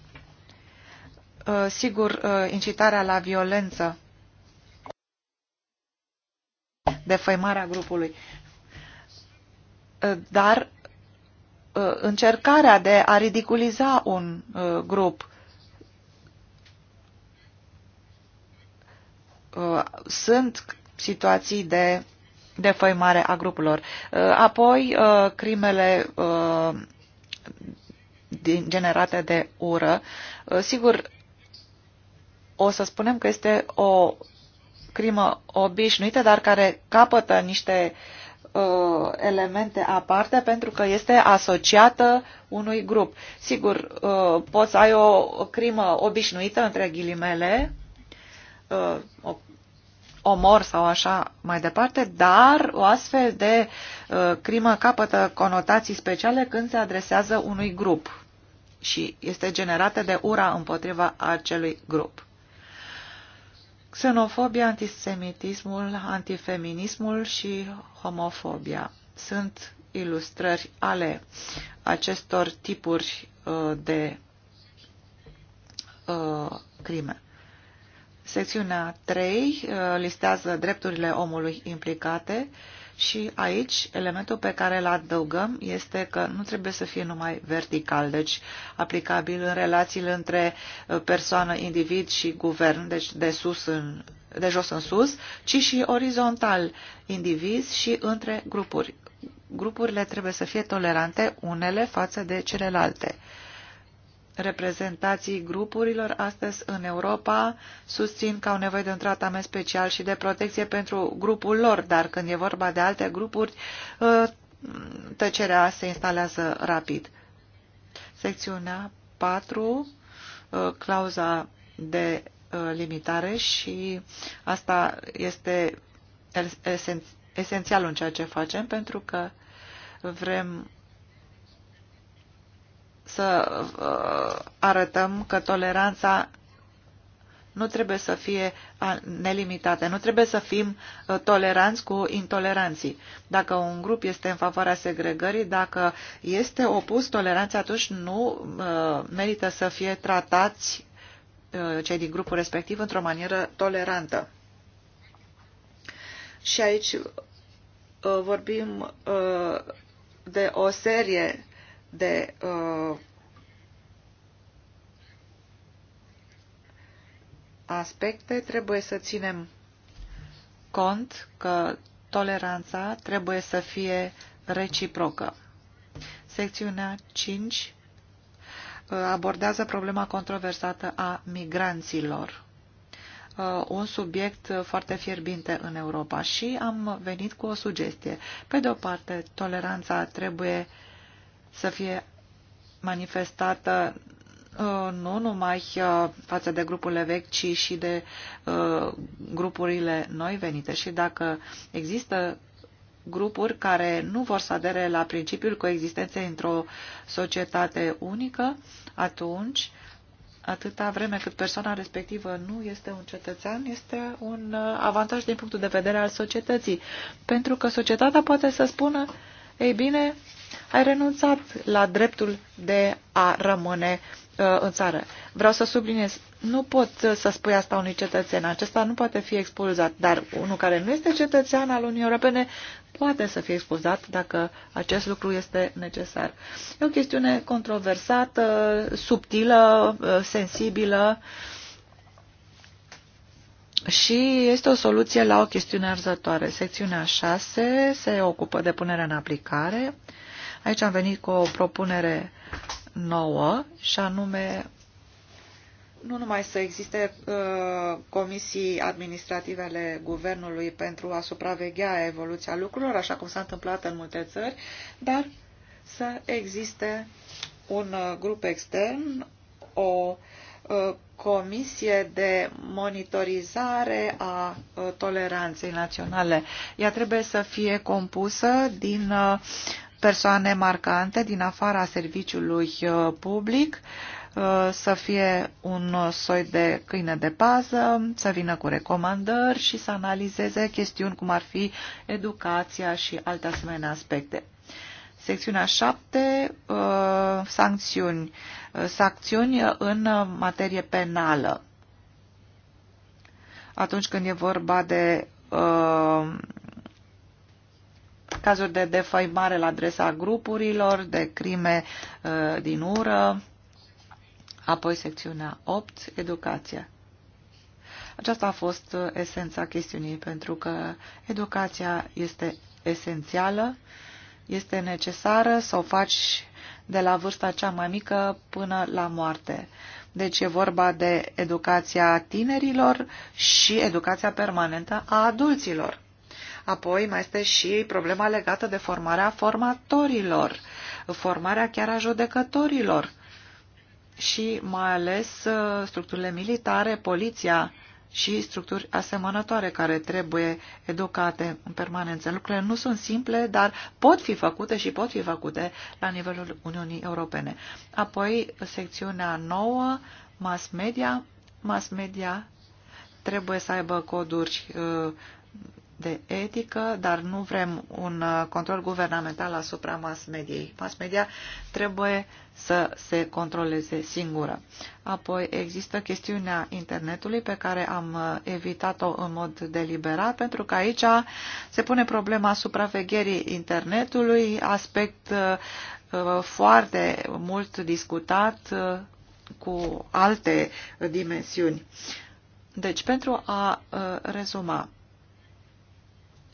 Uh, sigur, uh, incitarea la violență, defăimarea grupului, uh, dar încercarea de a ridiculiza un grup sunt situații de defăimare a grupurilor. Apoi, crimele generate de ură. Sigur, o să spunem că este o crimă obișnuită, dar care capătă niște uh, elemente aparte pentru că este asociată unui grup. Sigur, uh, poți să ai o crimă obișnuită, între ghilimele, uh, o omor sau așa mai departe, dar o astfel de uh, crimă capătă conotații speciale când se adresează unui grup și este generată de ura împotriva acelui grup. Xenofobia, antisemitismul, antifeminismul și homofobia sunt ilustrări ale acestor tipuri uh, de uh, crime. Secțiunea 3 uh, listează drepturile omului implicate și aici, elementul pe care îl adăugăm este că nu trebuie să fie numai vertical, deci aplicabil în relațiile între uh, persoană, individ și guvern, deci de, sus în, de jos în sus, ci și orizontal, indiviz și între grupuri. Grupurile trebuie să fie tolerante unele față de celelalte reprezentații grupurilor astăzi în Europa susțin că au nevoie de un tratament special și de protecție pentru grupul lor, dar când e vorba de alte grupuri, ă, tăcerea se instalează rapid. Secțiunea 4, ă, clauza de ă, limitare și asta este esențial în ceea ce facem pentru că vrem să uh, arătăm că toleranța nu trebuie să fie nelimitată, nu trebuie să fim uh, toleranți cu intoleranții. Dacă un grup este în favoarea segregării, dacă este opus toleranței, atunci nu uh, merită să fie tratați cei din grupul respectiv într-o manieră tolerantă. Și aici vorbim de o serie de uh, aspecte, trebuie să ținem cont că toleranța trebuie să fie reciprocă. Secțiunea 5 uh, abordează problema controversată a migranților, uh, un subiect foarte fierbinte în Europa și am venit cu o sugestie. Pe de o parte, toleranța trebuie uh, să fie manifestată uh, nu numai uh, față de grupurile vechi, ci și de uh, grupurile noi venite. Și dacă există grupuri care nu vor să adere la principiul coexistenței într-o societate unică, atunci, atâta vreme cât persoana respectivă nu este un cetățean, este un avantaj din punctul de vedere al societății. Pentru că societatea poate să spună uh, ei bine, ai renunțat la dreptul de a rămâne uh, în țară. Vreau să subliniez, nu pot uh, să spui asta unui cetățean, acesta nu poate fi expulzat, dar unul care nu este cetățean al Uniunii Europene poate să fie expulzat dacă acest lucru este necesar. E o chestiune controversată, subtilă, uh, sensibilă. Uh, și este o soluție la o chestiune arzătoare. Secțiunea 6 se ocupă de punerea în aplicare. Aici am venit cu o propunere nouă și anume nu numai să existe uh, comisii administrative ale guvernului pentru a supraveghea evoluția lucrurilor, așa cum s-a întâmplat în multe țări, dar să existe un uh, grup extern, o uh, Uh, comisie de monitorizare a uh, toleranței naționale. Ea trebuie să fie compusă din uh, persoane marcante din afara serviciului public, să fie un soi de câine de pază, să vină cu recomandări și să analizeze chestiuni cum ar fi educația și alte asemenea aspecte. Secțiunea 7, sancțiuni sancțiuni în materie penală atunci când e vorba de uh, cazuri de defăimare la adresa grupurilor, de crime uh, din ură, apoi secțiunea 8, educația. Aceasta a fost uh, esența chestiunii, pentru că educația este esențială, este necesară să o faci de la vârsta cea mai mică până la moarte. Deci e vorba de educația tinerilor și educația permanentă a adulților. Apoi mai este și problema legată de formarea formatorilor, formarea chiar a judecătorilor și mai ales uh, structurile militare, poliția, și structuri asemănătoare care trebuie educate în permanență. Lucrurile nu sunt simple, dar pot fi făcute și pot fi făcute la nivelul Uniunii Europene. Apoi, secțiunea nouă, mass media. Mass media trebuie să aibă coduri uh, de etică, dar nu vrem un uh, control guvernamental asupra mass mediei. Mass media trebuie să se controleze singură. Apoi există chestiunea internetului pe care am uh, evitat-o în mod deliberat pentru că aici se pune problema supravegherii internetului, aspect uh, foarte mult discutat cu alte dimensiuni. Deci, pentru a rezuma,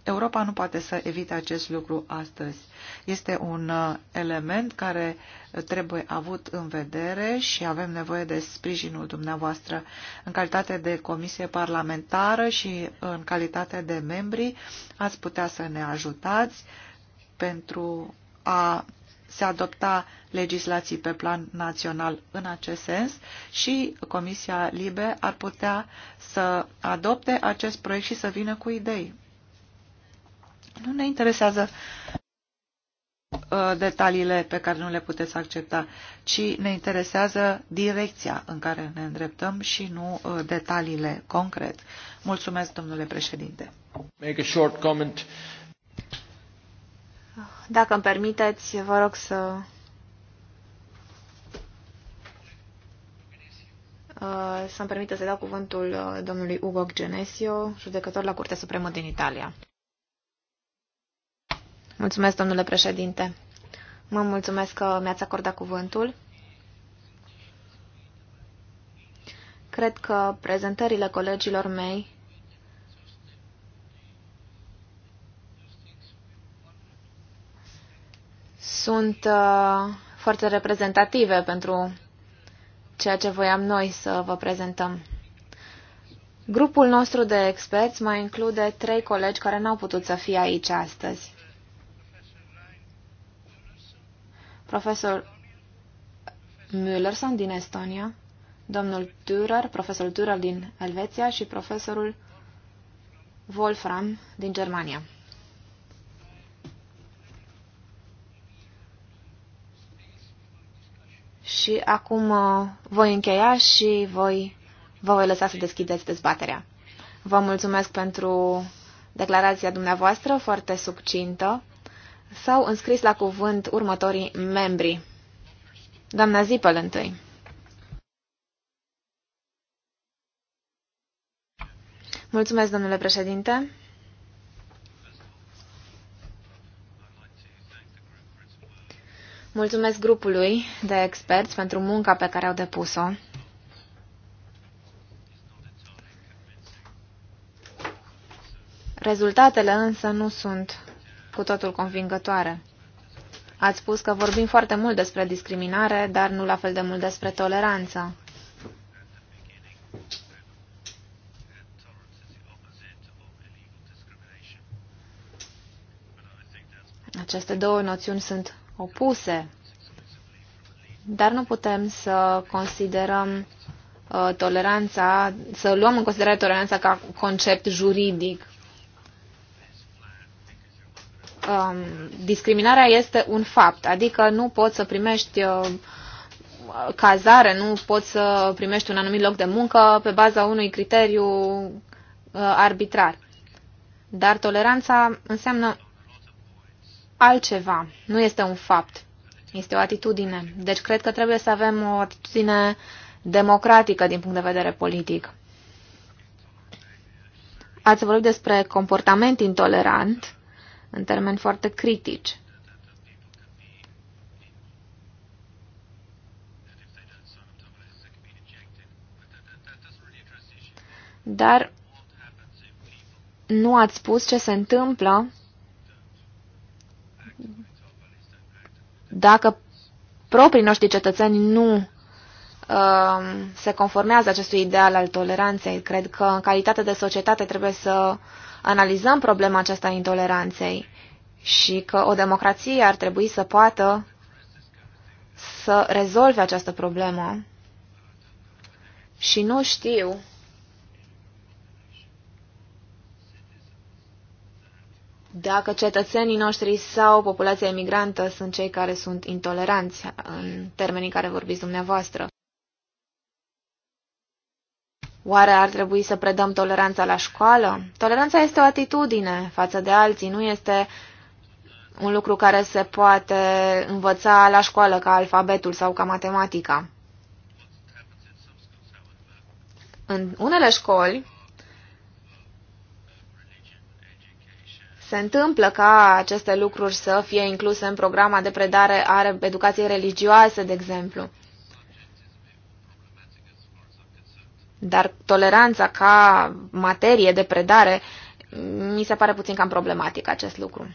Europa nu poate să evite acest lucru astăzi. Este un uh, element care trebuie avut în vedere și avem nevoie de sprijinul dumneavoastră. În calitate de comisie parlamentară și în calitate de membri, ați putea să ne ajutați pentru a se adopta legislații pe plan național în acest sens și Comisia Libe ar putea să adopte acest proiect și să vină cu idei. Nu ne interesează uh, detaliile pe care nu le puteți accepta, ci ne interesează direcția în care ne îndreptăm și nu uh, detaliile concret. Mulțumesc, domnule președinte. Make a short comment. Dacă îmi permiteți, vă rog să uh, să-mi permite să dau cuvântul domnului Ugo Genesio, judecător la Curtea Supremă din Italia. Mulțumesc, domnule președinte. Mă mulțumesc că mi-ați acordat cuvântul. Cred că prezentările colegilor mei sunt uh, foarte reprezentative pentru ceea ce voiam noi să vă prezentăm. Grupul nostru de experți mai include trei colegi care n-au putut să fie aici astăzi. profesor Müllerson din Estonia, domnul Dürer, profesorul Dürer din Elveția și profesorul Wolfram din Germania. Și acum uh, voi încheia și voi, vă voi lăsa să deschideți dezbaterea. Vă mulțumesc pentru declarația dumneavoastră foarte succintă S-au înscris la cuvânt următorii membri. Doamna Zipăl întâi. Mulțumesc, domnule președinte. Mulțumesc grupului de experți pentru munca pe care au depus-o. Rezultatele însă nu sunt cu totul convingătoare. Ați spus că vorbim foarte mult despre discriminare, dar nu la fel de mult despre toleranță. Aceste două noțiuni sunt opuse, dar nu putem să considerăm uh, toleranța, să luăm în considerare toleranța ca concept juridic um, discriminarea este un fapt, adică nu poți să primești uh, cazare, nu poți să primești un anumit loc de muncă pe baza unui criteriu uh, arbitrar. Dar toleranța înseamnă altceva, nu este un fapt, este o atitudine. Deci cred că trebuie să avem o atitudine democratică din punct de vedere politic. Ați vorbit despre comportament intolerant în termeni foarte critici. Dar nu ați spus ce se întâmplă dacă proprii noștri cetățeni nu uh, se conformează acestui ideal al toleranței. Cred că în calitate de societate trebuie să analizăm problema aceasta a intoleranței și că o democrație ar trebui să poată să rezolve această problemă. Și nu știu dacă cetățenii noștri sau populația emigrantă sunt cei care sunt intoleranți în termenii care vorbiți dumneavoastră. Oare ar trebui să predăm toleranța la școală? Toleranța este o atitudine față de alții, nu este un lucru care se poate învăța la școală ca alfabetul sau ca matematica. În unele școli se întâmplă ca aceste lucruri să fie incluse în programa de predare a educației religioase, de exemplu. Dar toleranța ca materie de predare, mi se pare puțin cam problematic acest lucru.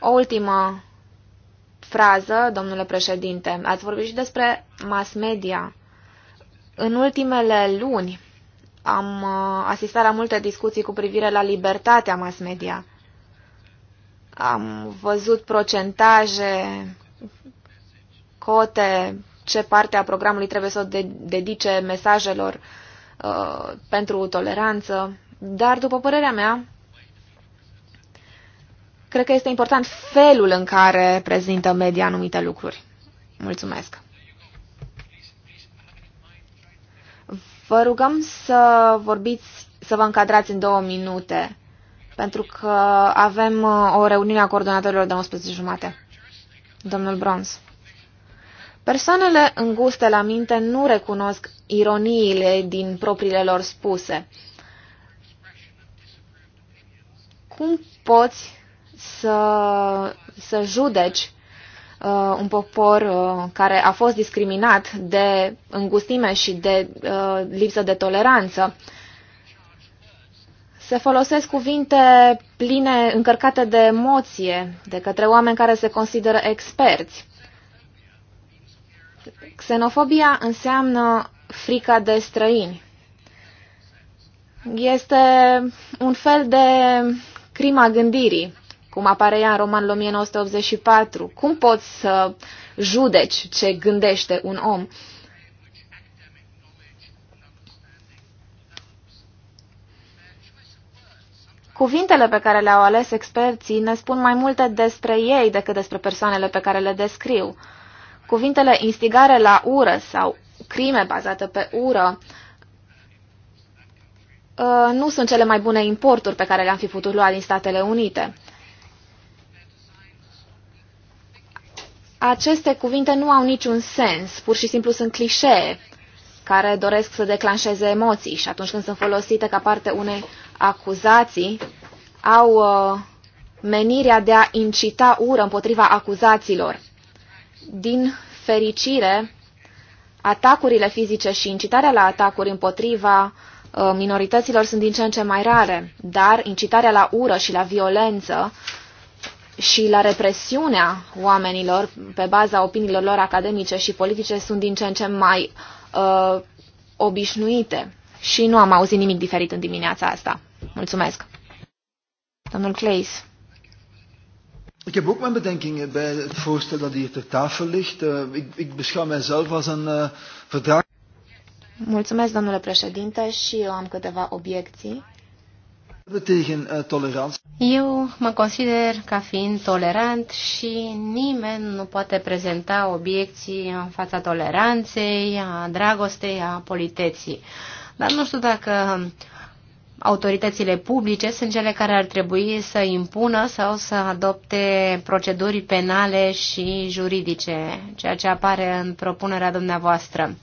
O ultimă frază, domnule președinte. Ați vorbit și despre mass media. În ultimele luni am uh, asistat la multe discuții cu privire la libertatea mass media. Am văzut procentaje, cote ce parte a programului trebuie să o dedice mesajelor uh, pentru toleranță, dar, după părerea mea, cred că este important felul în care prezintă media anumite lucruri. Mulțumesc! Vă rugăm să vorbiți, să vă încadrați în două minute, pentru că avem uh, o reuniune a coordonatorilor de 11.30. Domnul Bronz. Persoanele înguste la minte nu recunosc ironiile din propriile lor spuse. Cum poți să, să judeci uh, un popor uh, care a fost discriminat de îngustime și de uh, lipsă de toleranță? Se folosesc cuvinte pline, încărcate de emoție, de către oameni care se consideră experți Xenofobia înseamnă frica de străini. Este un fel de crima gândirii, cum apare ea în romanul 1984. Cum poți să judeci ce gândește un om? Cuvintele pe care le-au ales experții ne spun mai multe despre ei decât despre persoanele pe care le descriu. Uh, cuvintele instigare la ură sau crime bazate pe ură uh, nu sunt cele mai bune importuri pe care le-am fi putut lua din Statele Unite. Aceste cuvinte nu au niciun sens, pur și simplu sunt clișee care doresc să declanșeze emoții și atunci când sunt folosite ca parte unei acuzații, au uh, menirea de a incita ură împotriva acuzaților. Din fericire, atacurile fizice și incitarea la atacuri împotriva uh, minorităților sunt din ce în ce mai rare, dar incitarea la ură și la violență și la represiunea oamenilor pe baza opiniilor lor academice și politice sunt din ce în ce mai uh, obișnuite. Și nu am auzit nimic diferit în dimineața asta. Mulțumesc. Domnul Clays. Ik heb ook mijn bedenkingen bij het voorstel dat hier ter tafel ligt. Uh, Ik, ik beschouw mijzelf als een uh, eh, verdrag. Mulțumesc, domnule președinte, și eu am câteva obiecții. Eh, eu mă consider ca fiind tolerant și nimeni nu poate prezenta obiecții în fața toleranței, a dragostei, a politeții. Dar nu știu dacă autoritățile publice sunt cele care ar trebui să impună sau să adopte proceduri penale și juridice, ceea ce apare în propunerea dumneavoastră.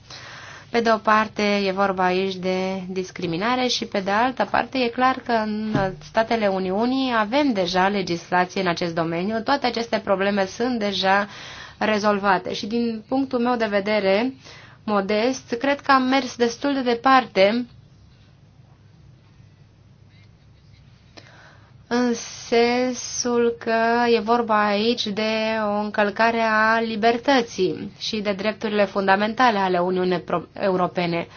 Pe de o parte e vorba aici de discriminare și pe de altă parte e clar că în statele Uniunii avem deja legislație în acest domeniu, toate aceste probleme sunt deja rezolvate și din punctul meu de vedere modest, cred că am mers destul de departe în sensul că e vorba aici de o încălcare a libertății și de drepturile fundamentale ale Uniunii Europene.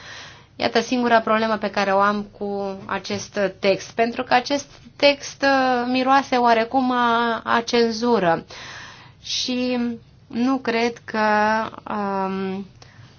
Iată singura problemă pe care o am cu acest text, pentru că acest text uh, miroase oarecum a, a cenzură și nu cred că um,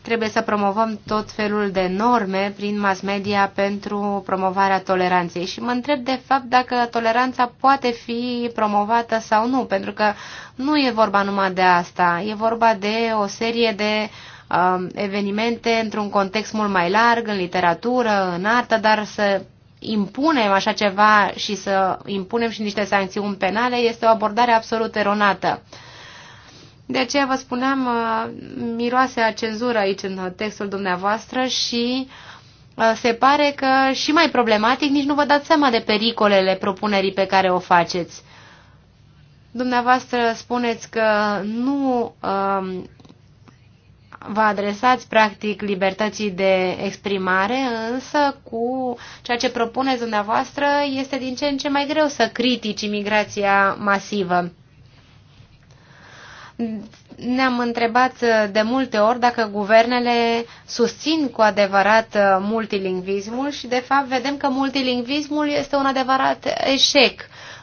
Trebuie să promovăm tot felul de norme prin mass media pentru promovarea toleranței. Și mă întreb de fapt dacă toleranța poate fi promovată sau nu, pentru că nu e vorba numai de asta. E vorba de o serie de uh, evenimente într-un context mult mai larg, în literatură, în artă, dar să impunem așa ceva și să impunem și niște sancțiuni penale este o abordare absolut eronată. Uh, de aceea vă spuneam, uh, miroase a cenzură aici în textul dumneavoastră și uh, se pare că și mai problematic nici nu vă dați seama de pericolele propunerii pe care o faceți. Dumneavoastră spuneți că nu um, vă adresați practic libertății de exprimare, însă cu ceea ce propuneți dumneavoastră este din ce în ce mai greu să critici imigrația masivă. Ne-am întrebat uh, de multe ori dacă guvernele susțin cu adevărat uh, multilingvismul și, de fapt, vedem că multilingvismul este un adevărat eșec.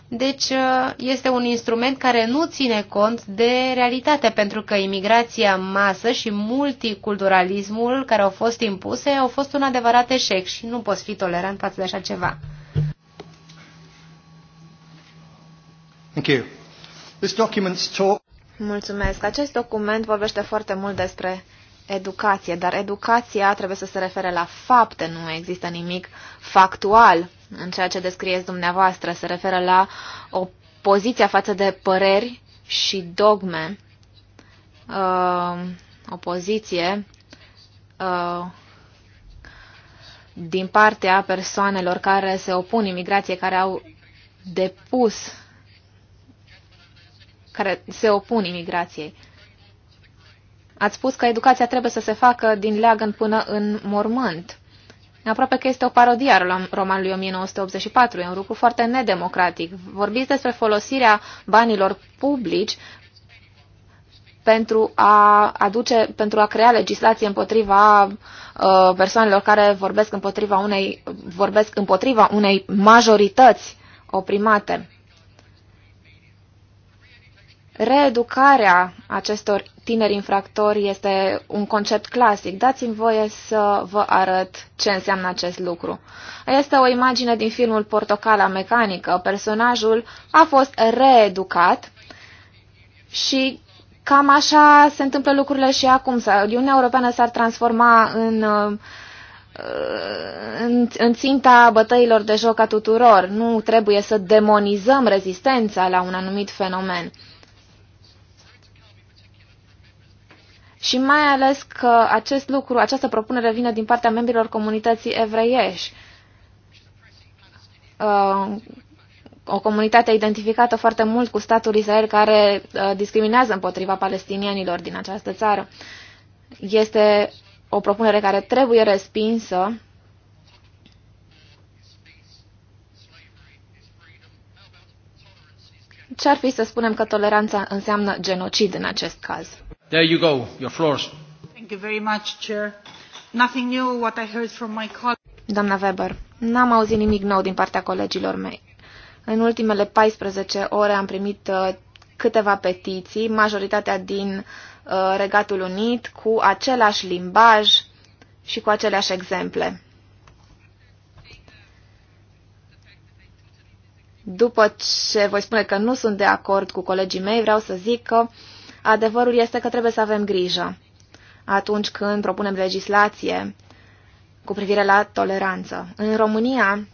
Deci uh, este un instrument care nu ține cont de realitate, pentru că imigrația masă și multiculturalismul care au fost impuse au fost un adevărat eșec și nu poți fi tolerant față de așa ceva. Thank you. This document's talk Mulțumesc. Acest document vorbește foarte mult despre educație, dar educația trebuie să se refere la fapte, nu există nimic factual în ceea ce descrieți dumneavoastră, se referă la o poziție față de păreri și dogme, uh, o poziție uh, din partea persoanelor care se opun imigrației, care au depus care se opun imigrației. Ați spus că educația trebuie să se facă din leagăn până în mormânt. Aproape că este o parodie a romanului 1984, e un lucru foarte nedemocratic. Vorbiți despre folosirea banilor publici pentru a, aduce, pentru a crea legislație împotriva uh, persoanelor care vorbesc împotriva unei, vorbesc împotriva unei majorități oprimate. Reeducarea acestor tineri infractori este un concept clasic. Dați-mi voie să vă arăt ce înseamnă acest lucru. Este o imagine din filmul Portocala Mecanică. Personajul a fost reeducat și cam așa se întâmplă lucrurile și acum. Uniunea Europeană s-ar transforma în, uh, în, în ținta bătăilor de joc a tuturor. Nu trebuie să demonizăm rezistența la un anumit fenomen. și mai ales că acest lucru, această propunere vine din partea membrilor comunității evreiești, uh, o comunitate identificată foarte mult cu statul Israel care uh, discriminează împotriva palestinienilor din această țară. Este o propunere care trebuie respinsă Ce ar fi să spunem că toleranța înseamnă genocid în acest caz? There you go, your floors. Thank you very much, Chair. Nothing new what I heard from my colleague. Doamna Weber, n-am auzit nimic nou din partea colegilor mei. În ultimele 14 ore am primit uh, câteva petiții, majoritatea din uh, Regatul Unit, cu același limbaj și cu aceleași exemple. după ce voi spune că nu sunt de acord cu colegii mei, vreau să zic că adevărul este că trebuie să avem grijă atunci când propunem legislație cu privire la toleranță. În România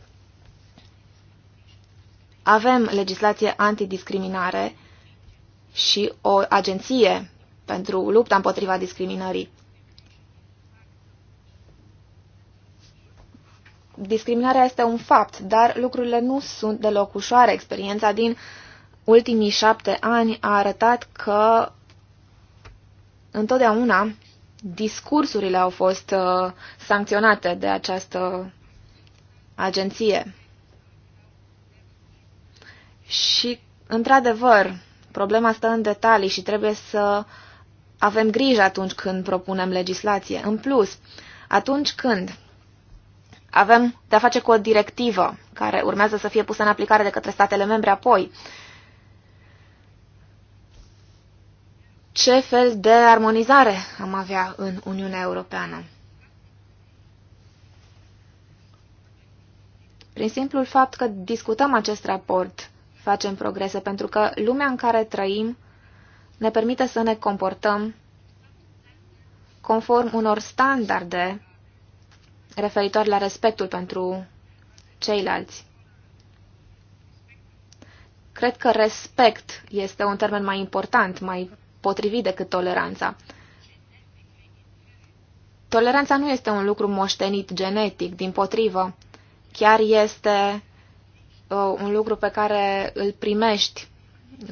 avem legislație antidiscriminare și o agenție pentru lupta împotriva discriminării. discriminarea este un fapt, dar lucrurile nu sunt deloc ușoare. Experiența din ultimii șapte ani a arătat că întotdeauna discursurile au fost uh, sancționate de această agenție. Și, într-adevăr, problema stă în detalii și trebuie să avem grijă atunci când propunem legislație. În plus, atunci când avem de-a face cu o directivă care urmează să fie pusă în aplicare de către statele membre apoi. Ce fel de armonizare am avea în Uniunea Europeană? Prin simplul fapt că discutăm acest raport, facem progrese, pentru că lumea în care trăim ne permite să ne comportăm conform unor standarde referitor la respectul pentru ceilalți. Cred că respect este un termen mai important, mai potrivit decât toleranța. Toleranța nu este un lucru moștenit genetic, din potrivă. Chiar este uh, un lucru pe care îl primești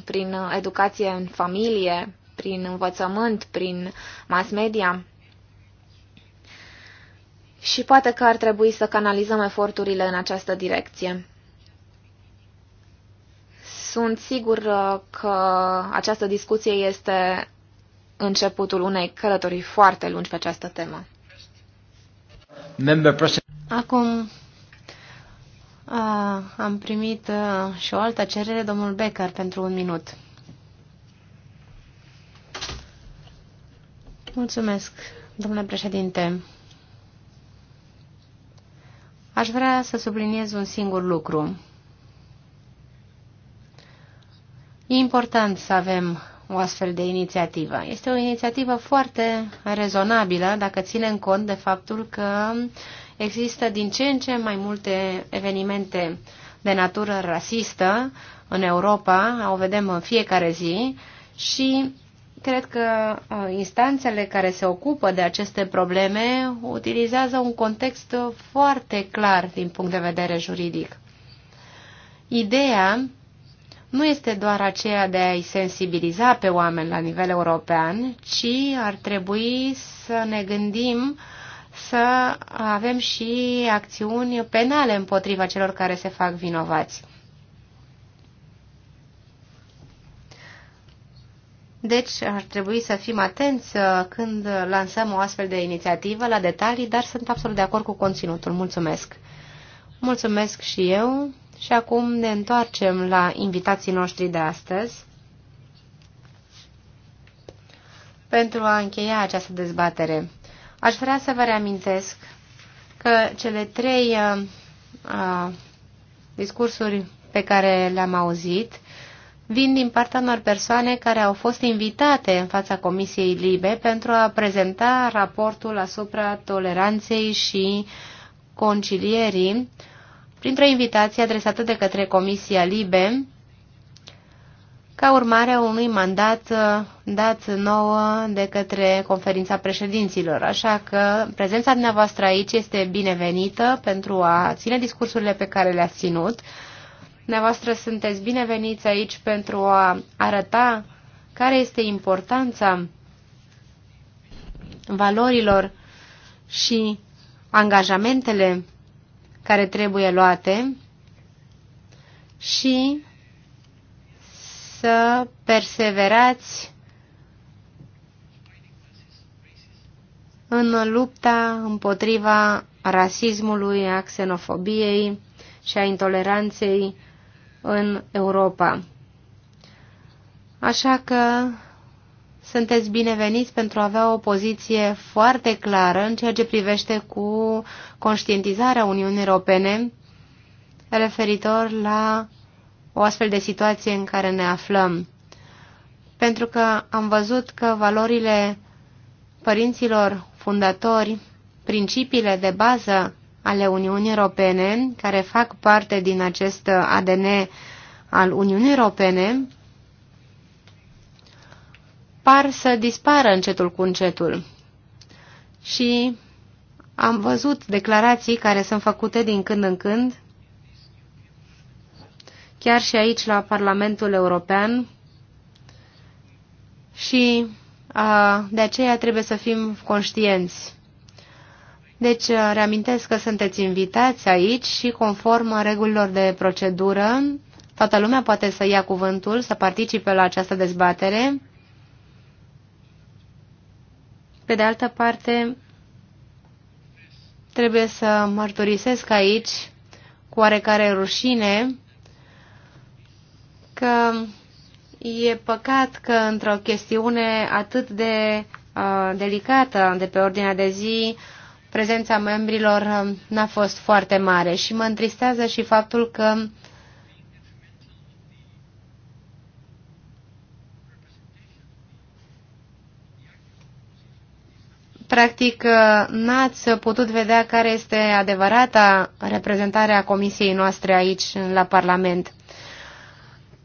prin uh, educație în familie, prin învățământ, prin mass media și poate că ar trebui să canalizăm eforturile în această direcție. Sunt sigur uh, că această discuție este începutul unei călătorii foarte lungi pe această temă. Acum a, uh, am primit a, uh, și o altă cerere, domnul Becker, pentru un minut. Mulțumesc, domnule președinte. Aș vrea să subliniez un singur lucru. E important să avem o astfel de inițiativă. Este o inițiativă foarte rezonabilă dacă ținem cont de faptul că există din ce în ce mai multe evenimente de natură rasistă în Europa, o vedem în fiecare zi, și cred că uh, instanțele care se ocupă de aceste probleme utilizează un context foarte clar din punct de vedere juridic. Ideea nu este doar aceea de a-i sensibiliza pe oameni la nivel european, ci ar trebui să ne gândim să avem și acțiuni penale împotriva celor care se fac vinovați. Deci ar trebui să fim atenți uh, când lansăm o astfel de inițiativă la detalii, dar sunt absolut de acord cu conținutul. Mulțumesc! Mulțumesc și eu și acum ne întoarcem la invitații noștri de astăzi pentru a încheia această dezbatere. Aș vrea să vă reamintesc că cele trei uh, uh discursuri pe care le-am auzit vin din partea unor persoane care au fost invitate în fața Comisiei Libe pentru a prezenta raportul asupra toleranței și concilierii printr-o invitație adresată de către Comisia Libe ca urmare a unui mandat uh, dat nouă uh, de către conferința președinților. Așa că prezența dumneavoastră aici este binevenită pentru a ține discursurile pe care le-ați ținut, Dumneavoastră sunteți bineveniți aici pentru a arăta care este importanța valorilor și angajamentele care trebuie luate și să perseverați în lupta împotriva rasismului, a xenofobiei și a intoleranței în Europa. Așa că sunteți bineveniți pentru a avea o poziție foarte clară în ceea ce privește cu conștientizarea Uniunii Europene referitor la o astfel de situație în care ne aflăm. Pentru că am văzut că valorile părinților fundatori, principiile de bază ale Uniunii Europene, care fac parte din acest ADN al Uniunii Europene, par să dispară încetul cu încetul. Și am văzut declarații care sunt făcute din când în când, chiar și aici la Parlamentul European, și a, de aceea trebuie să fim conștienți deci, uh, reamintesc că sunteți invitați aici și, conform regulilor de procedură, toată lumea poate să ia cuvântul, să participe la această dezbatere. Pe de altă parte, trebuie să mărturisesc aici, cu oarecare rușine, că e păcat că într-o chestiune atât de uh, delicată de pe ordinea de zi, uh, prezența membrilor um, n-a fost foarte mare și mă întristează și faptul că practic uh, n-ați putut vedea care este adevărata reprezentare a comisiei noastre aici la Parlament.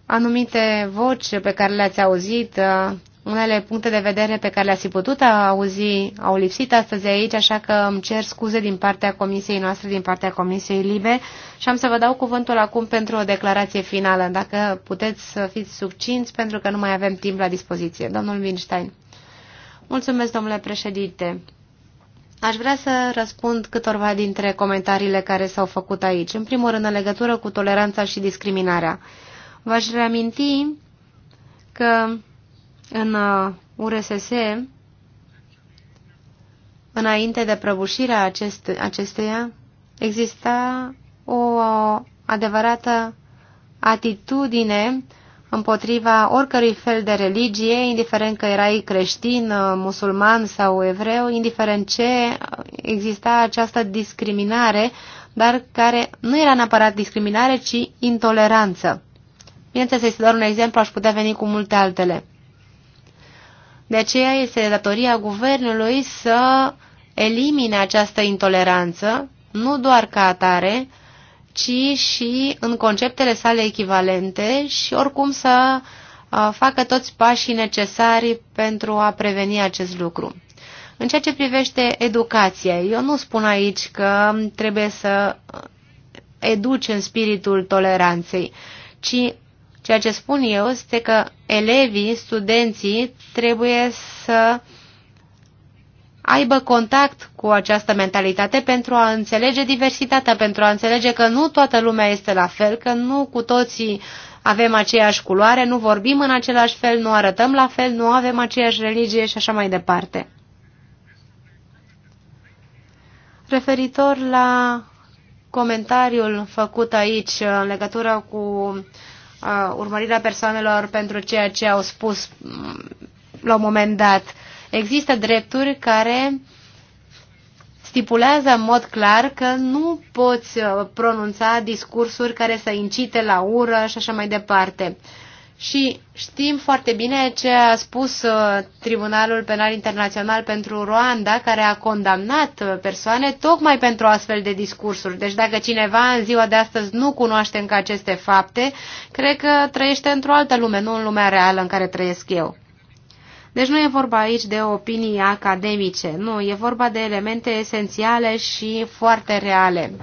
Anumite voci pe care le-ați auzit uh, unele puncte de vedere pe care le-ați fi putut auzi au lipsit astăzi aici, așa că îmi cer scuze din partea comisiei noastre, din partea comisiei LIBE și am să vă dau cuvântul acum pentru o declarație finală, dacă puteți să fiți succinți, pentru că nu mai avem timp la dispoziție. Domnul Winstein. Mulțumesc, domnule președinte. Aș vrea să răspund câtorva dintre comentariile care s-au făcut aici. În primul rând, în legătură cu toleranța și discriminarea. V-aș reaminti că în URSS, uh, înainte de prăbușirea acest, acesteia, exista o uh, adevărată atitudine împotriva oricărui fel de religie, indiferent că erai creștin, uh, musulman sau evreu, indiferent ce, exista această discriminare, dar care nu era neapărat discriminare, ci intoleranță. Bineînțeles, este doar un exemplu, aș putea veni cu multe altele. De aceea este datoria guvernului să elimine această intoleranță, nu doar ca atare, ci și în conceptele sale echivalente și oricum să facă toți pașii necesari pentru a preveni acest lucru. În ceea ce privește educația, eu nu spun aici că trebuie să educi în spiritul toleranței, ci Ceea ce spun eu este că elevii, studenții, trebuie să aibă contact cu această mentalitate pentru a înțelege diversitatea, pentru a înțelege că nu toată lumea este la fel, că nu cu toții avem aceeași culoare, nu vorbim în același fel, nu arătăm la fel, nu avem aceeași religie și așa mai departe. Referitor la comentariul făcut aici în legătură cu urmărirea persoanelor pentru ceea ce au spus la un moment dat. Există drepturi care stipulează în mod clar că nu poți uh, pronunța discursuri care să incite la ură și așa mai departe. Uh, și știm foarte bine ce a spus uh, Tribunalul Penal Internațional pentru Rwanda, care a condamnat uh, persoane tocmai pentru astfel de discursuri. Deci dacă cineva în ziua de astăzi nu cunoaște încă aceste fapte, cred că trăiește într-o altă lume, nu în lumea reală în care trăiesc eu. Deci nu e vorba aici de opinii academice, nu, e vorba de elemente esențiale și foarte reale.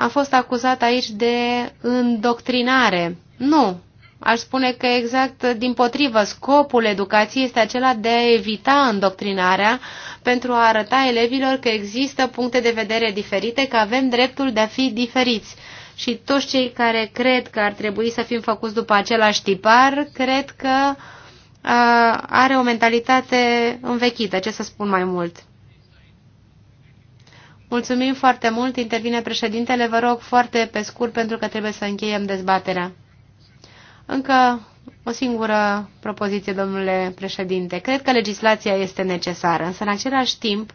a fost acuzat aici de îndoctrinare. Nu, aș spune că exact din potrivă, scopul educației este acela de a evita îndoctrinarea pentru a arăta elevilor că există puncte de vedere diferite, că avem dreptul de a fi diferiți. Și toți cei care cred că ar trebui să fim făcuți după același tipar, cred că uh, are o mentalitate învechită, ce să spun mai mult. Mulțumim foarte mult, intervine președintele. Vă rog foarte pe scurt pentru că trebuie să încheiem dezbaterea. Încă o singură propoziție, domnule președinte. Cred că legislația este necesară, însă în același timp,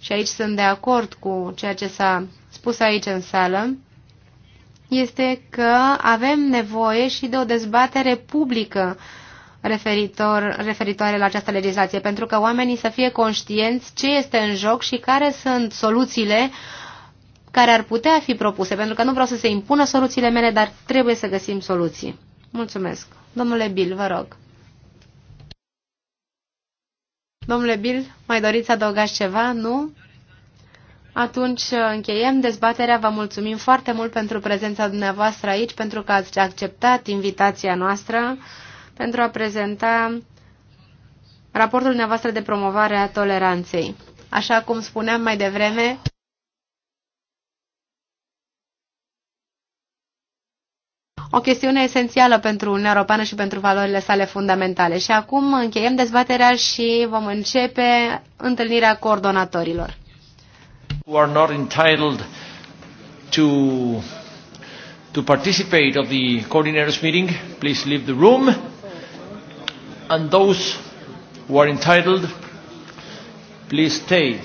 și aici sunt de acord cu ceea ce s-a spus aici în sală, este că avem nevoie și de o dezbatere publică referitor, referitoare la această legislație, pentru că oamenii să fie conștienți ce este în joc și care sunt soluțiile care ar putea fi propuse, pentru că nu vreau să se impună soluțiile mele, dar trebuie să găsim soluții. Mulțumesc. Domnule Bill, vă rog. Domnule Bill, mai doriți să adăugați ceva? Nu? Atunci încheiem dezbaterea. Vă mulțumim foarte mult pentru prezența dumneavoastră aici, pentru că ați acceptat invitația noastră pentru a prezenta raportul dumneavoastră de promovare a toleranței. Așa cum spuneam mai devreme, o chestiune esențială pentru Uniunea Europeană și pentru valorile sale fundamentale. Și acum încheiem dezbaterea și vom începe întâlnirea coordonatorilor. Who are not entitled to to participate of the coordinators meeting, please leave the room and those who are entitled, please stay.